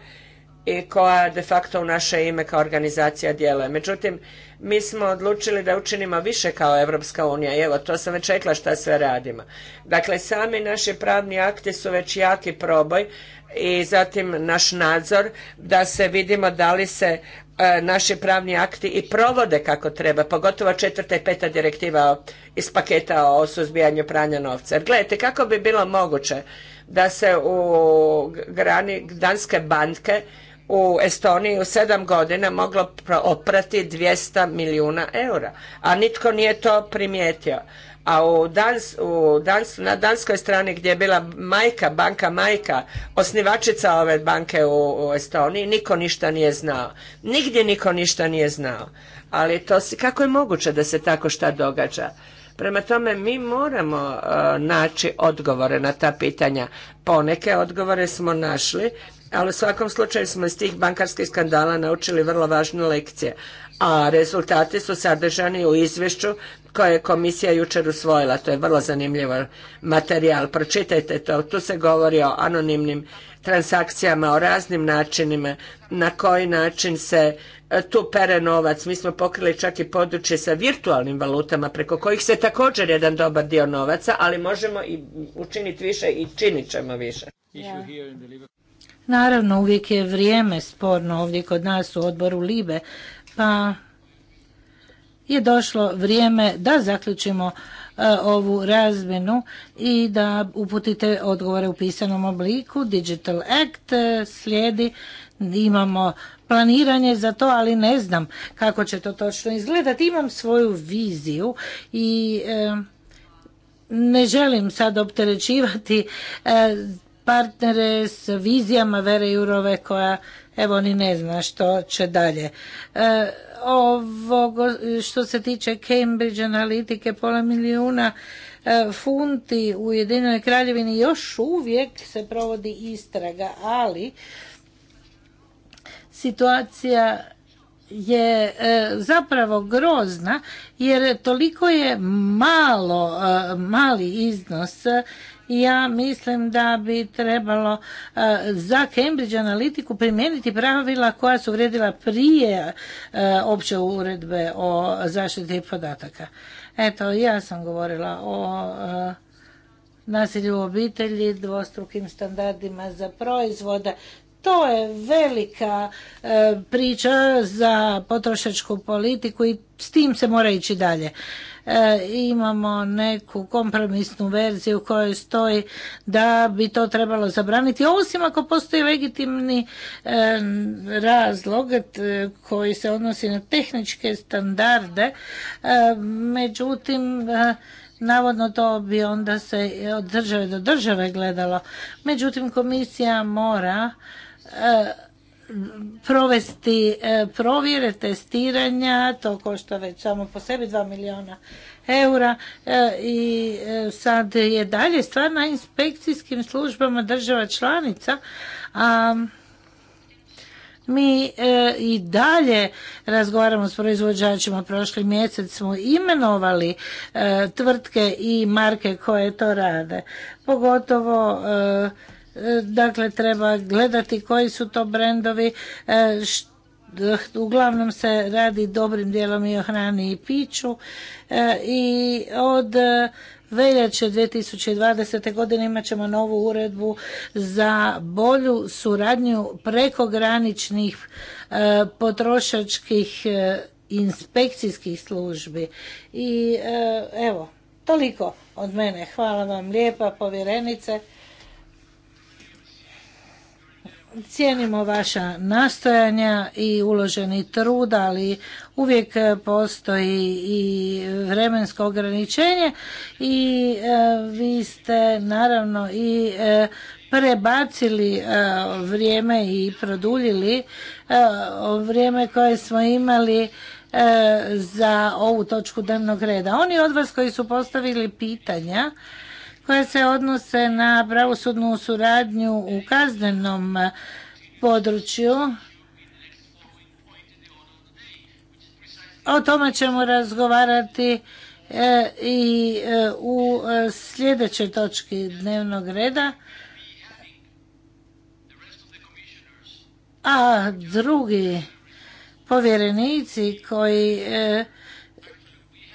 i koja de facto u naše ime kao organizacija djeluje. Međutim, mi smo odlučili da učinimo više kao Evropska unija i evo, to sam već rekla šta sve radimo. Dakle, sami naši pravni akti su već jaki proboj i zatim naš nadzor da se vidimo da li se e, naši pravni akti i provode kako treba, pogotovo četvrta i peta direktiva iz paketa o suzbijanju pranja novca. Jer gledajte, kako bi bilo moguće da se u grani Danske banke u Estoniji u sedam godina moglo oprati 200 milijuna eura, a nitko nije to primijetio a na danskoj strani gdje je bila majka, banka majka, osnivačica ove banke u, Estoniji, niko ništa nije znao. Nigdje niko ništa nije znao. Ali to si, kako je moguće da se tako šta događa? Prema tome, mi moramo e, naći odgovore na ta pitanja. Poneke odgovore smo našli, ali u svakom slučaju smo iz tih bankarskih skandala naučili vrlo važne lekcije a rezultati su sadržani u izvješću koje je komisija jučer usvojila. To je vrlo zanimljiv materijal. Pročitajte to. Tu se govori o anonimnim transakcijama, o raznim načinima, na koji način se e, tu pere novac. Mi smo pokrili čak i područje sa virtualnim valutama preko kojih se također jedan dobar dio novaca, ali možemo i učiniti više i činit ćemo više.
Naravno, uvijek je vrijeme sporno ovdje kod nas u odboru Libe, pa je došlo vrijeme da zaključimo e, ovu razmenu i da uputite odgovore u pisanom obliku. Digital Act e, slijedi, imamo planiranje za to, ali ne znam kako će to točno izgledati. Imam svoju viziju i e, ne želim sad opterećivati partnere s vizijama Vere koja evo ni ne zna što će dalje ovog što se tiče Cambridge analitike pola milijuna e, funti u Jedinoj kraljevini još uvijek se provodi istraga, ali situacija je e, zapravo grozna jer toliko je malo e, mali iznos ja mislim da bi trebalo e, za Cambridge analitiku primijeniti pravila koja su vrijedila prije e, opće uredbe o zaštiti podataka. Eto, ja sam govorila o e, nasilju u obitelji, dvostrukim standardima za proizvode, to je velika e, priča za potrošačku politiku i s tim se mora ići dalje. E, imamo neku kompromisnu verziju u kojoj stoji da bi to trebalo zabraniti, osim ako postoji legitimni e, razlog e, koji se odnosi na tehničke standarde. Međutim, Navodno to bi onda se od države do države gledalo. Međutim, komisija mora E, provesti e, provjere, testiranja, to košta već samo po sebi 2 milijuna eura e, i sad je dalje stvar na inspekcijskim službama država članica, a mi i dalje razgovaramo s proizvođačima. Prošli mjesec smo imenovali tvrtke i marke koje to rade. Pogotovo Dakle, treba gledati koji su to brendovi, e, uglavnom se radi dobrim dijelom i o hrani i piću e, i od veljače 2020. godine imat ćemo novu uredbu za bolju suradnju prekograničnih e, potrošačkih inspekcijskih službi. I evo, toliko od mene. Hvala vam lijepa povjerenice Cijenimo vaša nastojanja i uloženi trud, ali uvijek postoji i vremensko ograničenje i e, vi ste naravno i e, prebacili e, vrijeme i produljili vrijeme koje smo imali za ovu točku dnevnog reda. Oni od vas koji su postavili pitanja koje se odnose na pravosudnu suradnju u kaznenom eh, području. O tome ćemo razgovarati eh, i eh, u sljedećoj točki dnevnog reda. A drugi povjerenici koji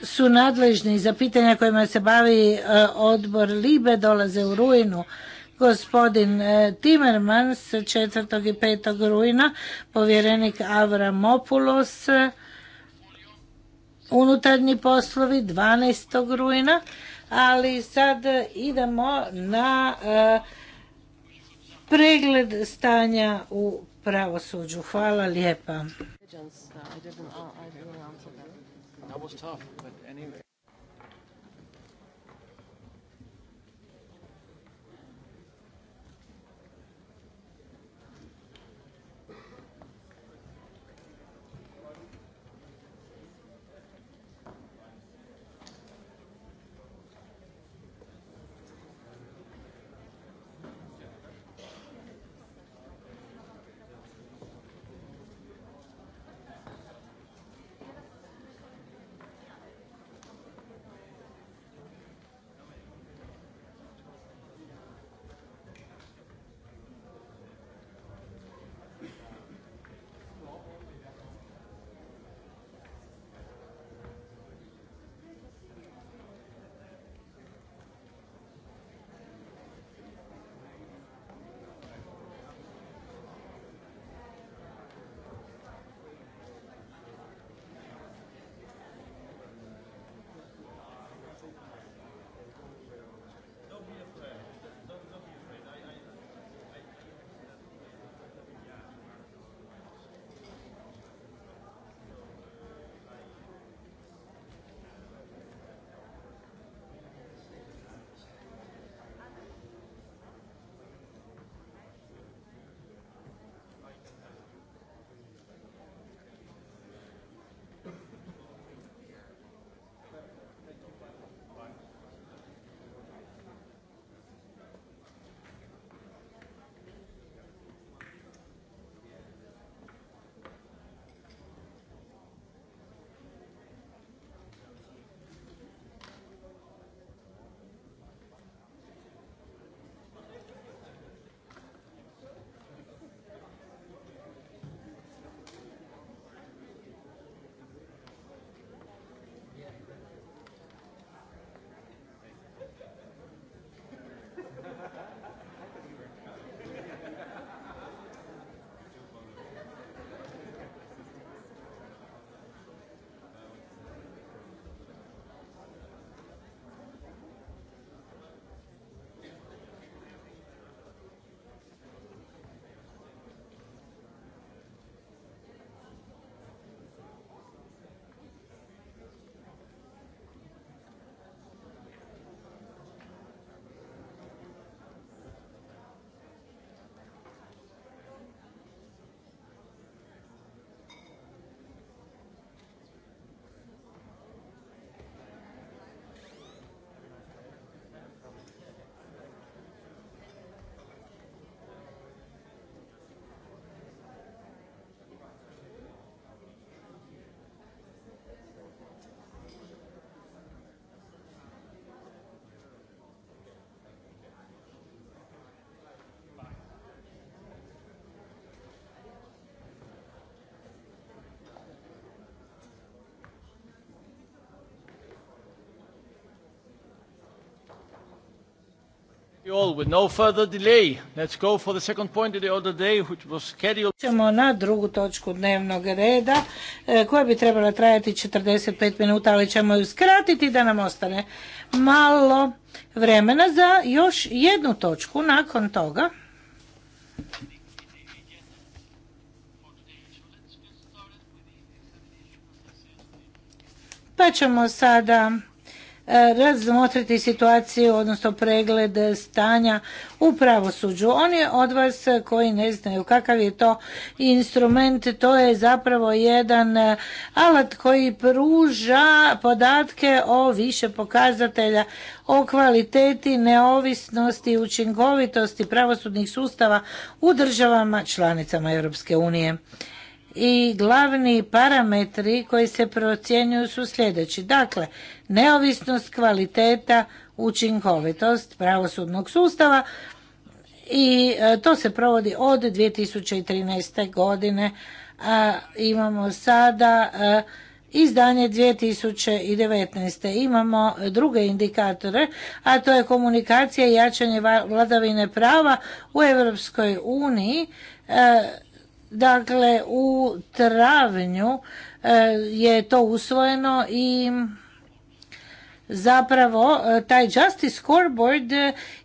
su nadležni za pitanja kojima se bavi e, odbor Libe dolaze u rujnu. Gospodin e, Timmermans 4. i 5. rujna, povjerenik Avramopoulos, e, unutarnji poslovi 12. rujna, ali sad idemo na pregled stanja u pravosuđu. Hvala lijepa.
Uh, That was tough, but anyway.
Ćemo na drugu točku dnevnog reda e, koja bi trebala trajati 45 minuta, ali ćemo ju skratiti da nam ostane malo vremena za još jednu točku nakon toga. Pa ćemo sada E, razmotriti situaciju, odnosno pregled stanja u pravosuđu. Oni od vas koji ne znaju kakav je to instrument, to je zapravo jedan e, alat koji pruža podatke o više pokazatelja, o kvaliteti, neovisnosti, i učinkovitosti pravosudnih sustava u državama članicama Europske unije i glavni parametri koji se procjenjuju su sljedeći. Dakle, neovisnost, kvaliteta, učinkovitost pravosudnog sustava i e, to se provodi od 2013. godine. A imamo sada e, izdanje 2019. Imamo druge indikatore, a to je komunikacija i jačanje vladavine prava u Europskoj uniji e, Dakle, u travnju e, je to usvojeno i zapravo e, taj Justice Scoreboard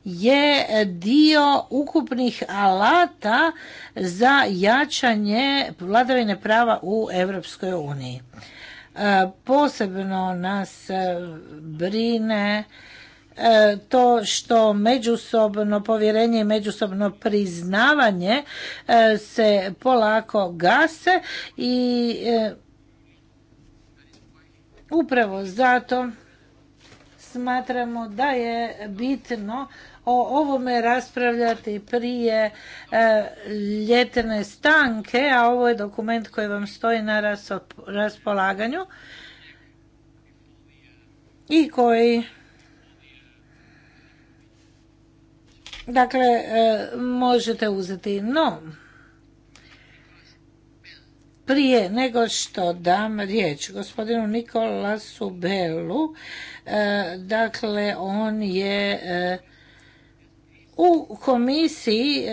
je dio ukupnih alata za jačanje vladavine prava u Europskoj uniji. E, posebno nas brine E, to što međusobno povjerenje i međusobno priznavanje e, se polako gase i e, upravo zato smatramo da je bitno o ovome raspravljati prije ljetne stanke, a ovo je dokument koji vam stoji na raspolaganju i koji Dakle, e, možete uzeti no. Prije nego što dam riječ gospodinu Nikolasu Belu, e, dakle, on je e, u komisiji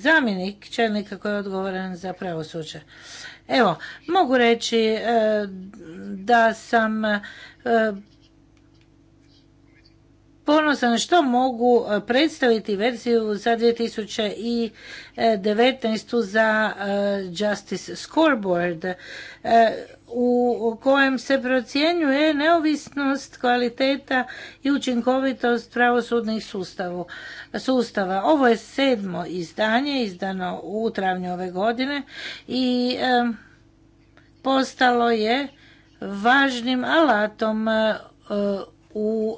zamjenik čelnika koji je odgovoran za pravosuđe. Evo, mogu reći da sam ponosan što mogu e, predstaviti verziju za 2019. za e, Justice Scoreboard e, u kojem se procjenjuje neovisnost, kvaliteta i učinkovitost pravosudnih sustava. Ovo je sedmo izdanje, izdano u travnju ove godine i postalo je važnim alatom u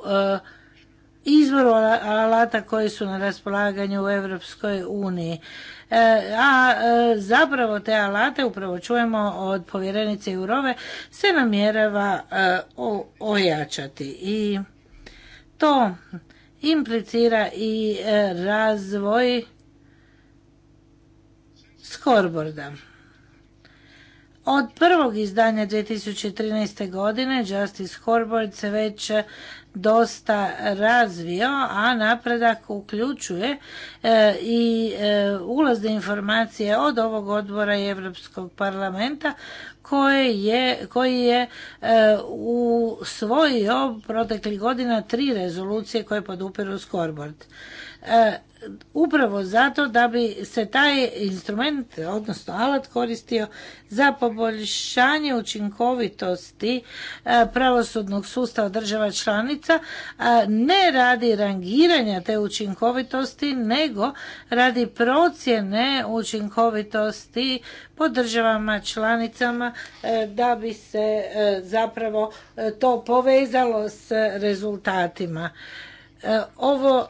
izvoru alata koji su na raspolaganju u Europskoj uniji. E, a e, zapravo te alate, upravo čujemo od povjerenice Eurove, se namjerava e, ojačati. I to implicira i razvoj skorborda. Od prvog izdanja 2013. godine Justice Scoreboard se već dosta razvio, a napredak uključuje e, i e, ulazne informacije od ovog odbora i Europskog parlamenta koji je e, usvojio proteklih godina tri rezolucije koje podupiru Skorbord upravo zato da bi se taj instrument, odnosno alat koristio za poboljšanje učinkovitosti e, pravosudnog sustava država članica, ne radi rangiranja te učinkovitosti, nego radi procjene učinkovitosti po državama članicama e, da bi se e, zapravo to povezalo s rezultatima. Ovo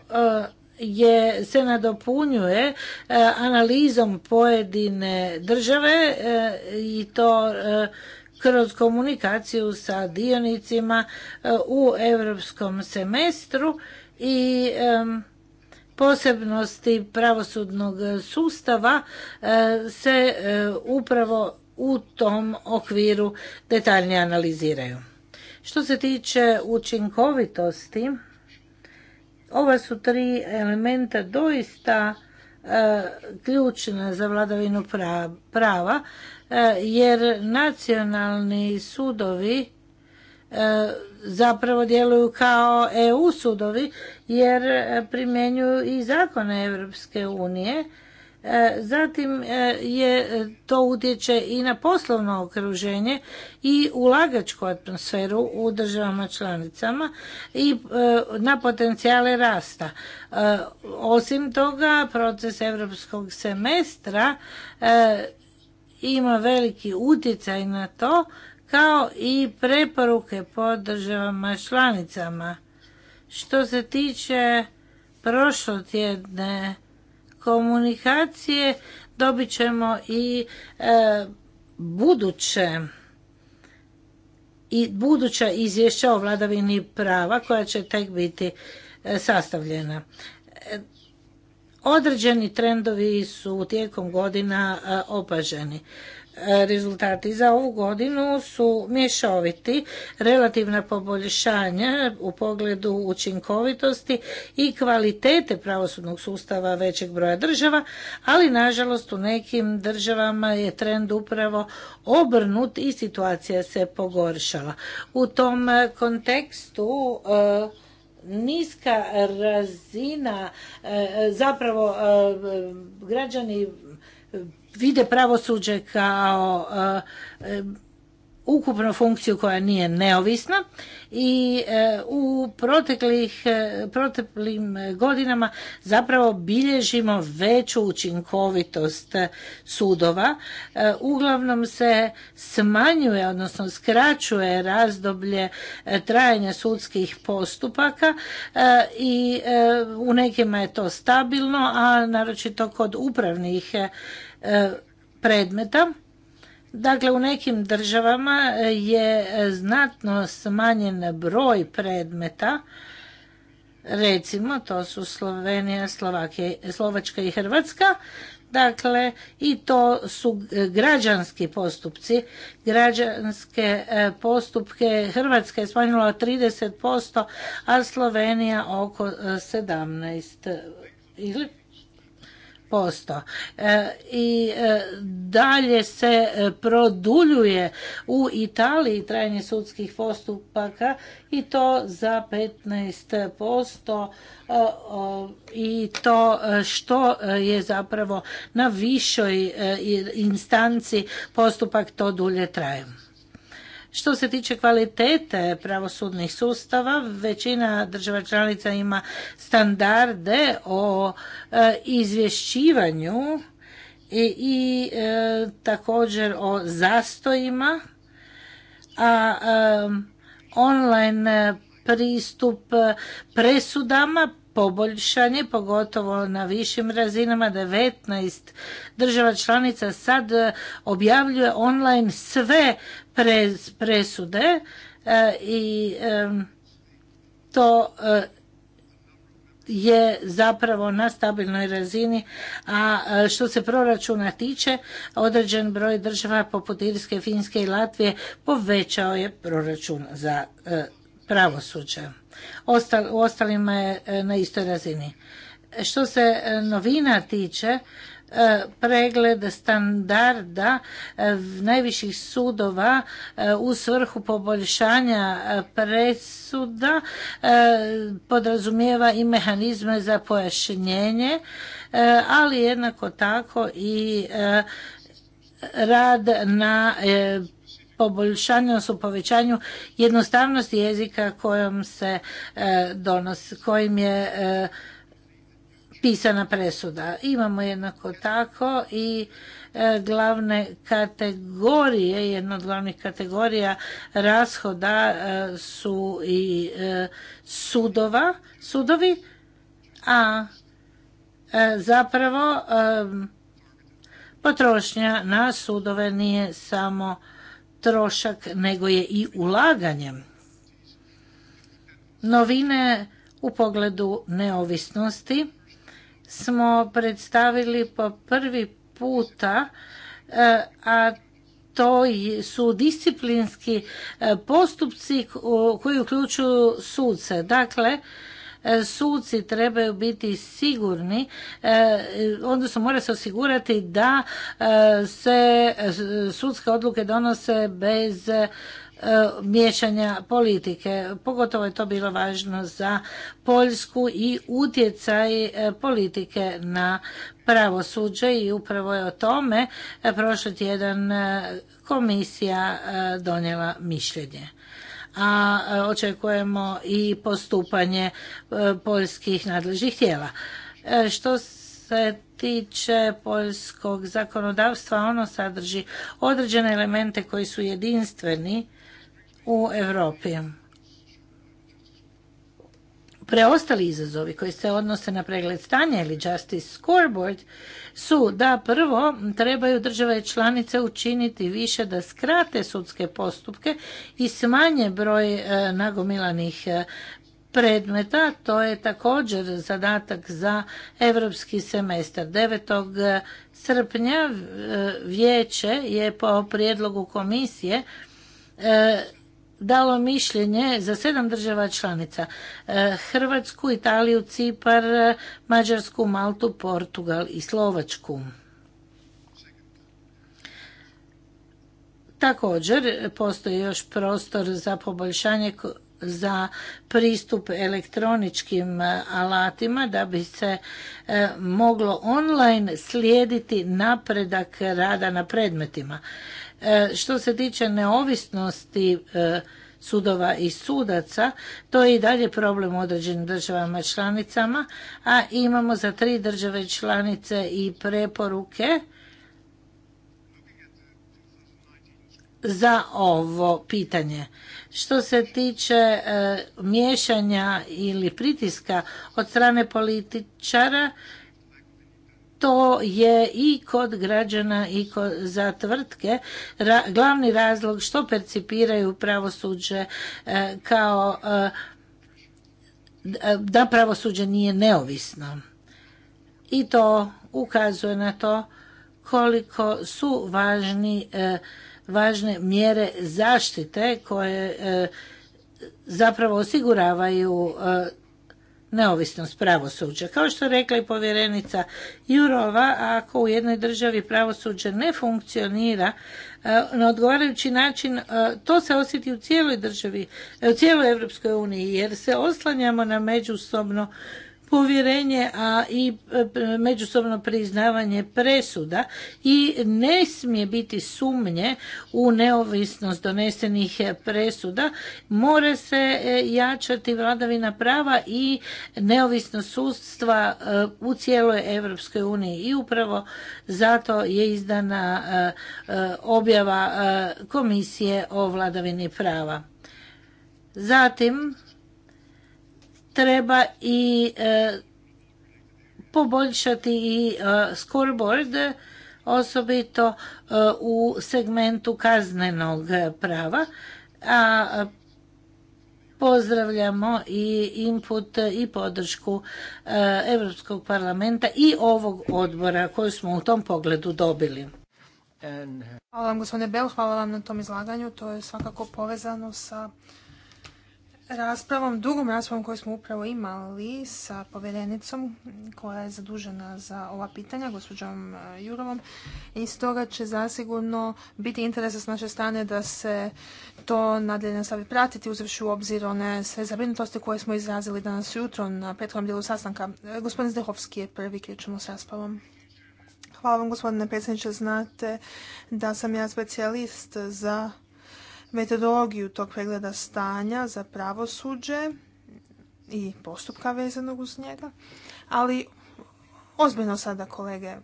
je se nadopunjuje e, analizom pojedine države e, i to e, kroz komunikaciju sa dionicima u europskom semestru i posebnosti pravosudnog sustava se upravo u tom okviru detaljnije analiziraju. Što se tiče učinkovitosti ova su tri elementa doista e, ključna za vladavinu prava e, jer nacionalni sudovi e, zapravo djeluju kao EU sudovi jer primjenjuju i zakone Europske unije E, zatim e, je e, to utječe i na poslovno okruženje i ulagačku atmosferu u državama članicama i na potencijale rasta. Osim toga, proces europskog semestra ima veliki utjecaj na to kao i preporuke po državama članicama. Što se tiče prošlotjedne tjedne komunikacije dobit ćemo i e, buduće i buduća izvješća o vladavini prava koja će tek biti e, sastavljena. E, određeni trendovi su tijekom godina e, opaženi. Rezultati za ovu godinu su mješoviti, relativna poboljšanja u pogledu učinkovitosti i kvalitete pravosudnog sustava većeg broja država, ali nažalost u nekim državama je trend upravo obrnut i situacija se pogoršala. U tom e, kontekstu e, niska razina e, zapravo građani vide pravosuđe kao e, e, ukupnu funkciju koja nije neovisna i e, u proteklim godinama zapravo bilježimo veću učinkovitost sudova. Uglavnom se smanjuje, odnosno skraćuje razdoblje trajanja sudskih postupaka i u nekima je to stabilno, a naročito kod upravnih E, predmeta. Dakle, u nekim državama je znatno smanjen broj predmeta, recimo to su Slovenija, Slovakija, Slovačka i Hrvatska, dakle i to su građanski postupci. Građanske e, postupke Hrvatska je smanjila 30%, a Slovenija oko 17% e, ili posto e, i e, dalje se e, produljuje u Italiji trajanje sudskih postupaka i to za 15% i to što je zapravo na višoj instanci postupak to dulje traje. Što se tiče kvalitete pravosudnih sustava, većina država članica ima standarde o e, izvješćivanju i, i e, također o zastojima, a e, online pristup presudama poboljšanje, pogotovo na višim razinama. 19 država članica sad e, objavljuje online sve presude e, i e, to je zapravo na stabilnoj razini, a što se proračuna tiče, određen broj država poput Irske, Finske i Latvije povećao je proračun za pravosuđa. u ostalima je e, na istoj razini. Što se e, novina tiče, e, pregled standarda najviših sudova u svrhu poboljšanja presuda podrazumijeva i mehanizme za pojašnjenje, ali jednako tako i rad na poboljšanju, odnosno povećanju jednostavnosti jezika kojom se e, donos kojim je e, pisana presuda. Imamo jednako tako i e, glavne kategorije, jedna od glavnih kategorija rashoda su i sudova, sudovi, a zapravo potrošnja na sudove nije samo trošak nego je i ulaganje. Novine u pogledu neovisnosti smo predstavili po prvi puta, e, a to su disciplinski e, postupci koji uključuju suce. Dakle, E, suci trebaju biti sigurni, e, odnosno mora se osigurati da e, se sudske odluke donose bez miješanja politike. Pogotovo je to bilo važno za Poljsku i utjecaj politike na pravosuđe i upravo je o tome prošli tjedan komisija donijela mišljenje a e, očekujemo i postupanje e, poljskih nadležnih tijela. E, što se tiče poljskog zakonodavstva, ono sadrži određene elemente koji su jedinstveni u Europi. Preostali izazovi koji se odnose na pregled stanja ili Justice Scoreboard su da prvo trebaju države članice učiniti više da skrate sudske postupke i smanje broj e, nagomilanih e, predmeta. To je također zadatak za europski semestar. 9. E, srpnja vijeće je po prijedlogu komisije dalo mišljenje za sedam država članica. E, Hrvatsku, Italiju, Cipar, e, Mađarsku, Maltu, Portugal i Slovačku. Također, e, postoji još prostor za poboljšanje za pristup elektroničkim alatima da bi se moglo online slijediti napredak rada na predmetima. E, što se tiče neovisnosti e, sudova i sudaca, to je i dalje problem u određenim državama članicama, a imamo za tri države članice i preporuke za ovo pitanje. Što se tiče e, miješanja ili pritiska od strane političara, to je i kod građana i kod, za tvrtke glavni razlog što percipiraju pravosuđe e, kao e, e, da pravosuđe nije neovisno. I to ukazuje na to koliko su važni, važne mjere zaštite koje zapravo osiguravaju neovisnost pravosuđa. Kao što rekla i povjerenica Jurova, ako u jednoj državi pravosuđe ne funkcionira e, na odgovarajući način, e, to se osjeti u cijeloj državi, e, u cijeloj Europskoj uniji, jer se oslanjamo na međusobno povjerenje, a i e, međusobno priznavanje presuda i ne smije biti sumnje u neovisnost donesenih presuda, mora se e, jačati vladavina prava i neovisnost sudstva e, u cijeloj Europskoj uniji i upravo zato je izdana objava komisije o vladavini prava. Zatim treba i e, poboljšati i e, scoreboard osobito e, u segmentu kaznenog prava a pozdravljamo i input i podršku Europskog parlamenta i ovog odbora koji smo u tom pogledu dobili. Uh,
hvala vam gospodine Bel, hvala vam na tom izlaganju. To je svakako povezano sa raspravom, dugom raspravom koju smo upravo imali sa povjerenicom koja je zadužena za ova pitanja, gospođom e, Jurovom. I stoga će zasigurno biti interes s naše strane da se to nadalje nastavi pratiti, uzevši u obzir one sve zabrinutosti koje smo izrazili danas jutro na prethodnom dijelu sastanka. E, gospodin Zdehovski je prvi, krećemo s raspravom. Hvala vam gospodine predsjedniče, znate da sam ja specijalist za metodologiju tog pregleda stanja za pravosuđe i postupka vezanog uz njega. Ali ozbiljno sada kolege.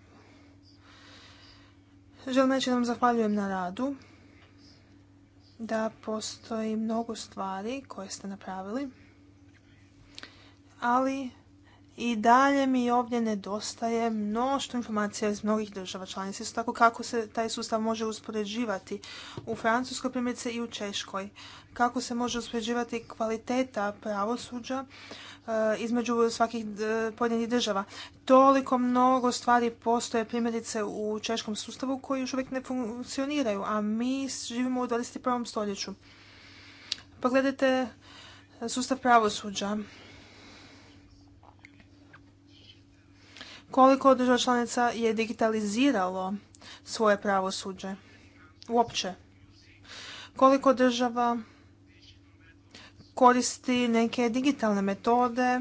Želim reći da vam zahvaljujem na radu, da postoji mnogo stvari koje ste napravili, ali i dalje mi ovdje nedostaje mnoštvo informacija iz mnogih država članica. Isto tako kako se taj sustav može uspoređivati u Francuskoj primjerice i u Češkoj. Kako se može uspoređivati kvaliteta pravosuđa eh, između svakih eh, pojedinih država. Toliko mnogo stvari postoje primjerice u češkom sustavu koji još uvijek ne funkcioniraju, a mi živimo u 21. stoljeću. Pogledajte sustav pravosuđa koliko država članica je digitaliziralo svoje pravosuđe uopće. Koliko država koristi neke digitalne metode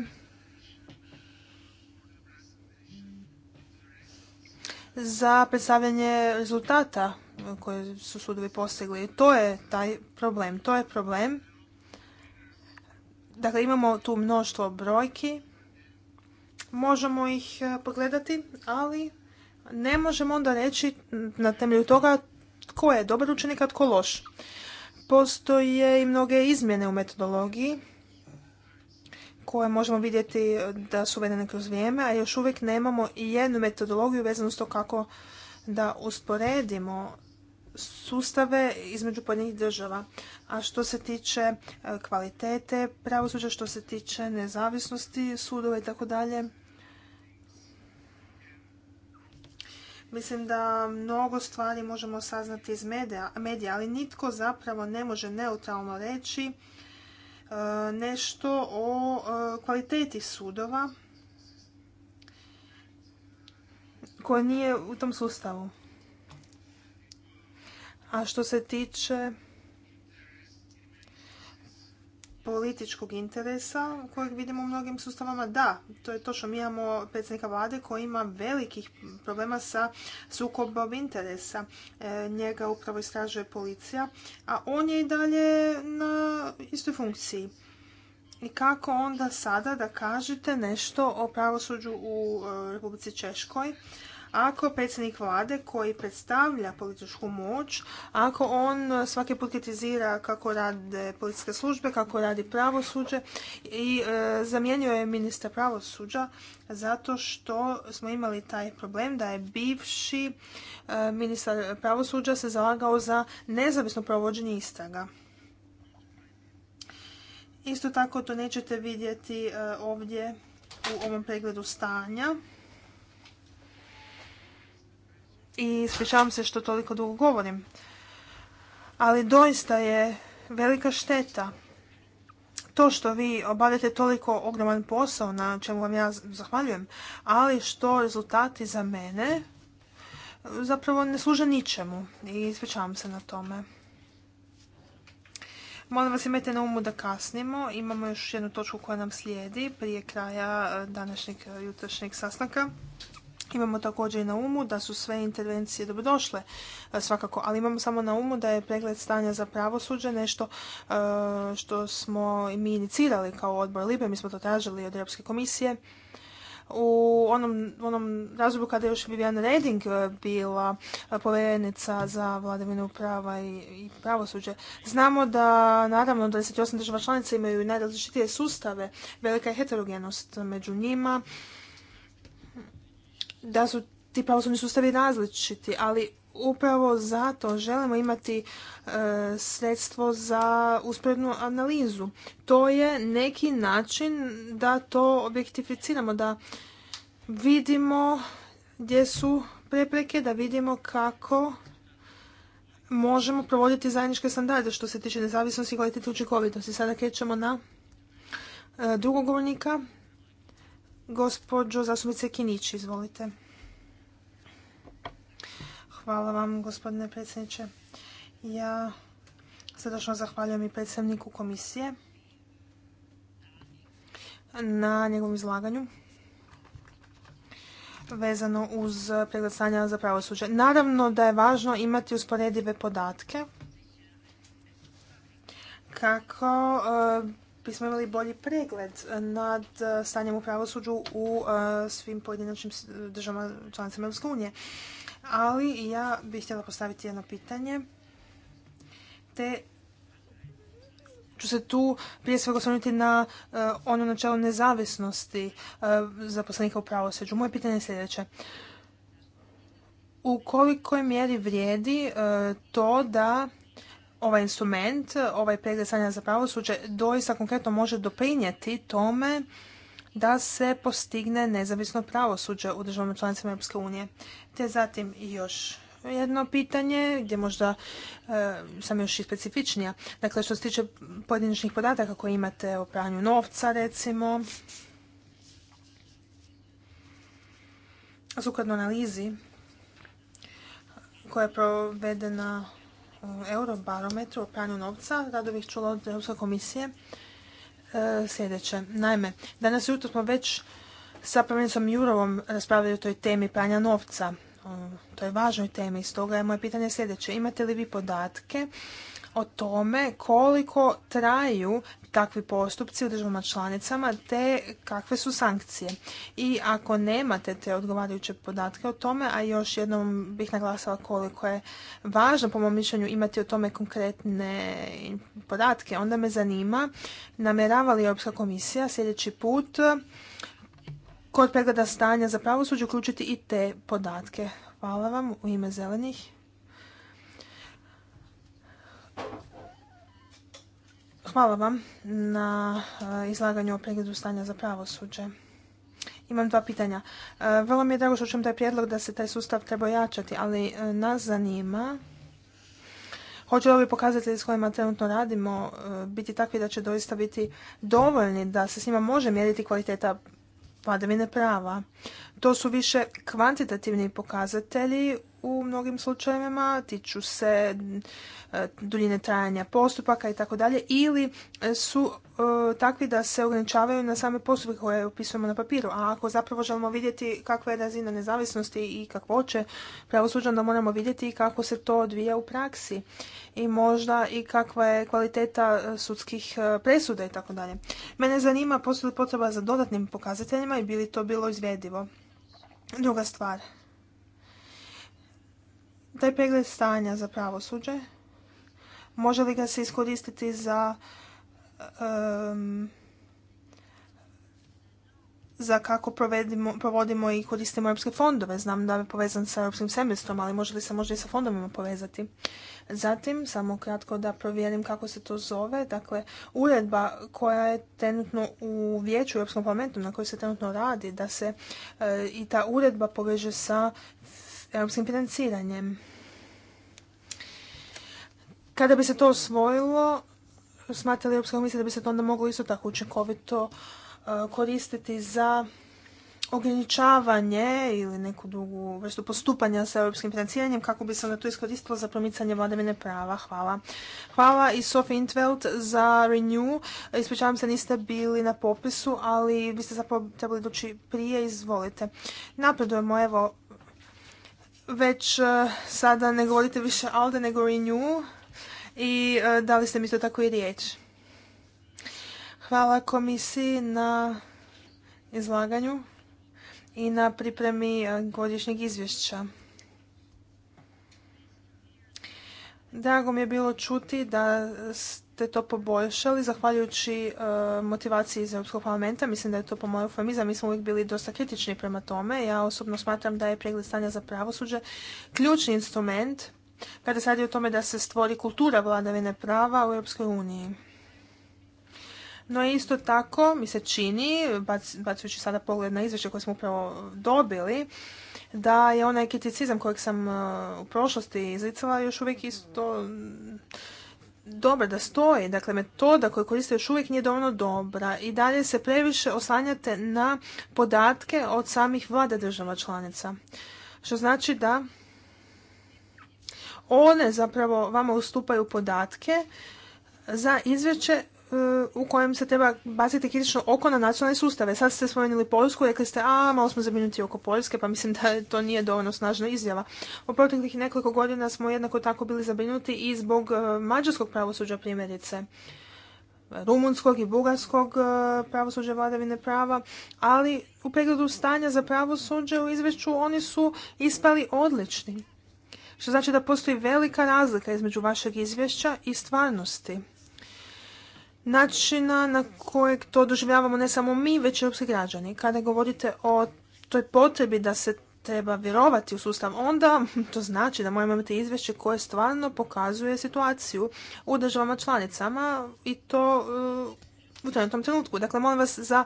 za predstavljanje rezultata koje su sudovi postigli. To je taj problem. To je problem. Dakle, imamo tu mnoštvo brojki možemo ih e, pogledati, ali ne možemo onda reći na temelju toga tko je dobar učenik, a tko loš. Postoje i mnoge izmjene u metodologiji koje možemo vidjeti da su uvedene kroz vrijeme, a još uvijek nemamo i jednu metodologiju vezanu s to kako da usporedimo sustave između pojedinih država. A što se tiče e, kvalitete pravosuđa, što se tiče nezavisnosti sudova i tako dalje, Mislim da mnogo stvari možemo saznati iz medija, ali nitko zapravo ne može neutralno reći e, nešto o e, kvaliteti sudova koja nije u tom sustavu. A što se tiče političkog interesa kojeg vidimo u mnogim sustavama. Da, to je točno. Mi imamo predsjednika vlade koji ima velikih problema sa sukobom interesa. E, njega upravo istražuje policija, a on je i dalje na istoj funkciji. I kako onda sada da kažete nešto o pravosuđu u e, Republici Češkoj, ako predsjednik vlade koji predstavlja političku moć, ako on svaki put kritizira kako rade policijske službe, kako radi pravosuđe i e, zamjenjuje zamijenio je ministra pravosuđa zato što smo imali taj problem da je bivši e, ministar pravosuđa se zalagao za nezavisno provođenje istraga. Isto tako to nećete vidjeti e, ovdje u ovom pregledu stanja i ispričavam se što toliko dugo govorim. Ali doista je velika šteta to što vi obavljate toliko ogroman posao, na čemu vam ja zahvaljujem, ali što rezultati za mene zapravo ne služe ničemu i ispričavam se na tome. Molim vas imajte na umu da kasnimo. Imamo još jednu točku koja nam slijedi prije kraja današnjeg jutrašnjeg sastanka. Imamo također i na umu da su sve intervencije dobrodošle e, svakako, ali imamo samo na umu da je pregled stanja za pravosuđe nešto e, što smo i mi inicirali kao odbor Libe, mi smo to tražili od Europske komisije u onom, onom razdoblju kada je još Vivian Reding e, bila povjerenica za vladavinu prava i, i pravosuđe. Znamo da naravno 28 država članica imaju najrazličitije sustave, velika je heterogenost među njima da su ti pravosudni sustavi različiti, ali upravo zato želimo imati e, sredstvo za usporednu analizu. To je neki način da to objektificiramo, da vidimo gdje su prepreke, da vidimo kako možemo provoditi zajedničke standarde što se tiče nezavisnosti i kvalitete učinkovitosti. Sada krećemo na e, drugog govornika, Gospodžo zastupnice Kinić, izvolite. Hvala vam, gospodine predsjedniče. Ja srdačno zahvaljujem i predsjedniku komisije na njegovom izlaganju vezano uz pregled stanja za pravosuđe. Naravno da je važno imati usporedive podatke kako bismo imali bolji pregled nad e, stanjem u pravosuđu u e, svim pojedinačnim državama članicama Europske unije. Ali ja bih htjela postaviti jedno pitanje, te ću se tu prije svega osvrnuti na e, ono načelo nezavisnosti zaposlenika u pravosuđu. Moje pitanje je sljedeće u kolikoj mjeri vrijedi to da ovaj instrument, ovaj pregled stanja za pravosuđe doista konkretno može doprinijeti tome da se postigne nezavisno pravosuđe u državama članicama Europske unije. Te zatim još jedno pitanje gdje možda e, sam još i specifičnija. Dakle, što se tiče pojedinačnih podataka koje imate o pranju novca, recimo, sukladno analizi koja je provedena eurobarometru o pranju novca rado bih čula od Europske komisije e, sljedeće. Naime, danas jutro smo već sa Prvenicom Jurovom raspravljali o toj temi pranja novca. To je važnoj temi, stoga je moje pitanje sljedeće. Imate li vi podatke o tome koliko traju takvi postupci u državama članicama te kakve su sankcije. I ako nemate te odgovarajuće podatke o tome, a još jednom bih naglasila koliko je važno po mom mišljenju imati o tome konkretne podatke, onda me zanima namjerava li Europska komisija sljedeći put kod pregleda stanja za pravosuđe uključiti i te podatke. Hvala vam u ime zelenih. Hvala vam na eh, izlaganju o pregledu stanja za pravosuđe. Imam dva pitanja. Eh, vrlo mi je drago što čujem taj prijedlog da se taj sustav treba jačati, ali eh, nas zanima hoće li ovi pokazatelji s kojima trenutno radimo biti takvi da će doista biti dovoljni da se s njima može mjeriti kvaliteta vladavine prava. To su više kvantitativni pokazatelji u mnogim slučajevima, tiču se e, duljine trajanja postupaka i tako dalje, ili su e, takvi da se ograničavaju na same postupke koje opisujemo na papiru. A ako zapravo želimo vidjeti kakva je razina nezavisnosti i kakvoće pravosuđa, onda moramo vidjeti kako se to odvija u praksi i možda i kakva je kvaliteta e, sudskih presuda i tako dalje. Mene zanima postoji potreba za dodatnim pokazateljima i bi li to bilo izvedivo. Druga stvar, taj pregled stanja za pravosuđe, može li ga se iskoristiti za za kako provodimo i koristimo europske fondove. Znam da je povezan sa europskim semestrom, ali može li se možda i sa fondovima povezati. Zatim, samo kratko da provjerim kako se to zove. Dakle, uredba koja je trenutno u vijeću Europskom parlamentu, na kojoj se trenutno radi, da se e, i ta uredba poveže sa europskim financiranjem. Kada bi se to osvojilo, smatra li Europska komisija da bi se to onda moglo isto tako učinkovito e, koristiti za ograničavanje ili neku drugu vrstu postupanja sa europskim financiranjem kako bi se onda to iskoristilo za promicanje vladavine prava. Hvala. Hvala i Sophie Intveld za Renew. Ispričavam se, niste bili na popisu, ali biste zapravo trebali doći prije. Izvolite. Napredujemo, evo, već e, sada ne govorite više Alde nego i nju e, i dali ste mi to tako i riječ. Hvala komisiji na izlaganju i na pripremi e, godišnjeg izvješća. Drago mi je bilo čuti da te to poboljšali zahvaljujući e, motivaciji iz Europskog parlamenta. Mislim da je to po mojoj eufemizam. Mi smo uvijek bili dosta kritični prema tome. Ja osobno smatram da je pregled stanja za pravosuđe ključni instrument kada se radi o tome da se stvori kultura vladavine prava u Europskoj uniji. No isto tako mi se čini, bacujući sada pogled na izvješće koje smo upravo dobili, da je onaj kriticizam kojeg sam e, u prošlosti izlicala još uvijek isto dobra, da stoji, dakle metoda koju koriste još uvijek nije dovoljno dobra i dalje se previše oslanjate na podatke od samih vlada država članica. Što znači da one zapravo vama ustupaju podatke za izveće u kojem se treba baciti kritično oko na nacionalne sustave. Sad ste spomenuli Poljsku, rekli ste, a malo smo zabrinuti oko Poljske, pa mislim da to nije dovoljno snažna izjava. U proteklih nekoliko godina smo jednako tako bili zabrinuti i zbog e, mađarskog pravosuđa primjerice rumunskog i bugarskog e, pravosuđa vladavine prava, ali u pregledu stanja za pravosuđe u izvješću oni su ispali odlični. Što znači da postoji velika razlika između vašeg izvješća i stvarnosti načina na kojeg to doživljavamo ne samo mi, već i europski građani. Kada govorite o toj potrebi da se treba vjerovati u sustav, onda to znači da moramo imati izvješće koje stvarno pokazuje situaciju u državama članicama i to uh, u trenutnom trenutku. Dakle, molim vas za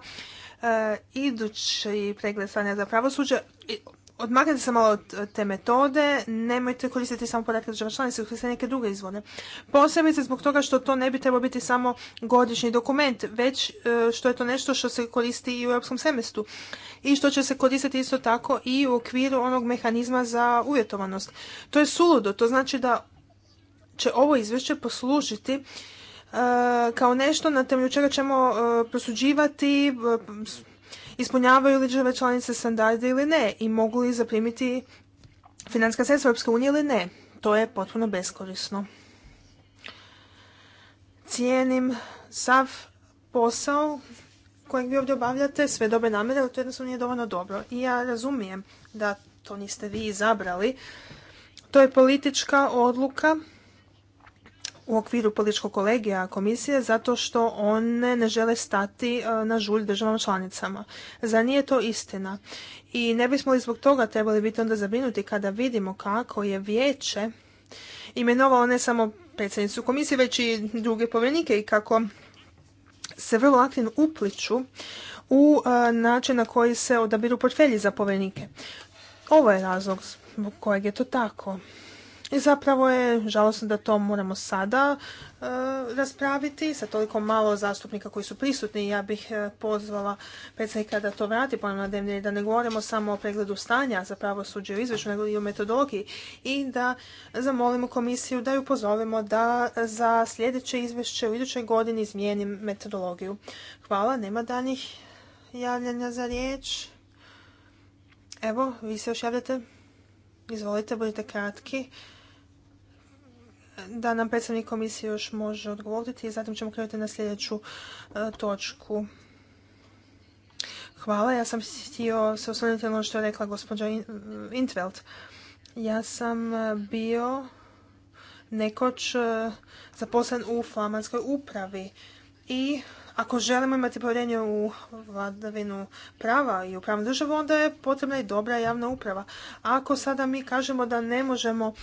uh, idući pregled stanja za pravosuđe odmaknite se malo od te metode, nemojte koristiti samo podatke država članica, koristite neke druge izvore. Posebice zbog toga što to ne bi trebao biti samo godišnji dokument, već e, što je to nešto što se koristi i u europskom semestru i što će se koristiti isto tako i u okviru onog mehanizma za uvjetovanost. To je suludo, to znači da će ovo izvješće poslužiti e, kao nešto na temelju čega ćemo e, prosuđivati ispunjavaju li države članice standarde ili ne i mogu li zaprimiti financijska sredstva Europske unije ili ne. To je potpuno beskorisno. Cijenim sav posao kojeg vi ovdje obavljate, sve dobre namjere, ali to jednostavno nije dovoljno dobro. I ja razumijem da to niste vi izabrali. To je politička odluka u okviru političkog kolegija komisije zato što one ne žele stati e, na žulj državama članicama. Za nije to istina. I ne bismo li zbog toga trebali biti onda zabrinuti kada vidimo kako je vijeće imenovalo ne samo predsjednicu komisije, već i druge povjerenike i kako se vrlo aktivno upliču u e, način na koji se odabiru portfelji za povjerenike. Ovo je razlog zbog kojeg je to tako. I zapravo je žalosno da to moramo sada e, raspraviti sa toliko malo zastupnika koji su prisutni. Ja bih e, pozvala predsjednika da to vrati ponovno na dnevni da ne govorimo samo o pregledu stanja za pravosuđe u izvješću, nego i o metodologiji i da zamolimo komisiju da ju pozovemo da za sljedeće izvješće u idućoj godini izmijeni metodologiju. Hvala, nema danih javljanja za riječ. Evo, vi se još javljate. Izvolite, budite kratki da nam predstavnik komisije još može odgovoriti i zatim ćemo krenuti na sljedeću e, točku. Hvala. Ja sam htio se osvrnuti ono što je rekla gospođa Intveld. Ja sam e, bio nekoć e, zaposlen u flamanskoj upravi i ako želimo imati povjerenje u vladavinu prava i u pravnu državu, onda je potrebna i dobra javna uprava. Ako sada mi kažemo da ne možemo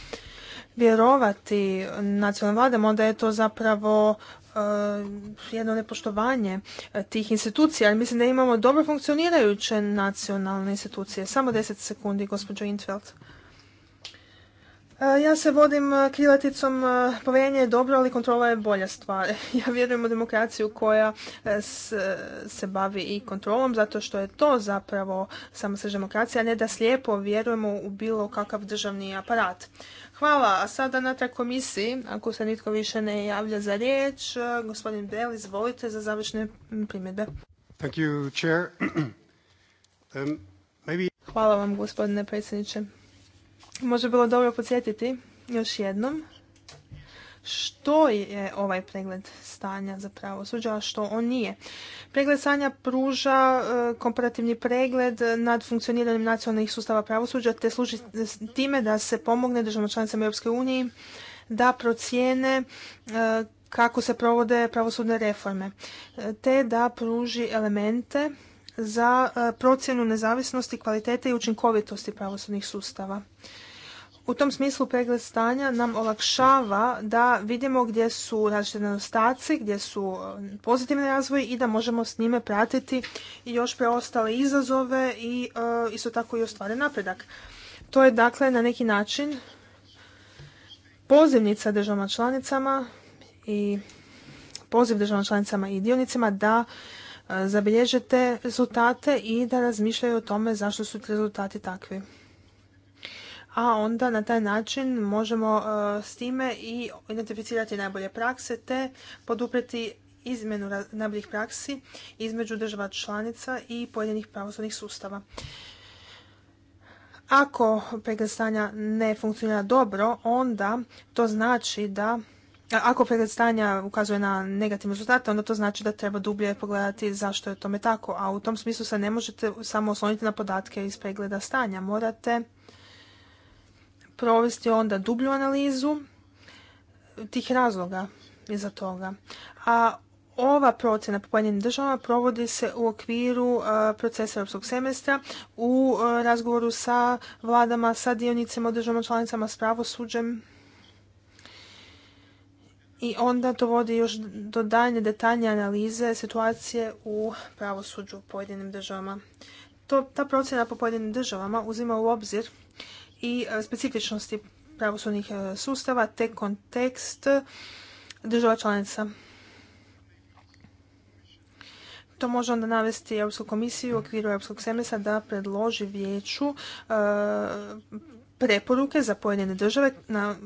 vjerovati nacionalnim vladama, onda je to zapravo e, jedno nepoštovanje e, tih institucija, ali mislim da imamo dobro funkcionirajuće nacionalne institucije. Samo 10 sekundi, gospođo Intveld. E, ja se vodim krilaticom povjerenje je dobro, ali kontrola je bolja stvar. Ja vjerujem u demokraciju koja se bavi i kontrolom, zato što je to zapravo samo se demokracija, a ne da slijepo vjerujemo u bilo kakav državni aparat. Hvala. A sada natrag komisiji, ako se nitko više ne javlja za riječ. E, gospodin Bell, izvolite za završne primjedbe. Um, Hvala vam, gospodine predsjedniče. Može bilo dobro podsjetiti još jednom što je ovaj pregled stanja za pravosuđe, a što on nije. Pregled stanja pruža e, komparativni pregled nad funkcioniranjem nacionalnih sustava pravosuđa te služi time da se pomogne državama članicama Europske unije da procijene e, kako se provode pravosudne reforme, e, te da pruži elemente za procjenu nezavisnosti, kvalitete i učinkovitosti pravosudnih sustava u tom smislu pregled stanja nam olakšava da vidimo gdje su različite nedostaci, gdje su e, pozitivni razvoj i da možemo s njime pratiti i još preostale izazove i e, isto tako i ostvaren napredak. To je dakle na neki način pozivnica državama članicama i poziv državama članicama i dionicima da e, zabilježete rezultate i da razmišljaju o tome zašto su rezultati takvi a onda na taj način možemo e, s time i identificirati najbolje prakse te poduprijeti izmjenu najboljih praksi između država članica i pojedinih pravosudnih sustava. Ako pregled stanja ne funkcionira dobro, onda to znači da ako pregled stanja ukazuje na negativne rezultate, onda to znači da treba dublje pogledati zašto je tome tako. A u tom smislu se ne možete samo osloniti na podatke iz pregleda stanja. Morate provesti onda dublju analizu tih razloga iza toga. A ova procjena po pojedinim državama provodi se u okviru e, procesa europskog semestra u e, razgovoru sa vladama, sa dionicama državama članicama, s pravosuđem. I onda to vodi još do daljnje detaljne analize situacije u pravosuđu u pojedinim državama. To, ta procjena po pojedinim državama uzima u obzir i e, specifičnosti pravosudnih e, sustava te kontekst država članica. To može onda navesti Europsku komisiju u okviru Europskog semestra da predloži vijeću e, preporuke za pojedine države na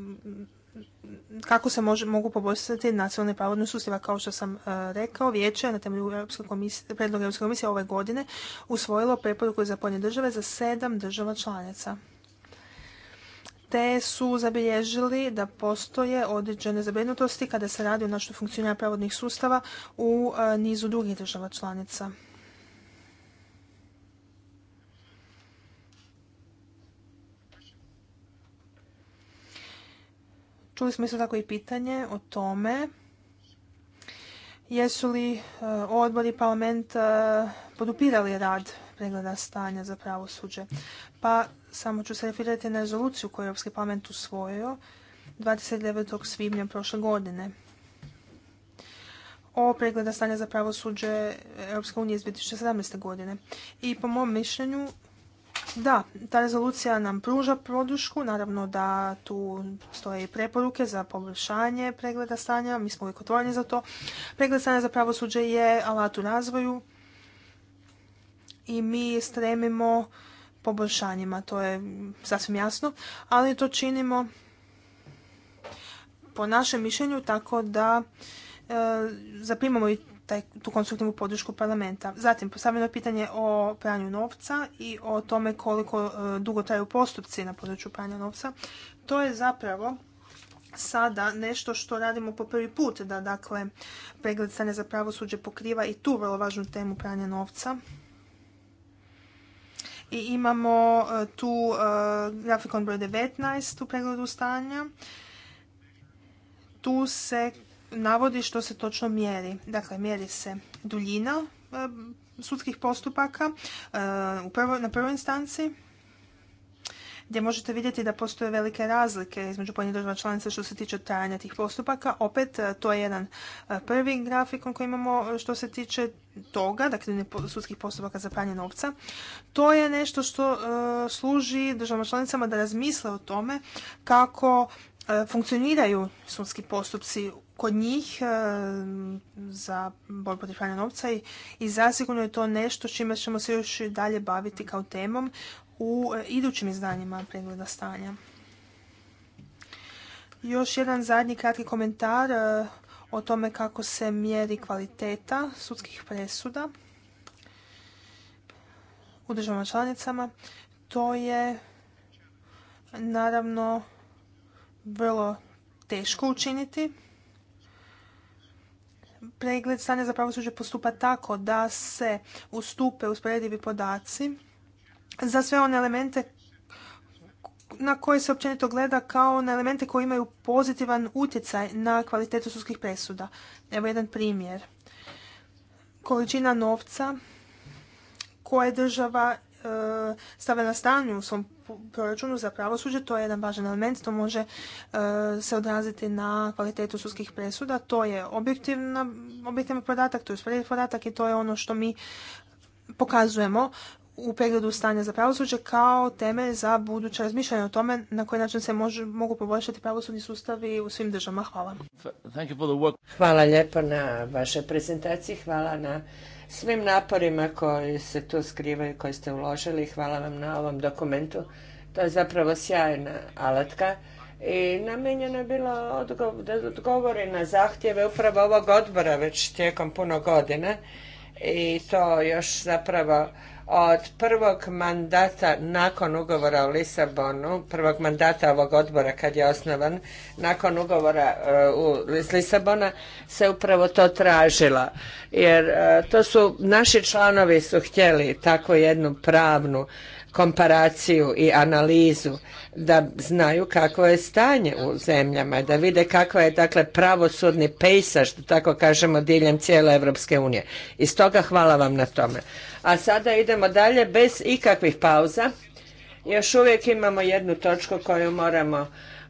kako se mogu poboljšati nacionalni pravodni sustava. Kao što sam uh, rekao, vijeće je na temelju Europske predloga Europske komisije ove godine usvojilo preporuku za pojedine države za sedam država članica te su zabilježili da postoje određene zabrinutosti kada se radi o načinu funkcioniranja pravodnih sustava u e, nizu drugih država članica. Čuli smo isto tako i pitanje o tome jesu li e, i parlament e, podupirali rad pregleda stanja za pravosuđe. Pa samo ću se referirati na rezoluciju koju je Europski parlament usvojio 29. svibnja prošle godine o pregleda stanja za pravosuđe Europske unije iz 2017. godine. I po mom mišljenju, da, ta rezolucija nam pruža produšku, naravno da tu stoje i preporuke za poboljšanje pregleda stanja, mi smo uvijek otvoreni za to. Pregled stanja za pravosuđe je alat u razvoju, i mi stremimo poboljšanjima, to je sasvim jasno, ali to činimo po našem mišljenju tako da e, zaprimamo i tu konstruktivnu podršku parlamenta. Zatim, postavljeno je pitanje o pranju novca i o tome koliko e, dugo traju postupci na području pranja novca. To je zapravo sada nešto što radimo po prvi put, da dakle pregled stane za pravosuđe pokriva i tu vrlo važnu temu pranja novca i imamo e, tu e, grafikon broj 19 u pregledu stanja. Tu se navodi što se točno mjeri. Dakle, mjeri se duljina e, sudskih postupaka na prvoj instanci, gdje možete vidjeti da postoje velike razlike između pojedinih država članica što se tiče trajanja tih postupaka. Opet, e, to je jedan e, prvi grafikon koji imamo e, što se tiče toga, dakle sudskih postupaka za pranje novca. To je nešto što služi državama članicama da razmisle o tome kako funkcioniraju sudski postupci kod njih za borbu protiv pranja novca i, zasigurno je to nešto čime ćemo se još dalje baviti kao temom u e, idućim izdanjima pregleda stanja. Još jedan zadnji kratki komentar e, o tome kako se mjeri kvaliteta sudskih presuda u državama članicama. To je naravno vrlo teško učiniti. Pregled stanja za pravosuđe postupa tako da se ustupe usporedivi podaci za sve one elemente na koje se općenito gleda kao na elemente koji imaju pozitivan utjecaj na kvalitetu sudskih presuda. Evo jedan primjer. Količina novca koje država e, stave na stanju u svom proračunu za pravosuđe, to je jedan važan element, to može e, se odraziti na kvalitetu sudskih presuda, to je objektivna, objektivni podatak, to je usporediv podatak i to je ono što mi pokazujemo u pregledu stanja za pravosuđe kao teme za buduće razmišljanje o tome na koji način se može, mogu poboljšati pravosudni sustavi u svim državama. Hvala.
Hvala lijepo na vašoj prezentaciji, hvala na svim naporima koji se tu skrivaju, koji ste uložili. Hvala vam na ovom dokumentu. To je zapravo sjajna alatka i namenjeno je bilo da odgovori na zahtjeve upravo ovog odbora već tijekom puno godina i to još zapravo od prvog mandata nakon ugovora o Lisabonu, prvog mandata ovog odbora kad je osnovan, nakon ugovora uh, iz Lisabona se upravo to tražila. Jer e, to su, naši članovi su htjeli takvu jednu pravnu komparaciju i analizu, da znaju kakvo je stanje u zemljama, da vide kakva je dakle pravosudni pejsaž, što tako kažemo, diljem cijele Europske unije. I stoga hvala vam na tome. A sada idemo dalje bez ikakvih pauza. Još uvijek imamo jednu točku koju moramo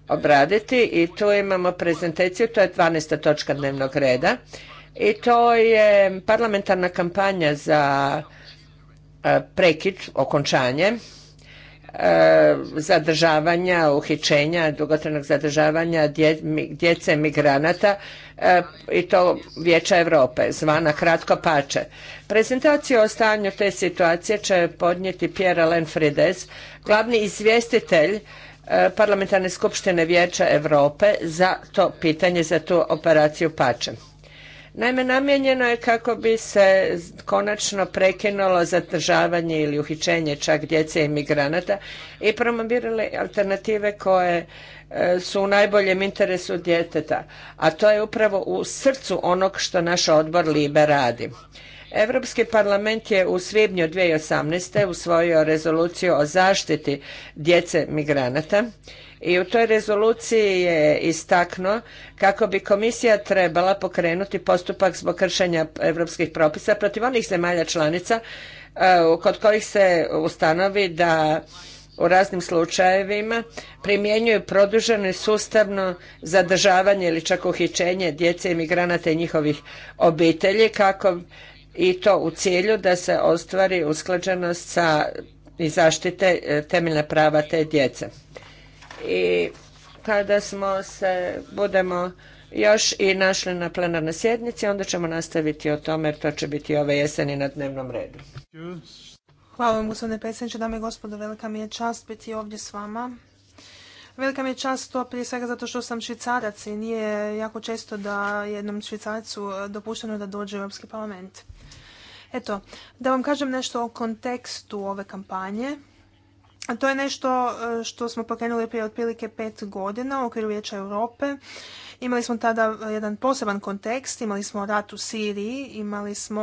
obraditi i tu imamo prezentaciju, to je 12. točka dnevnog reda i to je parlamentarna kampanja za E, prekid, okončanje e, zadržavanja, uhićenja, dugotrenog zadržavanja djece migranata e, i to Vijeća Europe, zvana Kratko Pače. Prezentaciju o stanju te situacije će podnijeti Pierre Alain glavni izvjestitelj Parlamentarne skupštine Vijeća Europe za to pitanje, za tu operaciju Pače. Naime, namijenjeno je kako bi se konačno prekinulo zadržavanje ili uhićenje čak djece migranata i promovirale alternative koje e, su u najboljem interesu djeteta, a to je upravo u srcu onog što naš odbor LIBE radi. Europski parlament je u svibnju 2018. usvojio rezoluciju o zaštiti djece migranata i u toj rezoluciji je istaknuo kako bi komisija trebala pokrenuti postupak zbog kršenja europskih propisa protiv onih zemalja članica e, kod kojih se ustanovi da u raznim slučajevima primjenjuju produženo i sustavno zadržavanje ili čak uhićenje djece imigranata i njihovih obitelji kako i to u cilju da se ostvari usklađenost sa i zaštite e, temeljna prava te djece i kada smo se budemo još i našli na plenarnoj sjednici, onda ćemo nastaviti o tome jer to će biti ove jeseni na dnevnom redu.
Hvala vam gospodine predsjedniče, dame i gospodo, velika mi je čast biti ovdje s vama. Velika mi je čast to prije svega zato što sam švicarac i nije jako često da jednom švicarcu dopušteno da dođe u Europski parlament. Eto, da vam kažem nešto o kontekstu ove kampanje to je nešto e, što smo pokrenuli prije otprilike pet godina u okviru Vijeća Europe Imali smo tada e, jedan poseban kontekst, imali smo rat u Siriji, imali smo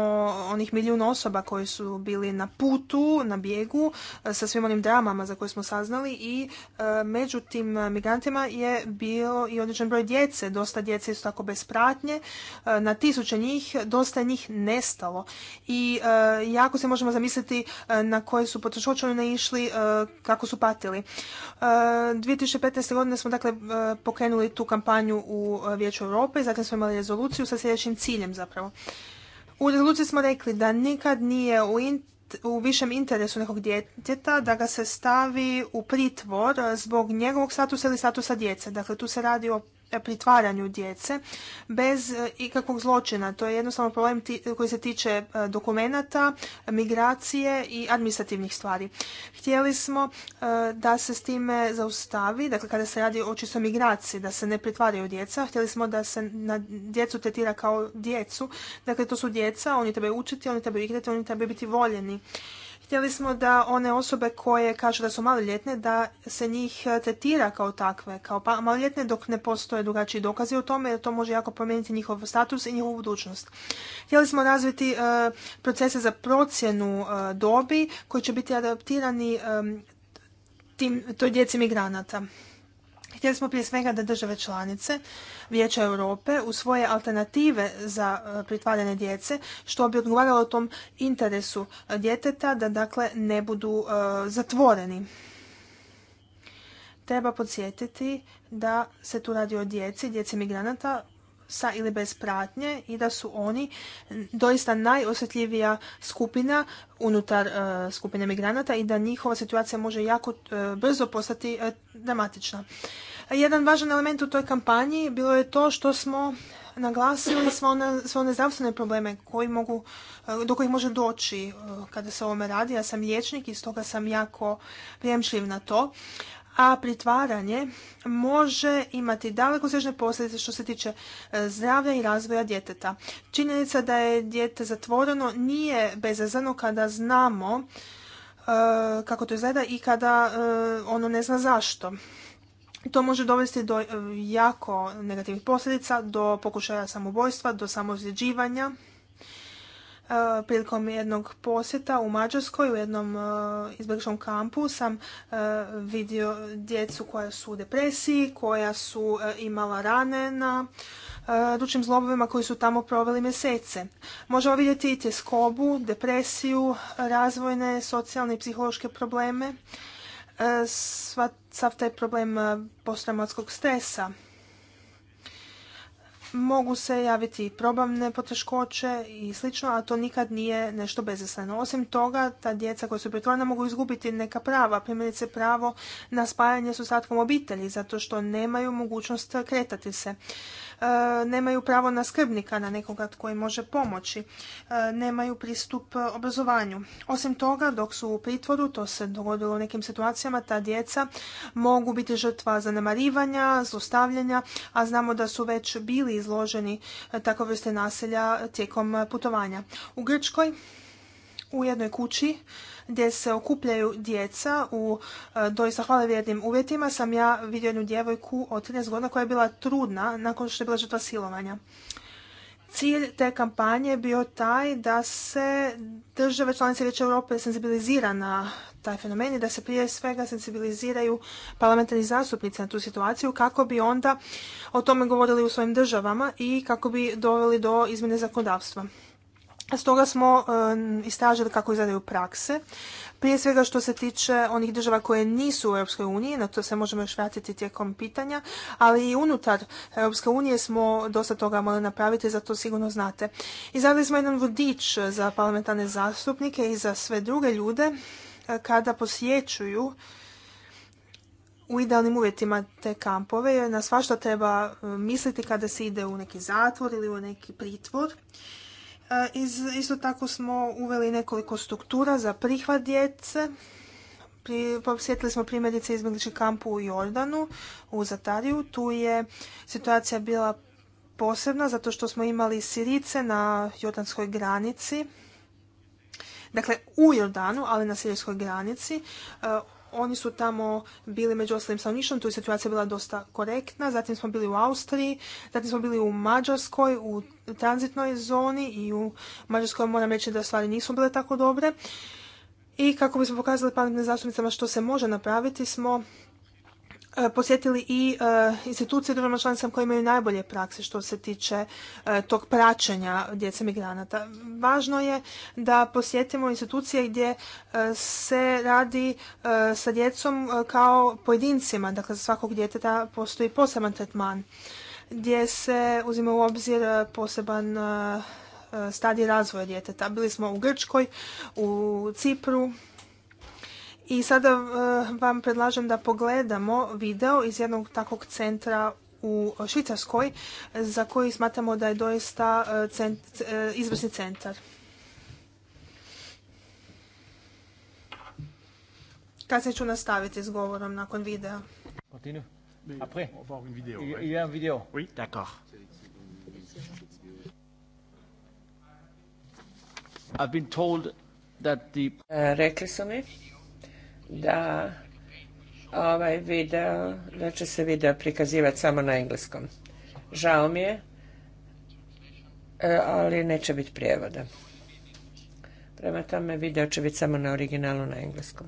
onih milijun osoba koji su bili na putu, na bijegu, e, sa svim onim dramama za koje smo saznali i e, među tim migrantima je bio i određen broj djece, dosta djece su tako bez pratnje, na tisuće njih, dosta njih nestalo. I jako se možemo zamisliti na koje su poteškoće oni naišli, kako su patili. 2015. godine smo dakle pokrenuli tu kampanju u Vijeću Europe i zatim smo imali rezoluciju sa sljedećim ciljem zapravo. U rezoluciji smo rekli da nikad nije u, u višem interesu nekog djeteta da ga se stavi u pritvor zbog njegovog statusa ili statusa djece. Dakle, tu se radi o pritvaranju djece bez e, ikakvog zločina. To je jednostavno problem koji se tiče e, dokumenata, migracije i administrativnih stvari. Htjeli smo e, da se s time zaustavi, dakle kada se radi o čisto migraciji, da se ne pritvaraju djeca, htjeli smo da se na djecu tretira kao djecu. Dakle, to su djeca, oni trebaju učiti, oni trebaju igrati, oni trebaju biti voljeni. Htjeli smo da one osobe koje kažu da su maloljetne, da se njih e, tretira kao takve, kao pa-, maloljetne dok ne postoje drugačiji dokazi o tome, jer to može jako promijeniti njihov status i njihovu budućnost. Htjeli smo razviti e, procese za procjenu e, dobi koji će biti adaptirani tim, toj djeci migranata. Htjeli smo prije svega da države članice Vijeća Europe u svoje alternative za e, pritvaranje djece, što bi odgovaralo tom interesu djeteta da dakle ne budu e, zatvoreni. Treba podsjetiti da se tu radi o djeci, djeci migranata sa ili bez pratnje i da su oni doista najosjetljivija skupina unutar e, skupine migranata i da njihova situacija može jako e, brzo postati e, dramatična. Jedan važan element u toj kampanji bilo je to što smo naglasili sve one, zdravstvene probleme koji mogu, do kojih može doći kada se o ovome radi. Ja sam liječnik i stoga sam jako prijemčljiv na to a pritvaranje može imati daleko sežne posljedice što se tiče e, zdravlja i razvoja djeteta. Činjenica da je dijete zatvoreno nije bezazano kada znamo e, kako to izgleda i kada e, ono ne zna zašto. To može dovesti do jako negativnih posljedica, do pokušaja samobojstva, do samoozljeđivanja E, prilikom jednog posjeta u Mađarskoj u jednom e, izbjegličkom kampu sam e, vidio djecu koja su u depresiji, koja su imala rane na ručnim zlobovima koji su tamo proveli mjesece. Možemo vidjeti i tjeskobu, depresiju, razvojne, socijalne i psihološke probleme, sav taj problem postramatskog stresa mogu se javiti i probavne poteškoće i slično, a to nikad nije nešto bezesleno. Osim toga, ta djeca koja su pritvorena mogu izgubiti neka prava, primjerice pravo na spajanje s ostatkom obitelji, zato što nemaju mogućnost kretati se. E, nemaju pravo na skrbnika, na nekoga koji može pomoći, e, nemaju pristup obrazovanju. Osim toga, dok su u pritvoru, to se dogodilo u nekim situacijama, ta djeca mogu biti žrtva zanemarivanja, zlostavljanja, a znamo da su već bili izloženi e, takve vrste naselja tijekom putovanja. U Grčkoj u jednoj kući gdje se okupljaju djeca u e, doista hvale vrijednim uvjetima sam ja vidio jednu djevojku od 13 godina koja je bila trudna nakon što je bila žrtva silovanja. Cilj te kampanje je bio taj da se države članice Vijeća Europe senzibilizira na taj fenomen i da se prije svega sensibiliziraju parlamentarni zastupnici na tu situaciju kako bi onda o tome govorili u svojim državama i kako bi doveli do izmjene zakonodavstva. Stoga smo e, istražili kako izgledaju prakse. Prije svega što se tiče onih država koje nisu u EU, na to se možemo još vratiti tijekom pitanja, ali i unutar EU smo dosta toga mogli napraviti, za to sigurno znate. Izradili smo jedan vodič za parlamentarne zastupnike i za sve druge ljude e, kada posjećuju u idealnim uvjetima te kampove, na svašta treba e, misliti kada se ide u neki zatvor ili u neki pritvor. E, isto tako smo uveli nekoliko struktura za prihvat djece. Posjetili smo primjerice izbjeglički kampu u Jordanu, u Zatariju. Tu je situacija bila posebna zato što smo imali Sirice na jordanskoj granici. Dakle, u Jordanu, ali na sirijskoj granici. E, oni su tamo bili među ostalim stanovništvom, tu je situacija bila dosta korektna. Zatim smo bili u Austriji, zatim smo bili u Mađarskoj, u tranzitnoj zoni i u Mađarskoj moram reći da stvari nisu bile tako dobre. I kako bismo pokazali pametnim zastupnicama što se može napraviti, smo E, posjetili i e, institucije državama članicama koje imaju najbolje prakse što se tiče e, tog praćenja djece migranata. Važno je da posjetimo institucije gdje se radi sa djecom kao pojedincima, dakle za svakog djeteta postoji poseban tretman gdje se uzima u obzir poseban stadij razvoja djeteta. Bili smo u Grčkoj, u Cipru, i sada eh, vam predlažem da pogledamo video iz jednog takvog centra u Švicarskoj za koji smatramo da je doista eh, eh, izvrsni centar. Kasnije ću nastaviti s govorom nakon videa.
Après, Rekli su mi da ovaj video, da će se video prikazivati samo na engleskom. Žao mi je, e, ali neće biti prijevoda. Prema tome video će biti samo na originalu na engleskom.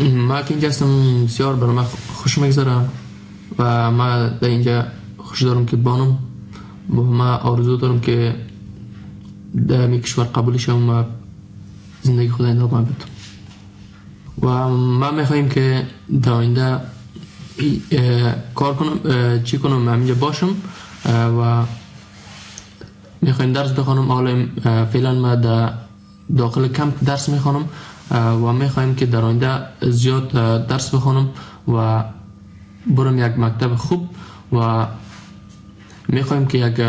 من که اینجا هستم بسیار برای من خوش میگذره و ما در اینجا خوش دارم که بانم با ما آرزو دارم که در می کشور قبول شم و زندگی خود این رو و ما میخواییم که در آینده کار کنم چی کنم من اینجا باشم و میخوایم درس بخونم حالا فعلا ما در دا داخل کمپ درس میخوانم و خواهیم که در آینده زیاد درس بخوانم و برم یک مکتب خوب و خواهیم که یک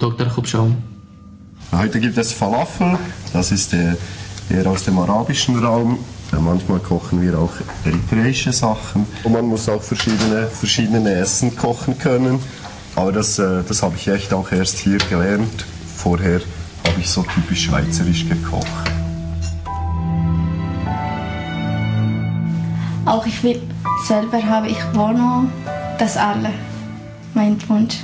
دکتر خوب شوم
Heute gibt es Falafel, das ist
eher aus dem arabischen Raum. Manchmal kochen wir auch eritreische Sachen. Und man muss auch verschiedene, verschiedene Essen kochen können. Aber das, äh, das habe ich echt auch erst hier gelernt. Vorher habe ich so typisch schweizerisch gekocht.
Auch ich will selber habe ich Wohnung, das alle, mein Wunsch.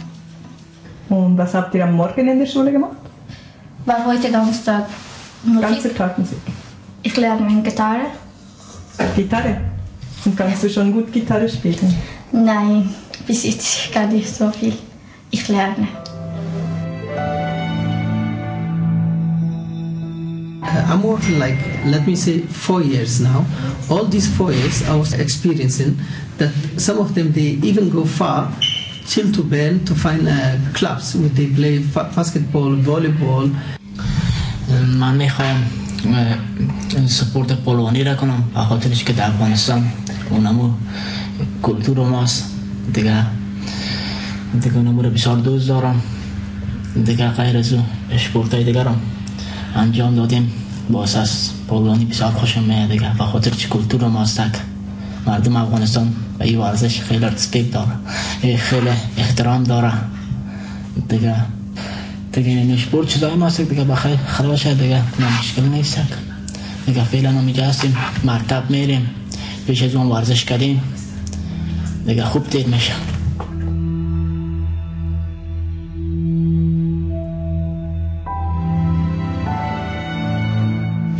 Und was habt ihr am Morgen in der Schule gemacht? War heute ganz Tag Musik. Tag Musik. Ich lerne Gitarre. Gitarre? Und kannst du schon gut Gitarre spielen? Nein, bis jetzt gar nicht so viel. Ich lerne. uh,
I'm
working like, let me say, four years now. All these four years, I was experiencing
that some of them, they even go far till to Bern to find uh, clubs where they play basketball, volleyball. من میخوام سپورت پولونی را کنم به خاطرش که در افغانستان اونمو
کلتور ماست دیگه دیگه اونمو رو بسیار دوست دارم دیگه غیر از اسپورت های دیگرم انجام دادیم با اساس بسیار خوشم میاد دیگه و خاطر چی کلتور ما مردم افغانستان به این ورزش خیلی رسپیک داره خیلی احترام داره
دیگه دیگه این اشپور چی دایم است دیگه بخیر خراب شد دیگه نه مشکل نیست دیگه فعلا ما اینجا هستیم مرتب میریم پیش از اون ورزش کردیم
دیگه خوب تیر میشه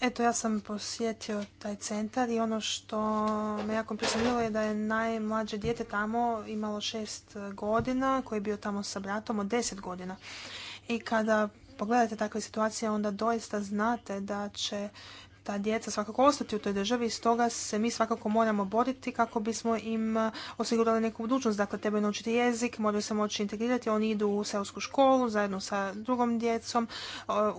Eto, ja sam posjetio taj centar i ono što me jako impresioniralo je da je najmlađe dijete tamo imalo šest godina, koji je bio tamo sa bratom od deset godina. I kada pogledate takve situacije, onda doista znate da će ta djeca svakako ostati u toj državi i stoga se mi svakako moramo boriti kako bismo im e, osigurali neku budućnost. Dakle, trebaju naučiti jezik, moraju se moći integrirati, oni idu u seosku školu zajedno sa drugom djecom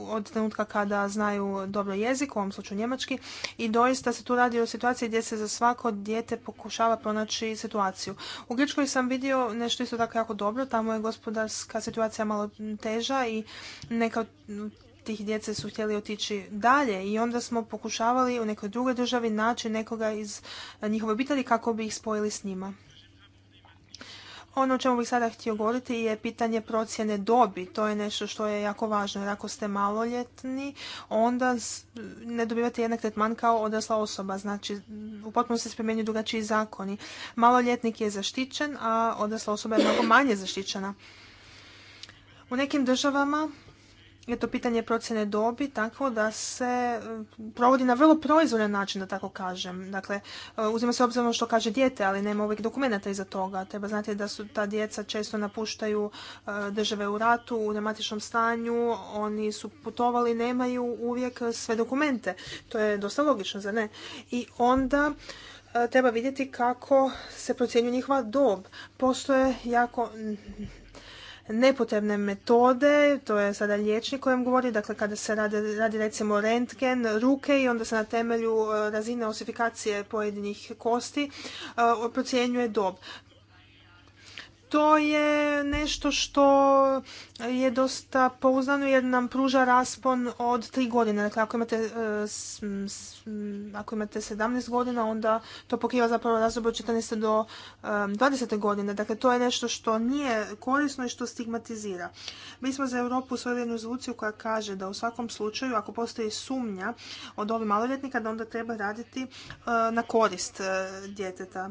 od trenutka kada znaju dobro jezik, u ovom slučaju njemački. I doista se tu radi o situaciji gdje se za svako dijete pokušava pronaći situaciju. U Grčkoj sam vidio nešto isto tako jako dobro, tamo je gospodarska situacija malo teža i neka tih djece su htjeli otići dalje i onda smo pokušavali u nekoj drugoj državi naći nekoga iz eh, njihove obitelji kako bi ih spojili s njima. Ono o čemu bih sada htio govoriti je pitanje procjene dobi. To je nešto što je jako važno jer ako ste maloljetni onda ne dobivate jednak tretman kao odrasla osoba. Znači u potpunosti se primjenjuju drugačiji zakoni. Maloljetnik je zaštićen, a odrasla osoba je mnogo manje zaštićena. U nekim državama je to pitanje procjene dobi tako da se e, provodi na vrlo proizvoljan način, da tako kažem. Dakle, e, uzima se obzirom ono što kaže dijete, ali nema uvijek dokumenta iza toga. Treba znati da su ta djeca često napuštaju e, države u ratu, u dramatičnom stanju, oni su putovali, nemaju uvijek sve dokumente. To je dosta logično, zar ne? I onda treba vidjeti kako se procjenjuje njihova dob. Postoje jako nepotrebne metode, to je sada liječnik kojem govori, dakle kada se radi, radi recimo rentgen ruke i onda se na temelju e, razine osifikacije pojedinih kosti e, procjenjuje dob to je nešto što je dosta pouzdano jer nam pruža raspon od tri godine. Dakle, ako imate, e, ako imate 17 godina, onda to pokriva zapravo razdoblje od 14. do 20. E, godine. Dakle, to je nešto što nije korisno i što stigmatizira. Mi smo za Europu usvojili jednu zvuciju koja kaže da u svakom slučaju, ako postoji sumnja od ovih maloljetnika, da onda treba raditi e, na korist djeteta.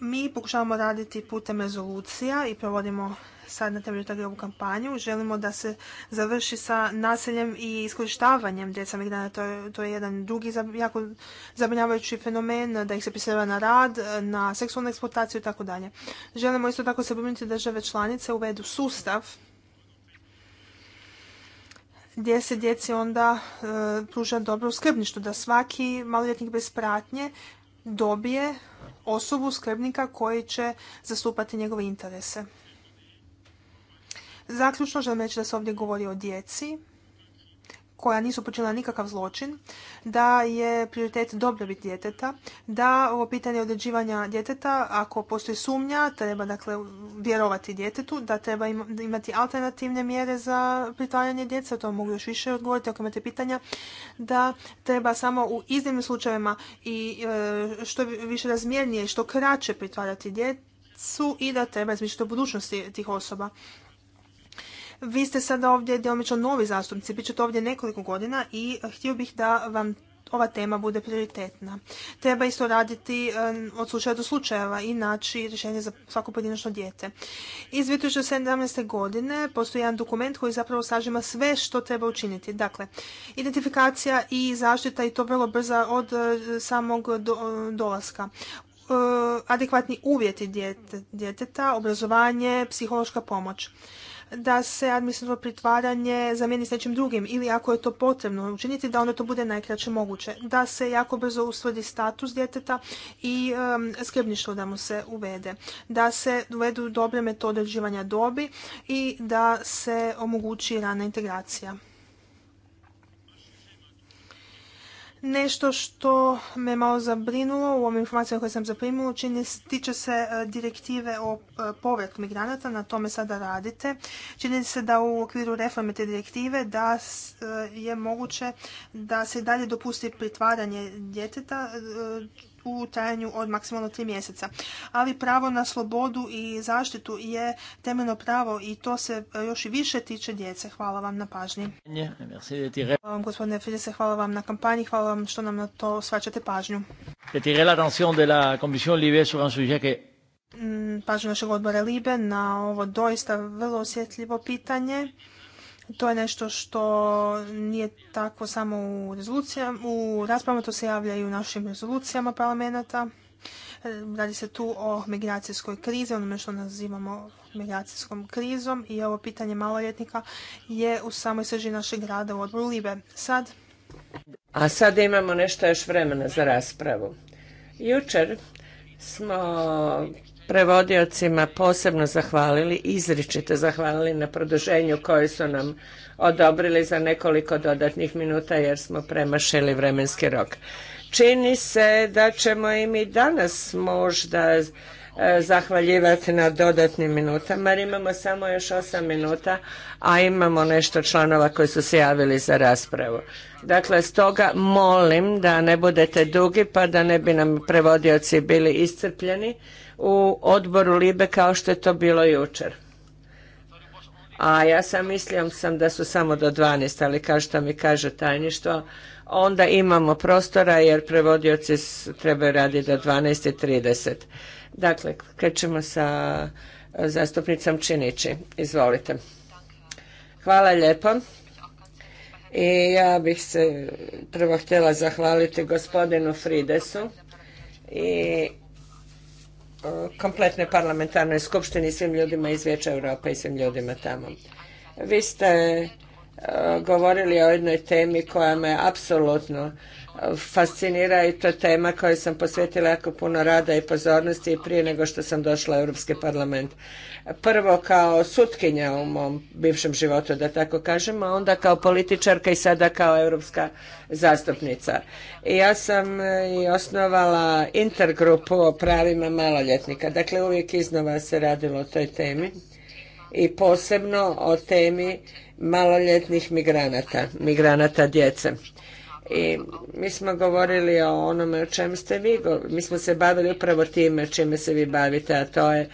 Mi pokušavamo raditi putem rezolucija i provodimo sad na temelju toga ovu kampanju. Želimo da se završi sa naseljem i iskorištavanjem djeca migrana. To je, to je jedan drugi jako zabrinjavajući fenomen, da ih se prisiljava na rad, na seksualnu eksploataciju i tako dalje. Želimo isto tako se da države članice uvedu sustav gdje se djeci onda e, pruža dobro skrbništvo, da svaki maloljetnik bez pratnje dobije osobu, skrbnika koji će zastupati njegove interese. Zaključno želim reći da se ovdje govori o djeci koja nisu počinila nikakav zločin, da je prioritet dobrobit djeteta, da ovo pitanje određivanja djeteta, ako postoji sumnja, treba dakle vjerovati djetetu, da treba imati alternativne mjere za pritvaranje djece, o to mogu još više odgovoriti ako imate pitanja, da treba samo u iznimnim slučajevima i e, što više razmjernije i što kraće pritvarati djecu i da treba izmišljati o budućnosti tih osoba. Vi ste sada ovdje djelomično novi zastupnici, bit ćete ovdje nekoliko godina i eh, htio bih da vam ova tema bude prioritetna. Treba isto raditi eh, od slučaja do slučajeva i naći rješenje za svako pojedinačno dijete. Iz 2017. godine postoji jedan dokument koji zapravo sažima sve što treba učiniti. Dakle, identifikacija i zaštita i to vrlo brza od eh, samog dolaska. adekvatni uvjeti djeteta, obrazovanje, psihološka pomoć da se administrativno pritvaranje zamijeni s nečim drugim ili ako je to potrebno učiniti da onda to bude najkraće moguće. Da se jako brzo ustvrdi status djeteta i skrbništvo da mu se uvede. Da se uvedu dobre metode određivanja dobi i da se omogući rana integracija. Nešto što me malo zabrinulo u ovim informacijama koje sam zaprimila čini, tiče se e, direktive o e, povratku migranata, na tome sada radite. Čini se da u okviru reforme te direktive da e, je moguće da se dalje dopusti pritvaranje djeteta u trajanju od maksimalno tri mjeseca. Ali pravo na slobodu i zaštitu je temeljno pravo i to se e, još i više tiče djece. Hvala vam na pažnji. Hvala vam gospodine Filise, hvala vam na kampanji, hvala vam što nam na to svačate pažnju. Mm, pažnju našeg odbora Libe na ovo doista vrlo osjetljivo pitanje. To je nešto što nije tako samo u rezolucijama, u raspravama to se javlja i u našim rezolucijama parlamenta. E, radi se tu o migracijskoj krizi, onome što nazivamo migracijskom krizom i ovo pitanje maloljetnika je u samoj srži našeg rada u odboru Libe. Sad...
A sad imamo nešto još vremena za raspravu. Jučer smo prevodiocima posebno zahvalili, izričito zahvalili na produženju koje su nam odobrili za nekoliko dodatnih minuta jer smo premašili vremenski rok. Čini se da ćemo im i danas možda e, zahvaljivati na dodatnim minutama jer imamo samo još osam minuta, a imamo nešto članova koji su se javili za raspravu. Dakle, stoga molim da ne budete dugi pa da ne bi nam prevodioci bili iscrpljeni u odboru Libe kao što je to bilo jučer. A ja sam mislio sam da su samo do 12, ali kao što mi kaže tajništvo, onda imamo prostora jer prevodioci trebaju raditi do 12.30. Dakle, krećemo sa e, zastupnicom Činići. Izvolite. Hvala lijepo. I ja bih se prvo htjela zahvaliti gospodinu Fridesu i kompletnoj parlamentarnoj skupštini svim ljudima iz Vijeća Europe i svim ljudima tamo. Vi ste govorili o jednoj temi koja me apsolutno fascinira i to tema kojoj sam posvetila jako puno rada i pozornosti i prije nego što sam došla u Europski parlament. Prvo kao sutkinja u mom bivšem životu, da tako kažem, a onda kao političarka i sada kao europska zastupnica. I ja sam e, i osnovala intergrupu o pravima maloljetnika. Dakle, uvijek iznova se radilo o toj temi i posebno o temi maloljetnih migranata, migranata djece. I mi smo govorili o onome o čem ste vi govorili. Mi smo se bavili upravo time čime se vi bavite, a to je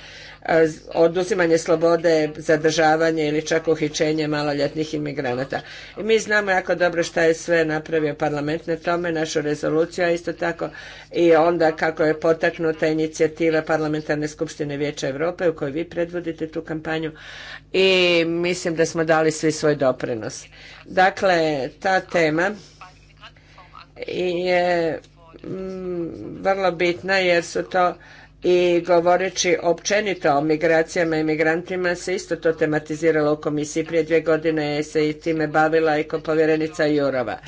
oduzimanje slobode, zadržavanje ili čak uhićenje maloljetnih imigranata. I mi znamo jako dobro šta je sve napravio parlament na tome, našu rezoluciju, a isto tako i onda kako je potaknuta inicijativa Parlamentarne skupštine Vijeća Europe u kojoj vi predvodite tu kampanju i mislim da smo dali svi svoj doprinos. Dakle, ta tema je mm, vrlo bitna jer su to i govoreći općenito o migracijama i migrantima se isto to tematiziralo u komisiji. Prije dvije godine se i time bavila i povjerenica Jurova.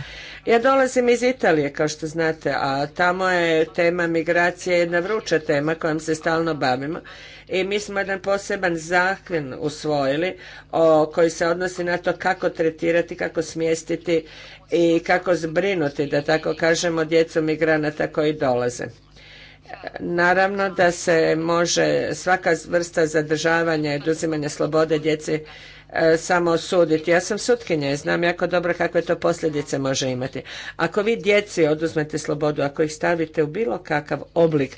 Ja dolazim iz Italije, kao što znate, a tamo je tema migracije jedna vruća tema kojom se stalno bavimo i mi smo jedan poseban zakon usvojili o, koji se odnosi na to kako tretirati, kako smjestiti i kako zbrinuti, da tako kažemo, djecu migranata koji dolaze. Naravno da se može svaka vrsta zadržavanja i oduzimanja slobode djeci e, samo osuditi. Ja sam sutkinja i znam jako dobro kakve to posljedice može imati. Ako vi djeci oduzmete slobodu, ako ih stavite u bilo kakav oblik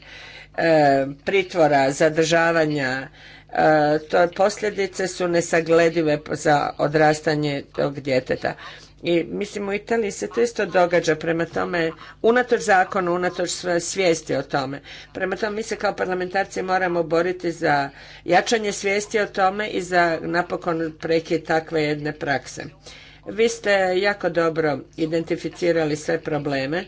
e, pritvora, zadržavanja, e, to posljedice su nesagledive za odrastanje tog djeteta. I mislim u Italiji se to isto događa, prema tome unatoč zakonu, unatoč svijesti o tome. Prema tome mi se kao parlamentarci moramo boriti za jačanje svijesti o tome i za napokon prekid takve jedne prakse. Vi ste jako dobro identificirali sve probleme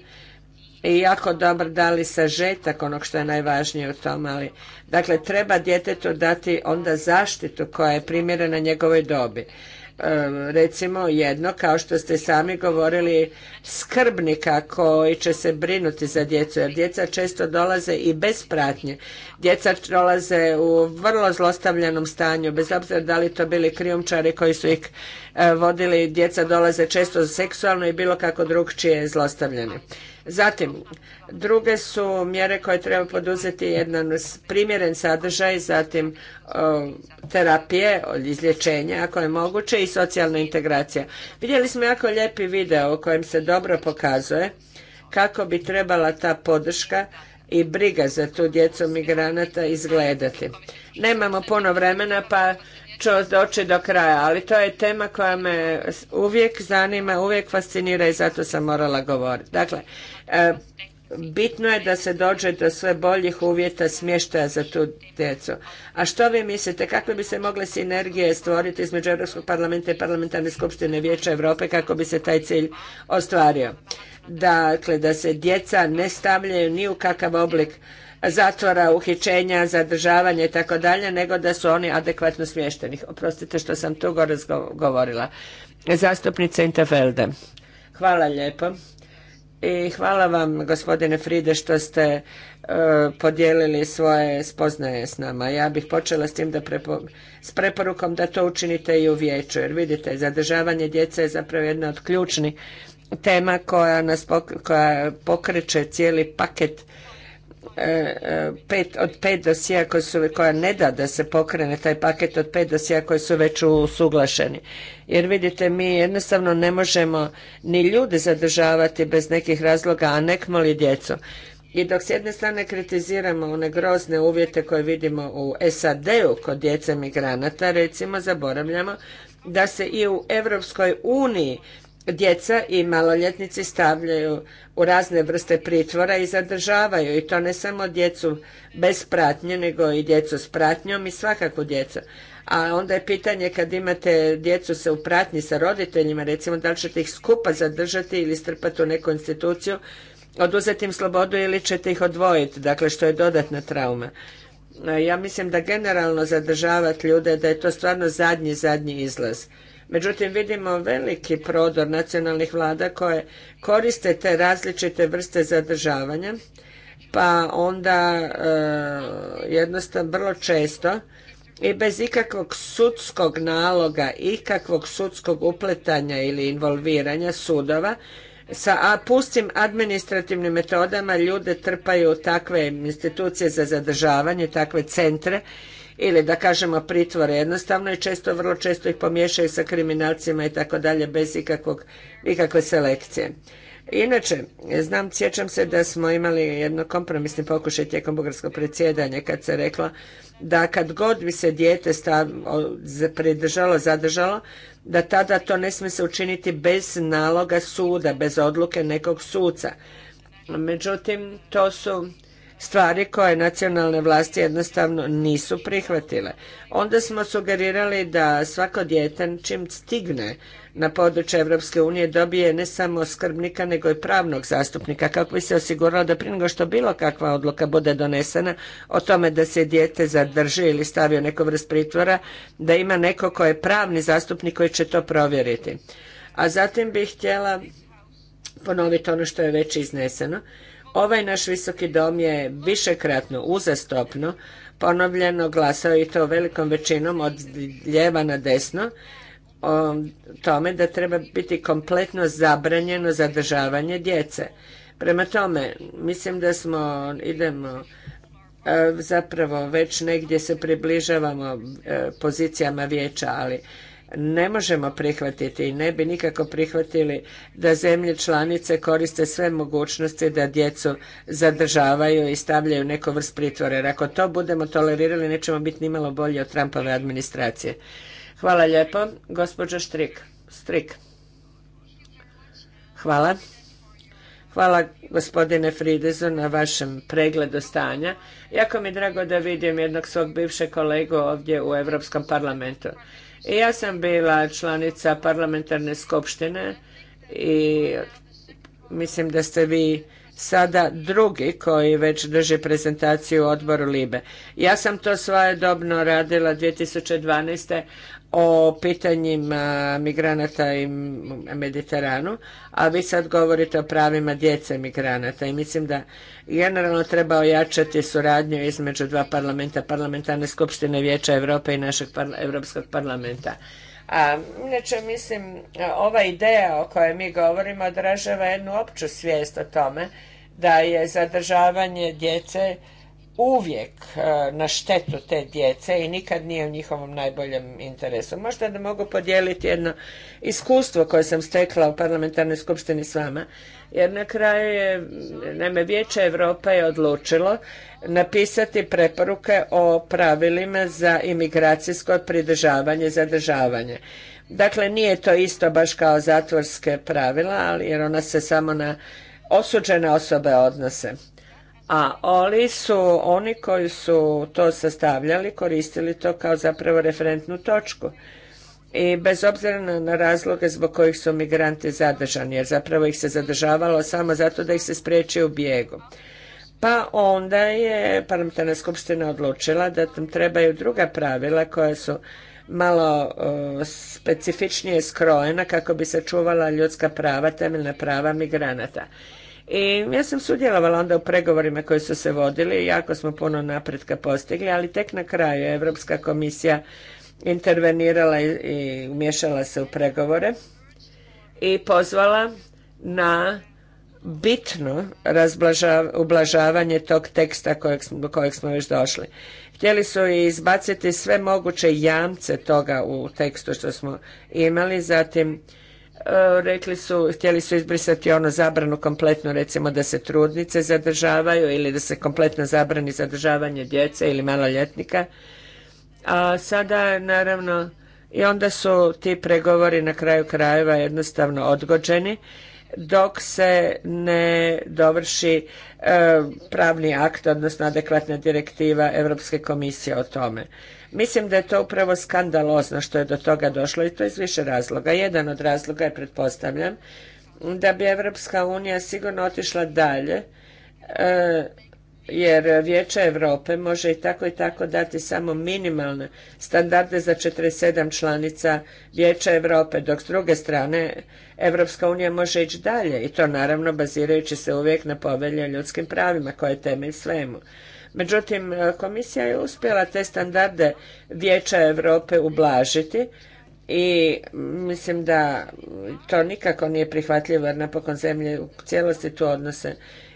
i jako dobro dali sažetak onog što je najvažnije u tom, ali dakle treba djetetu dati onda zaštitu koja je primjerena njegovoj dobi recimo jedno, kao što ste sami govorili, skrbnika koji će se brinuti za djecu, jer djeca često dolaze i bez pratnje. Djeca dolaze u vrlo zlostavljanom stanju, bez obzira da li to bili krijumčari koji su ih vodili, djeca dolaze često seksualno i bilo kako drugčije zlostavljani. Zatim, druge su mjere koje treba poduzeti jedan primjeren sadržaj, zatim terapije, izlječenja ako je moguće i socijalna integracija. Vidjeli smo jako lijepi video u kojem se dobro pokazuje kako bi trebala ta podrška i briga za tu djecu migranata izgledati. Nemamo puno vremena pa ću doći do kraja, ali to je tema koja me uvijek zanima, uvijek fascinira i zato sam morala govoriti. Dakle, e, bitno je da se dođe do sve boljih uvjeta smještaja za tu djecu. A što vi mislite, kakve bi se mogle sinergije stvoriti između Europskog parlamenta i Parlamentarne skupštine Vijeća Europe kako bi se taj cilj ostvario? Dakle, da se djeca ne stavljaju ni u kakav oblik zatvora, uhićenja, zadržavanja i tako dalje, nego da su oni adekvatno smješteni. Oprostite što sam tu govorila. Zastupnica Intervelde. Hvala lijepo. I hvala vam, gospodine Fride, što ste e, podijelili svoje spoznaje s nama. Ja bih počela s tim da prepo, s preporukom da to učinite i u vijeću, jer vidite, zadržavanje djece je zapravo jedna od ključnih tema koja nas koja pokreće cijeli paket E, e, od pet dosija koji su, koja ne da da se pokrene taj paket od pet dosija koji su već usuglašeni. Jer vidite, mi jednostavno ne možemo ni ljude zadržavati bez nekih razloga, a li djecu. I dok s jedne strane kritiziramo one grozne uvjete koje vidimo u SAD-u kod djece migranata, recimo zaboravljamo da se i u Europskoj uniji djeca i maloljetnici stavljaju u razne vrste pritvora i zadržavaju i to ne samo djecu bez pratnje nego i djecu s pratnjom i svakako djeca. A onda je pitanje kad imate djecu se u pratnji sa roditeljima recimo da li ćete ih skupa zadržati ili strpati u neku instituciju, oduzeti im slobodu ili ćete ih odvojiti, dakle što je dodatna trauma. E, ja mislim da generalno zadržavati ljude da je to stvarno zadnji, zadnji izlaz Međutim, vidimo veliki prodor nacionalnih vlada koje koriste te različite vrste zadržavanja, pa onda e, jednostavno vrlo često i bez ikakvog sudskog naloga, ikakvog sudskog upletanja ili involviranja sudova, sa pustim administrativnim metodama ljude trpaju takve institucije za zadržavanje, takve centre ili da kažemo pritvore jednostavno i često, vrlo često ih pomiješaju sa kriminalcima i tako dalje bez ikakvog, ikakve selekcije. Inače, znam, sjećam se da smo imali jedno kompromisni pokušaj tijekom bugarskog predsjedanja kad se rekla da kad god bi se dijete pridržalo, zadržalo, da tada to ne smije se učiniti bez naloga suda, bez odluke nekog suca. Međutim, to su stvari koje nacionalne vlasti jednostavno nisu prihvatile. Onda smo sugerirali da svako dijete čim stigne na područje Evropske unije dobije ne samo skrbnika nego i pravnog zastupnika kako bi se osiguralo da prije nego što bilo kakva odluka bude donesena o tome da se dijete zadrži ili stavio u neku vrst pritvora da ima neko ko je pravni zastupnik koji će to provjeriti. A zatim bih htjela ponoviti ono što je već izneseno Ovaj naš visoki dom je višekratno, uzastopno, ponovljeno glasao i to velikom većinom od ljeva na desno o tome da treba biti kompletno zabranjeno zadržavanje djece. Prema tome, mislim da smo, idemo, e, zapravo već negdje se približavamo e, pozicijama vijeća, ali ne možemo prihvatiti i ne bi nikako prihvatili da zemlje članice koriste sve mogućnosti da djecu zadržavaju i stavljaju neku vrst pritvora. Jer ako to budemo tolerirali, nećemo biti nimalo bolji od Trumpove administracije. Hvala lijepo. Gospođo Štrik. Strik. Hvala. Hvala gospodine Fridezu na vašem pregledu stanja. Jako mi je drago da vidim jednog svog bivšeg kolegu ovdje u Europskom parlamentu ja sam bila članica parlamentarne skupštine i mislim da ste vi sada drugi koji već drži prezentaciju u odboru Libe. Ja sam to svojedobno radila 2012 o pitanjima migranata i Mediteranu, a vi sad govorite o pravima djece migranata i mislim da generalno treba ojačati suradnju između dva parlamenta, parlamentarne skupštine Vijeća Europe i našeg Europskog parlamenta. A inače mislim ova ideja o kojoj mi govorimo odražava jednu opću svijest o tome da je zadržavanje djece uvijek e, na štetu te djece i nikad nije u njihovom najboljem interesu. Možda da mogu podijeliti jedno iskustvo koje sam stekla u parlamentarnoj skupštini s vama, jer na kraju je, naime, Vijeće Europe je odlučilo napisati preporuke o pravilima za imigracijsko pridržavanje i zadržavanje. Dakle, nije to isto baš kao zatvorske pravila, ali jer ona se samo na osuđene osobe odnose a oni su, oni koji su to sastavljali, koristili to kao zapravo referentnu točku. I bez obzira na, razloge zbog kojih su migranti zadržani, jer zapravo ih se zadržavalo samo zato da ih se spriječi u bijegu. Pa onda je parlamentarna skupština odlučila da tam trebaju druga pravila koja su malo e, specifičnije skrojena kako bi se čuvala ljudska prava, temeljna prava migranata. I ja sam sudjelovala onda u pregovorima koji su se vodili jako smo puno napretka postigli, ali tek na kraju je Evropska komisija intervenirala i umješala se u pregovore i pozvala na bitno ublažavanje tog teksta kojeg, do kojeg smo već došli. Htjeli su izbaciti sve moguće jamce toga u tekstu što smo imali, zatim E, rekli su, htjeli su izbrisati ono zabranu kompletno recimo da se trudnice zadržavaju ili da se kompletno zabrani zadržavanje djece ili maloljetnika. A sada naravno i onda su ti pregovori na kraju krajeva jednostavno odgođeni dok se ne dovrši e, pravni akt, odnosno adekvatna direktiva Europske komisije o tome. Mislim da je to upravo skandalozno što je do toga došlo i to iz više razloga. Jedan od razloga je, pretpostavljam, da bi Europska unija sigurno otišla dalje e, jer Vijeće Europe može i tako i tako dati samo minimalne standarde za 47 članica Vijeća Europe, dok s druge strane Evropska unija može ići dalje i to naravno bazirajući se uvijek na povelje ljudskim pravima koje je temelj svemu. Međutim, komisija je uspjela te standarde Vijeća Europe ublažiti, i mislim da to nikako nije prihvatljivo jer napokon zemlje u cijelosti tu odnose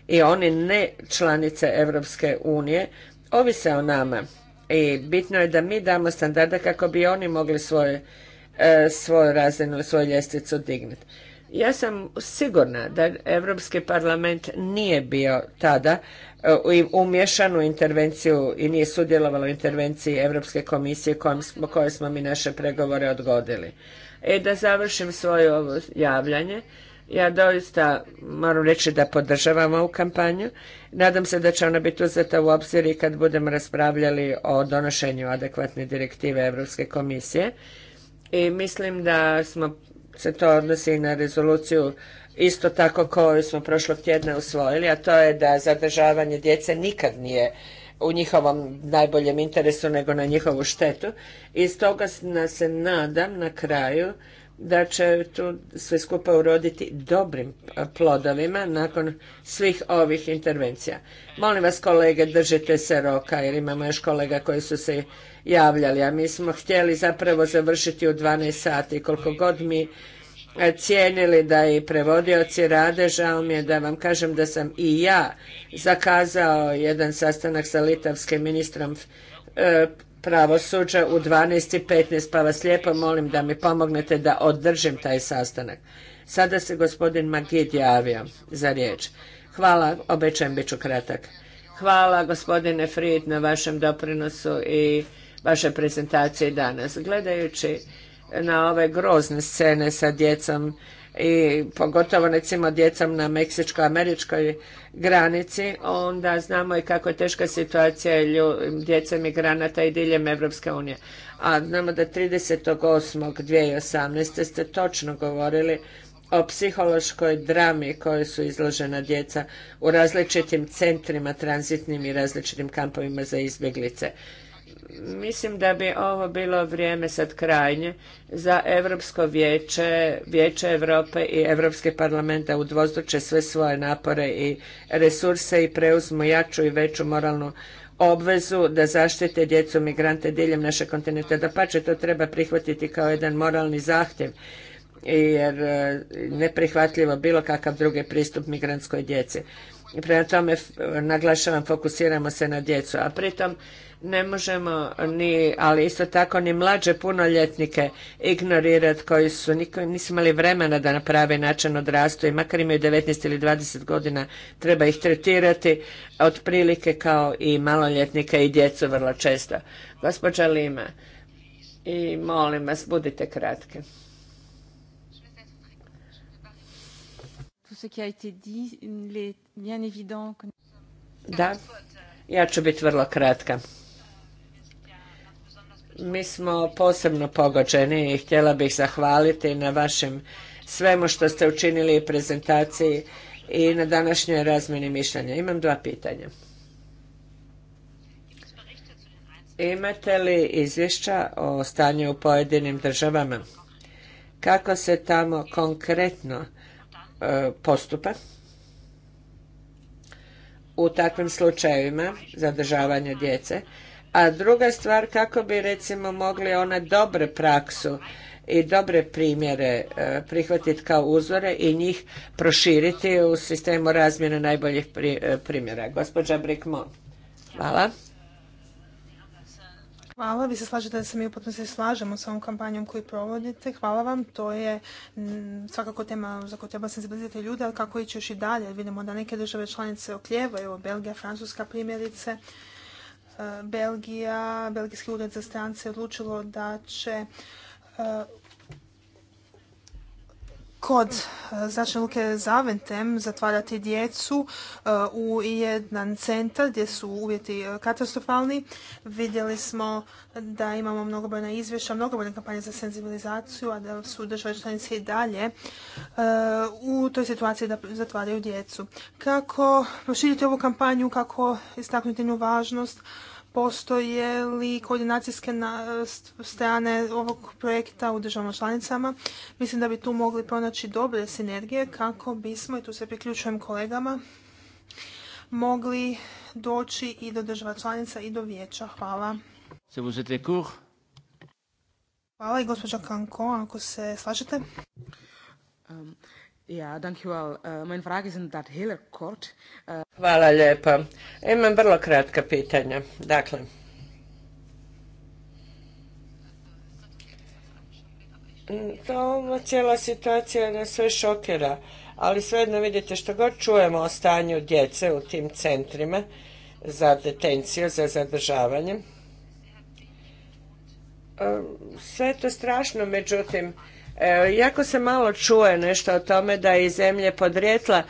i oni ne članice Europske unije ovise o nama i bitno je da mi damo standarde kako bi oni mogli svoje, e, svoju razinu, svoju ljestvicu dignuti. Ja sam sigurna da Europski parlament nije bio tada e, umješan u intervenciju i nije sudjelovalo u intervenciji Europske komisije kojom smo, smo mi naše pregovore odgodili. E da završim svoje ovo javljanje ja doista moram reći da podržavam ovu kampanju. Nadam se da će ona biti uzeta u obzir i kad budemo raspravljali o donošenju adekvatne direktive Europske komisije. I mislim da smo, se to odnosi na rezoluciju isto tako koju smo prošlog tjedna usvojili, a to je da zadržavanje djece nikad nije u njihovom najboljem interesu nego na njihovu štetu. I stoga se nadam na kraju da će tu sve skupa uroditi dobrim plodovima nakon svih ovih intervencija. Molim vas kolege, držite se roka jer imamo još kolega koji su se javljali, a mi smo htjeli zapravo završiti u 12 sati. Koliko god mi cijenili da i prevodioci rade, žao mi je da vam kažem da sam i ja zakazao jedan sastanak sa litavskim ministrom e, pravosuđa u 12.15, pa vas lijepo molim da mi pomognete da održim taj sastanak. Sada se gospodin Magid javio za riječ. Hvala, obećajem bit ću kratak. Hvala gospodine Frid na vašem doprinosu i vašoj prezentaciji danas. Gledajući na ove grozne scene sa djecom i pogotovo recimo djecom na meksičko-američkoj granici, onda znamo i kako je teška situacija djece migranata i diljem Evropske unije. A znamo da 30.8.2018. ste točno govorili o psihološkoj drami kojoj su izložena djeca u različitim centrima tranzitnim i različitim kampovima za izbjeglice mislim da bi ovo bilo vrijeme sad krajnje za Europsko vijeće, Vijeće Europe i Europski parlamenta da sve svoje napore i resurse i preuzmu jaču i veću moralnu obvezu da zaštite djecu migrante diljem našeg kontinenta. Da pače, to treba prihvatiti kao jedan moralni zahtjev jer e, neprihvatljivo bilo kakav drugi pristup migrantskoj djeci. Prema tome, naglašavam, fokusiramo se na djecu, a pritom ne možemo ni, ali isto tako ni mlađe punoljetnike ignorirati koji su, niko, nisu imali vremena da na način odrastu i makar imaju 19 ili 20 godina treba ih tretirati otprilike kao i maloljetnike i djecu vrlo često. Gospođa Lima, i molim vas budite kratke. Da, ja ću biti vrlo kratka. Mi smo posebno pogođeni i htjela bih zahvaliti na vašem svemu što ste učinili i prezentaciji i na današnjoj razmjeni mišljenja. Imam dva pitanja. Imate li izvješća o stanju u pojedinim državama? Kako se tamo konkretno e, postupa u takvim slučajevima zadržavanja djece? A druga stvar, kako bi recimo mogli one dobre praksu i dobre primjere e, prihvatiti kao uzore i njih proširiti u sistemu razmjene najboljih e, primjera. Gospođa Brikmon. Hvala.
Hvala, vi se slažete da se mi u se slažemo sa ovom kampanjom koju provodite. Hvala vam, to je svakako tema za koju treba senzibilizirati ljude, ali kako ići još i dalje. Vidimo da neke države članice okljevaju, Belgija, Francuska primjerice, Belgija, Belgijski ured za strance odlučilo da će kod e, zračne luke Zaventem zatvarati djecu e, u jedan centar gdje su uvjeti e, katastrofalni. Vidjeli smo da imamo mnogobrojna izvješća, mnogobrojne kampanje za senzibilizaciju, a da su države članice i dalje u toj situaciji da zatvaraju djecu. Kako proširiti ovu kampanju, kako istaknuti nju važnost, postoje li koordinacijske strane ovog projekta u državama članicama. Mislim da bi tu mogli pronaći dobre sinergije kako bismo, i tu se priključujem kolegama, mogli doći i do država članica i do vijeća. Hvala. Hvala i gospođa Kanko, ako se slažete. Um, ja, dankjewel. Eh, mijn vraag eh,
Hvala lijepa. Imam vrlo kratka pitanja. Dakle, to ova cijela situacija nas sve šokira, ali svejedno vidite što god čujemo o stanju djece u tim centrima za detenciju, za zadržavanje. Eh, sve je to strašno, međutim, jako se malo čuje nešto o tome da i zemlje podrijetla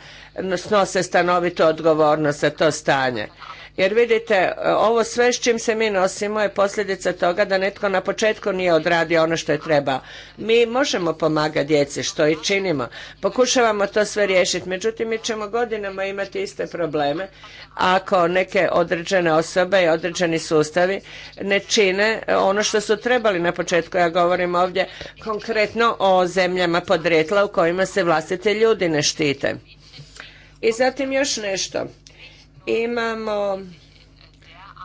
snose stanovitu odgovornost za to stanje. Jer vidite, ovo sve s čim se mi nosimo je posljedica toga da netko na početku nije odradio ono što je trebao. Mi možemo pomagati djeci, što i činimo. Pokušavamo to sve riješiti, međutim mi ćemo godinama imati iste probleme ako neke određene osobe i određeni sustavi ne čine ono što su trebali na početku. Ja govorim ovdje konkretno o zemljama podrijetla u kojima se vlastite ljudi ne štite. I zatim još nešto imamo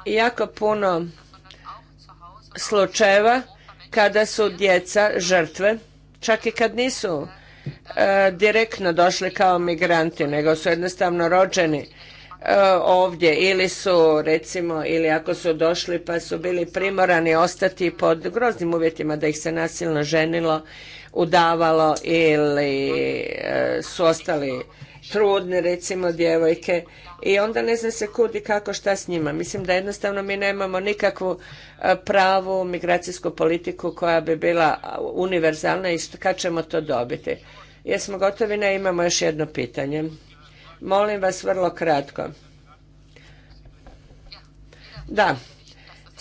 jako puno slučajeva kada su djeca žrtve, čak i kad nisu e, direktno došli kao migranti, nego su jednostavno rođeni e, ovdje ili su recimo, ili ako su došli pa su bili primorani ostati pod groznim uvjetima da ih se nasilno ženilo, udavalo ili e, su ostali trudne recimo djevojke i onda ne zna se kud i kako šta s njima. Mislim da jednostavno mi nemamo nikakvu e, pravu migracijsku politiku koja bi bila univerzalna i kad ćemo to dobiti. Jesmo gotovi, ne imamo još jedno pitanje. Molim vas vrlo kratko. Da,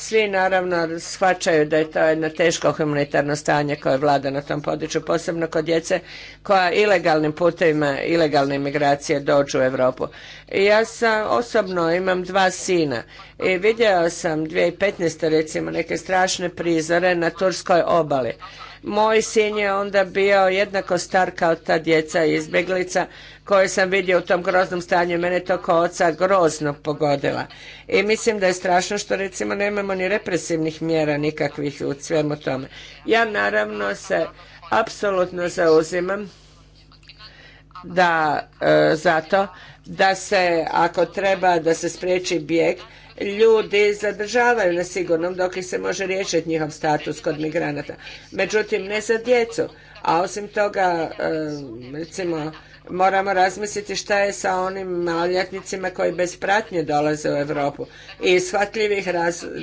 svi naravno shvaćaju da je to jedno teško humanitarno stanje koje vlada na tom području, posebno kod djece koja ilegalnim putevima, ilegalne imigracije dođu u Europu. Ja sam osobno imam dva sina i vidjela sam 2015. recimo neke strašne prizore na turskoj obali. Moj sin je onda bio jednako star kao ta djeca izbjeglica koje sam vidio u tom groznom stanju. Mene to kao oca grozno pogodila. I mislim da je strašno što recimo nemamo ni represivnih mjera nikakvih u svemu tome. Ja naravno se apsolutno zauzimam da e, zato da se ako treba da se spriječi bijeg ljudi zadržavaju na sigurnom dok ih se može riješiti njihov status kod migranata. Međutim, ne za djecu. A osim toga, recimo, moramo razmisliti šta je sa onim maloljetnicima koji bez pratnje dolaze u Europu i iz shvatljivih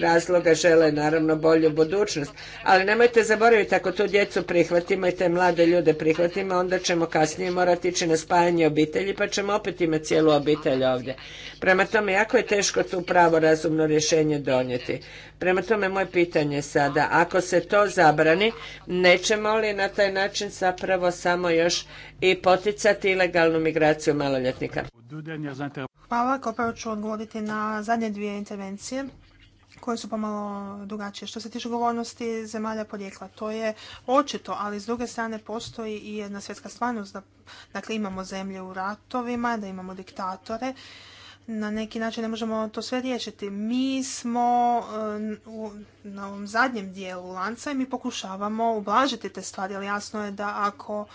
razloga žele naravno bolju budućnost. Ali nemojte zaboraviti ako tu djecu prihvatimo i te mlade ljude prihvatimo onda ćemo kasnije morati ići na spajanje obitelji pa ćemo opet imati cijelu obitelj ovdje. Prema tome jako je teško tu pravo razumno rješenje donijeti. Prema tome, moje pitanje sada, ako se to zabrani, nećemo li na taj način zapravo samo još i poticati ilegalnu migraciju maloljetnika?
Hvala, prvo ću odgovoriti na zadnje dvije intervencije koje su pomalo drugačije. Što se tiče govornosti zemalja porijekla, to je očito, ali s druge strane postoji i jedna svjetska stvarnost da dakle, imamo zemlje u ratovima, da imamo diktatore na neki način ne možemo to sve riješiti. Mi smo e, u, na ovom zadnjem dijelu lanca i mi pokušavamo ublažiti te stvari, ali jasno je da ako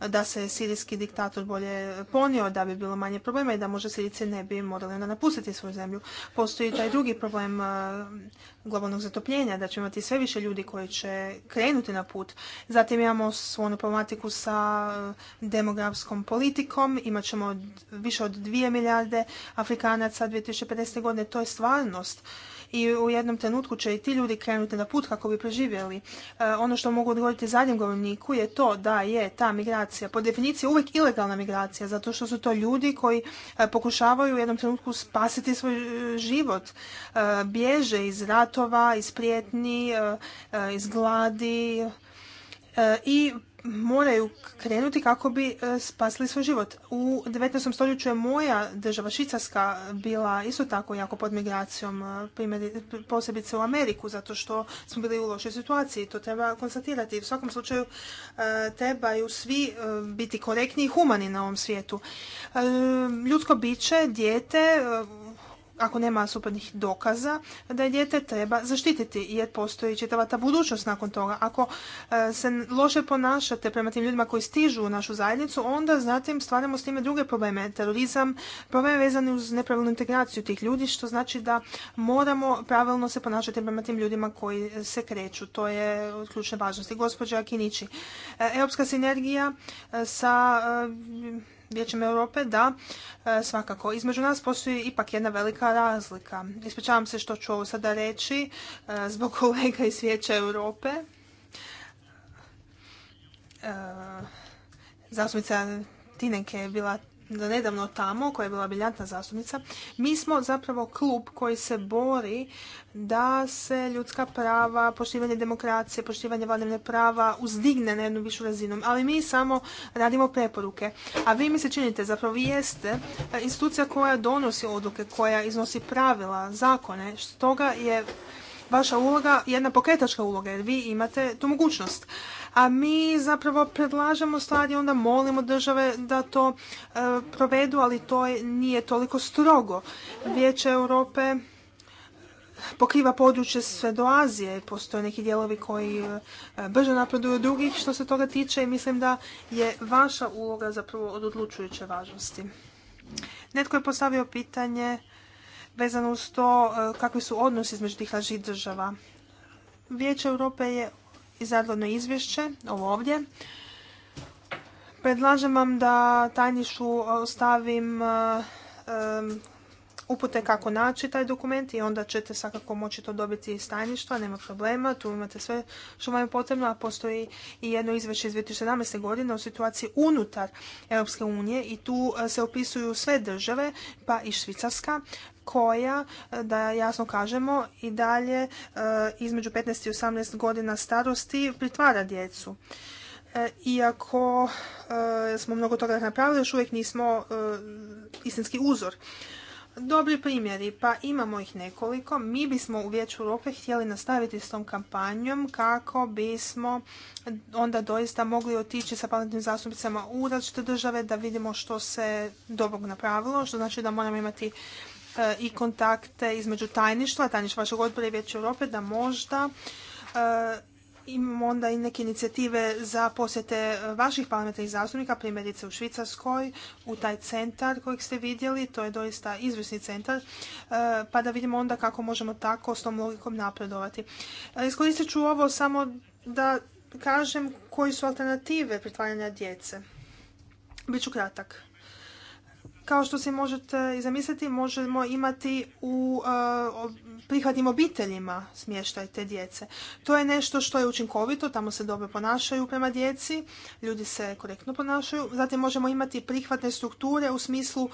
da se sirijski diktator bolje ponio, da bi bilo manje problema i da možda Sirici ne bi morali onda napustiti svoju zemlju. Postoji taj drugi problem e, globalnog zatopljenja, da će imati sve više ljudi koji će krenuti na put. Zatim imamo svoju problematiku sa e, demografskom politikom, imat ćemo više od dvije milijarde Afrikanaca 2050. godine, to je stvarnost i u jednom trenutku će i ti ljudi krenuti na put kako bi preživjeli. E, ono što mogu odgovoriti zadnjem govorniku je to da je ta migracija po definiciji uvijek ilegalna migracija zato što su to ljudi koji e, pokušavaju u jednom trenutku spasiti svoj e, život. Bježe iz ratova, iz prijetni, iz gladi i moraju krenuti kako bi e, spasili svoj život. U 19. stoljeću je moja država Švicarska bila isto tako jako pod migracijom, e, posebice u Ameriku, zato što smo bili u lošoj situaciji. To treba konstatirati. U svakom slučaju e, trebaju svi biti korektni i humani na ovom svijetu. Ljudsko biće, dijete, ako nema supadnih dokaza da je dijete treba zaštititi jer postoji čitava ta budućnost nakon toga. Ako e, se loše ponašate prema tim ljudima koji stižu u našu zajednicu, onda zatim stvaramo s time druge probleme. Terorizam, probleme vezani uz nepravilnu integraciju tih ljudi, što znači da moramo pravilno se ponašati prema tim ljudima koji se kreću. To je od ključne važnosti. Gospođa Kinići, e, europska sinergija e, sa Vijećem Europe da e, svakako između nas postoji ipak jedna velika razlika. Ispričavam se što ću ovo sada reći e, zbog kolega iz Vijeća Europe. E, zastupnica Tinenke je bila nedavno tamo, koja je bila briljantna zastupnica, mi smo zapravo klub koji se bori da se ljudska prava, poštivanje demokracije, poštivanje vladavine prava uzdigne na jednu višu razinu. Ali mi samo radimo preporuke. A vi mi se činite, zapravo vi jeste e, institucija koja donosi odluke, koja iznosi pravila, zakone. Stoga je vaša uloga jedna pokretačka uloga jer vi imate tu mogućnost. A mi zapravo predlažemo stvari, onda molimo države da to e, provedu, ali to nije toliko strogo. Vijeće Europe pokriva područje sve do Azije, postoje neki dijelovi koji e, brže napreduju drugih što se toga tiče i mislim da je vaša uloga zapravo od odlučujuće važnosti. Netko je postavio pitanje vezano uz to e, kakvi su odnosi između tih lažih država. Vijeće Europe je izadlodno izvješće, ovo ovdje. Predlažem vam da tajnišu ostavim e, e, upute kako naći taj dokument i onda ćete svakako moći to dobiti iz tajništva, nema problema, tu imate sve što vam je potrebno, a postoji i jedno izvješće iz 2017. godine o situaciji unutar Europske unije i tu e, se opisuju sve države, pa i Švicarska, koja, e, da jasno kažemo, i dalje e, između 15 i 18 godina starosti pritvara djecu. Iako smo mnogo toga napravili, još uvijek nismo istinski uzor dobri primjeri, pa imamo ih nekoliko. Mi bismo u Vijeću Europe htjeli nastaviti s tom kampanjom kako bismo onda doista mogli otići sa pametnim zastupnicama u različite države da vidimo što se dobrog napravilo, što znači da moramo imati e, i kontakte između tajništva, tajništva vašeg odbora i Vijeća Europe, da možda e, Imamo onda i neke inicijative za posjete e, vaših parlamentarnih zastupnika, primjerice u Švicarskoj, u taj centar kojeg ste vidjeli, to je doista izvrsni centar, e, pa da vidimo onda kako možemo tako s tom logikom napredovati. E, iskoristit ću ovo samo da kažem koji su alternative pretvaranja djece. Biću kratak kao što si možete i zamisliti, možemo imati u e, prihvatnim obiteljima smještaj te djece. To je nešto što je učinkovito, tamo se dobro ponašaju prema djeci, ljudi se korektno ponašaju. Zatim možemo imati prihvatne strukture u smislu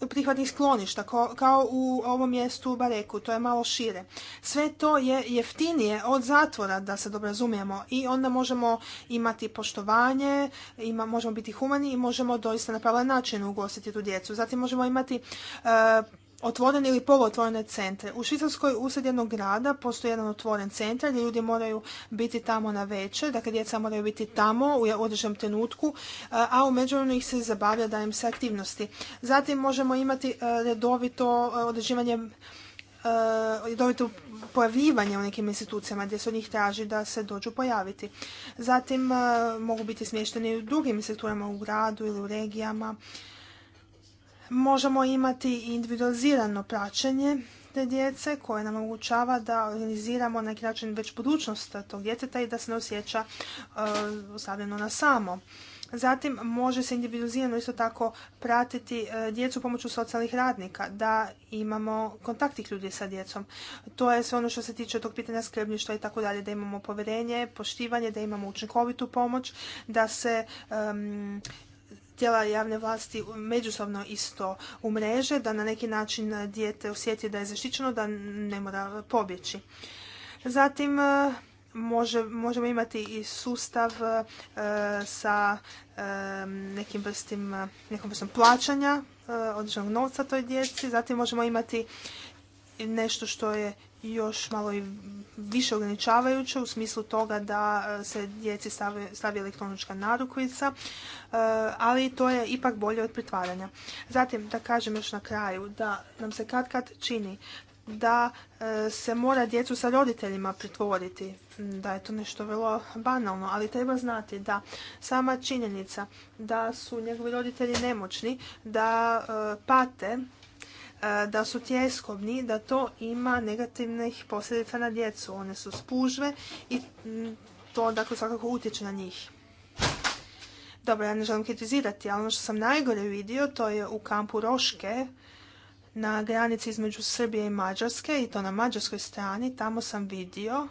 e, prihvatnih skloništa, kao u ovom mjestu u Bareku, to je malo šire. Sve to je jeftinije od zatvora, da se dobro razumijemo, i onda možemo imati poštovanje, ima, možemo biti humani i možemo doista na pravilan način ugostiti tu djecu. Zatim možemo imati e, otvorene ili poluotvorene centre. U Švicarskoj usred jednog grada postoji jedan otvoren centar gdje ljudi moraju biti tamo na večer, dakle djeca moraju biti tamo u određenom trenutku, e, a u međuvremenu ih se zabavlja da im se aktivnosti. Zatim možemo imati e, redovito određivanje redovito pojavljivanje u nekim institucijama gdje se od njih traži da se dođu pojaviti. Zatim mogu biti smješteni u drugim institucijama u gradu ili u regijama možemo imati individualizirano praćenje te djece koje nam omogućava da organiziramo na neki način već budućnost tog djeteta i da se ne osjeća e, ostavljeno na samo. Zatim može se individualizirano isto tako pratiti e, djecu pomoću socijalnih radnika, da imamo kontakt ljudi sa djecom. To je sve ono što se tiče tog pitanja skrbništva i tako dalje, da imamo povjerenje, poštivanje, da imamo učinkovitu pomoć, da se tijela javne vlasti međusobno isto umreže, da na neki način dijete osjeti da je zaštićeno, da ne mora pobjeći. Zatim, e, možemo imati i sustav e, sa e, nekim vrstim, nekom vrstom plaćanja određenog novca toj djeci. Zatim možemo imati nešto što je još malo i više ograničavajuće u smislu toga da e, se djeci stavi, elektronička narukvica, e, ali to je ipak bolje od pritvaranja. Zatim, da kažem još na kraju, da nam se kad kad čini da e, se mora djecu sa roditeljima pritvoriti, da je to nešto vrlo banalno, ali treba znati da sama činjenica da su njegovi roditelji nemoćni, da pate E, da su tjeskobni, da to ima negativnih posljedica na djecu. One su spužve i to dakle svakako utječe na njih. Dobro, ja ne želim kritizirati, ali ono što sam najgore vidio to je u kampu Roške na granici između Srbije i Mađarske i to na mađarskoj strani. Tamo sam vidio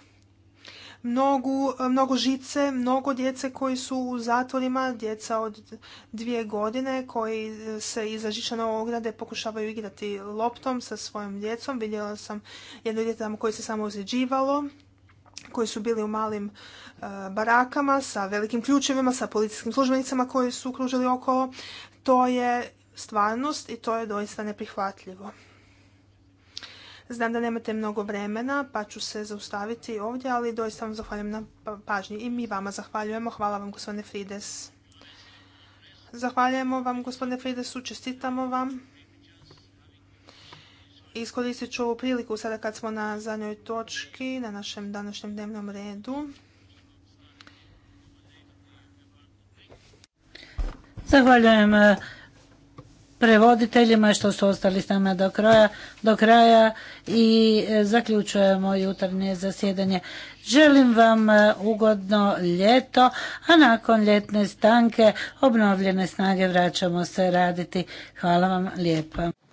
mnogu, mnogo žice, mnogo djece koji su u zatvorima, djeca od dvije godine koji e, se iza žičane ograde pokušavaju igrati loptom sa svojom djecom. Vidjela sam jedno djete tamo koje se samo ozljeđivalo koji su bili u malim e, barakama sa velikim ključevima, sa policijskim službenicama koji su kružili okolo. To je stvarnost i to je doista neprihvatljivo. Znam da nemate mnogo vremena, pa ću se zaustaviti ovdje, ali doista vam zahvaljujem na pa- pažnji i mi vama zahvaljujemo. Hvala vam, gospodine Frides. Zahvaljujemo vam, gospodine Frides. čestitamo vam. Iskoristit ću ovu priliku sada kad smo na zadnjoj točki, na našem današnjem dnevnom redu.
Zahvaljujem eh, prevoditeljima što su ostali s nama do kraja, do kraja i e, zaključujemo jutarnje zasjedanje. Želim vam e, ugodno ljeto, a nakon ljetne stanke obnovljene snage vraćamo se raditi. Hvala vam lijepa.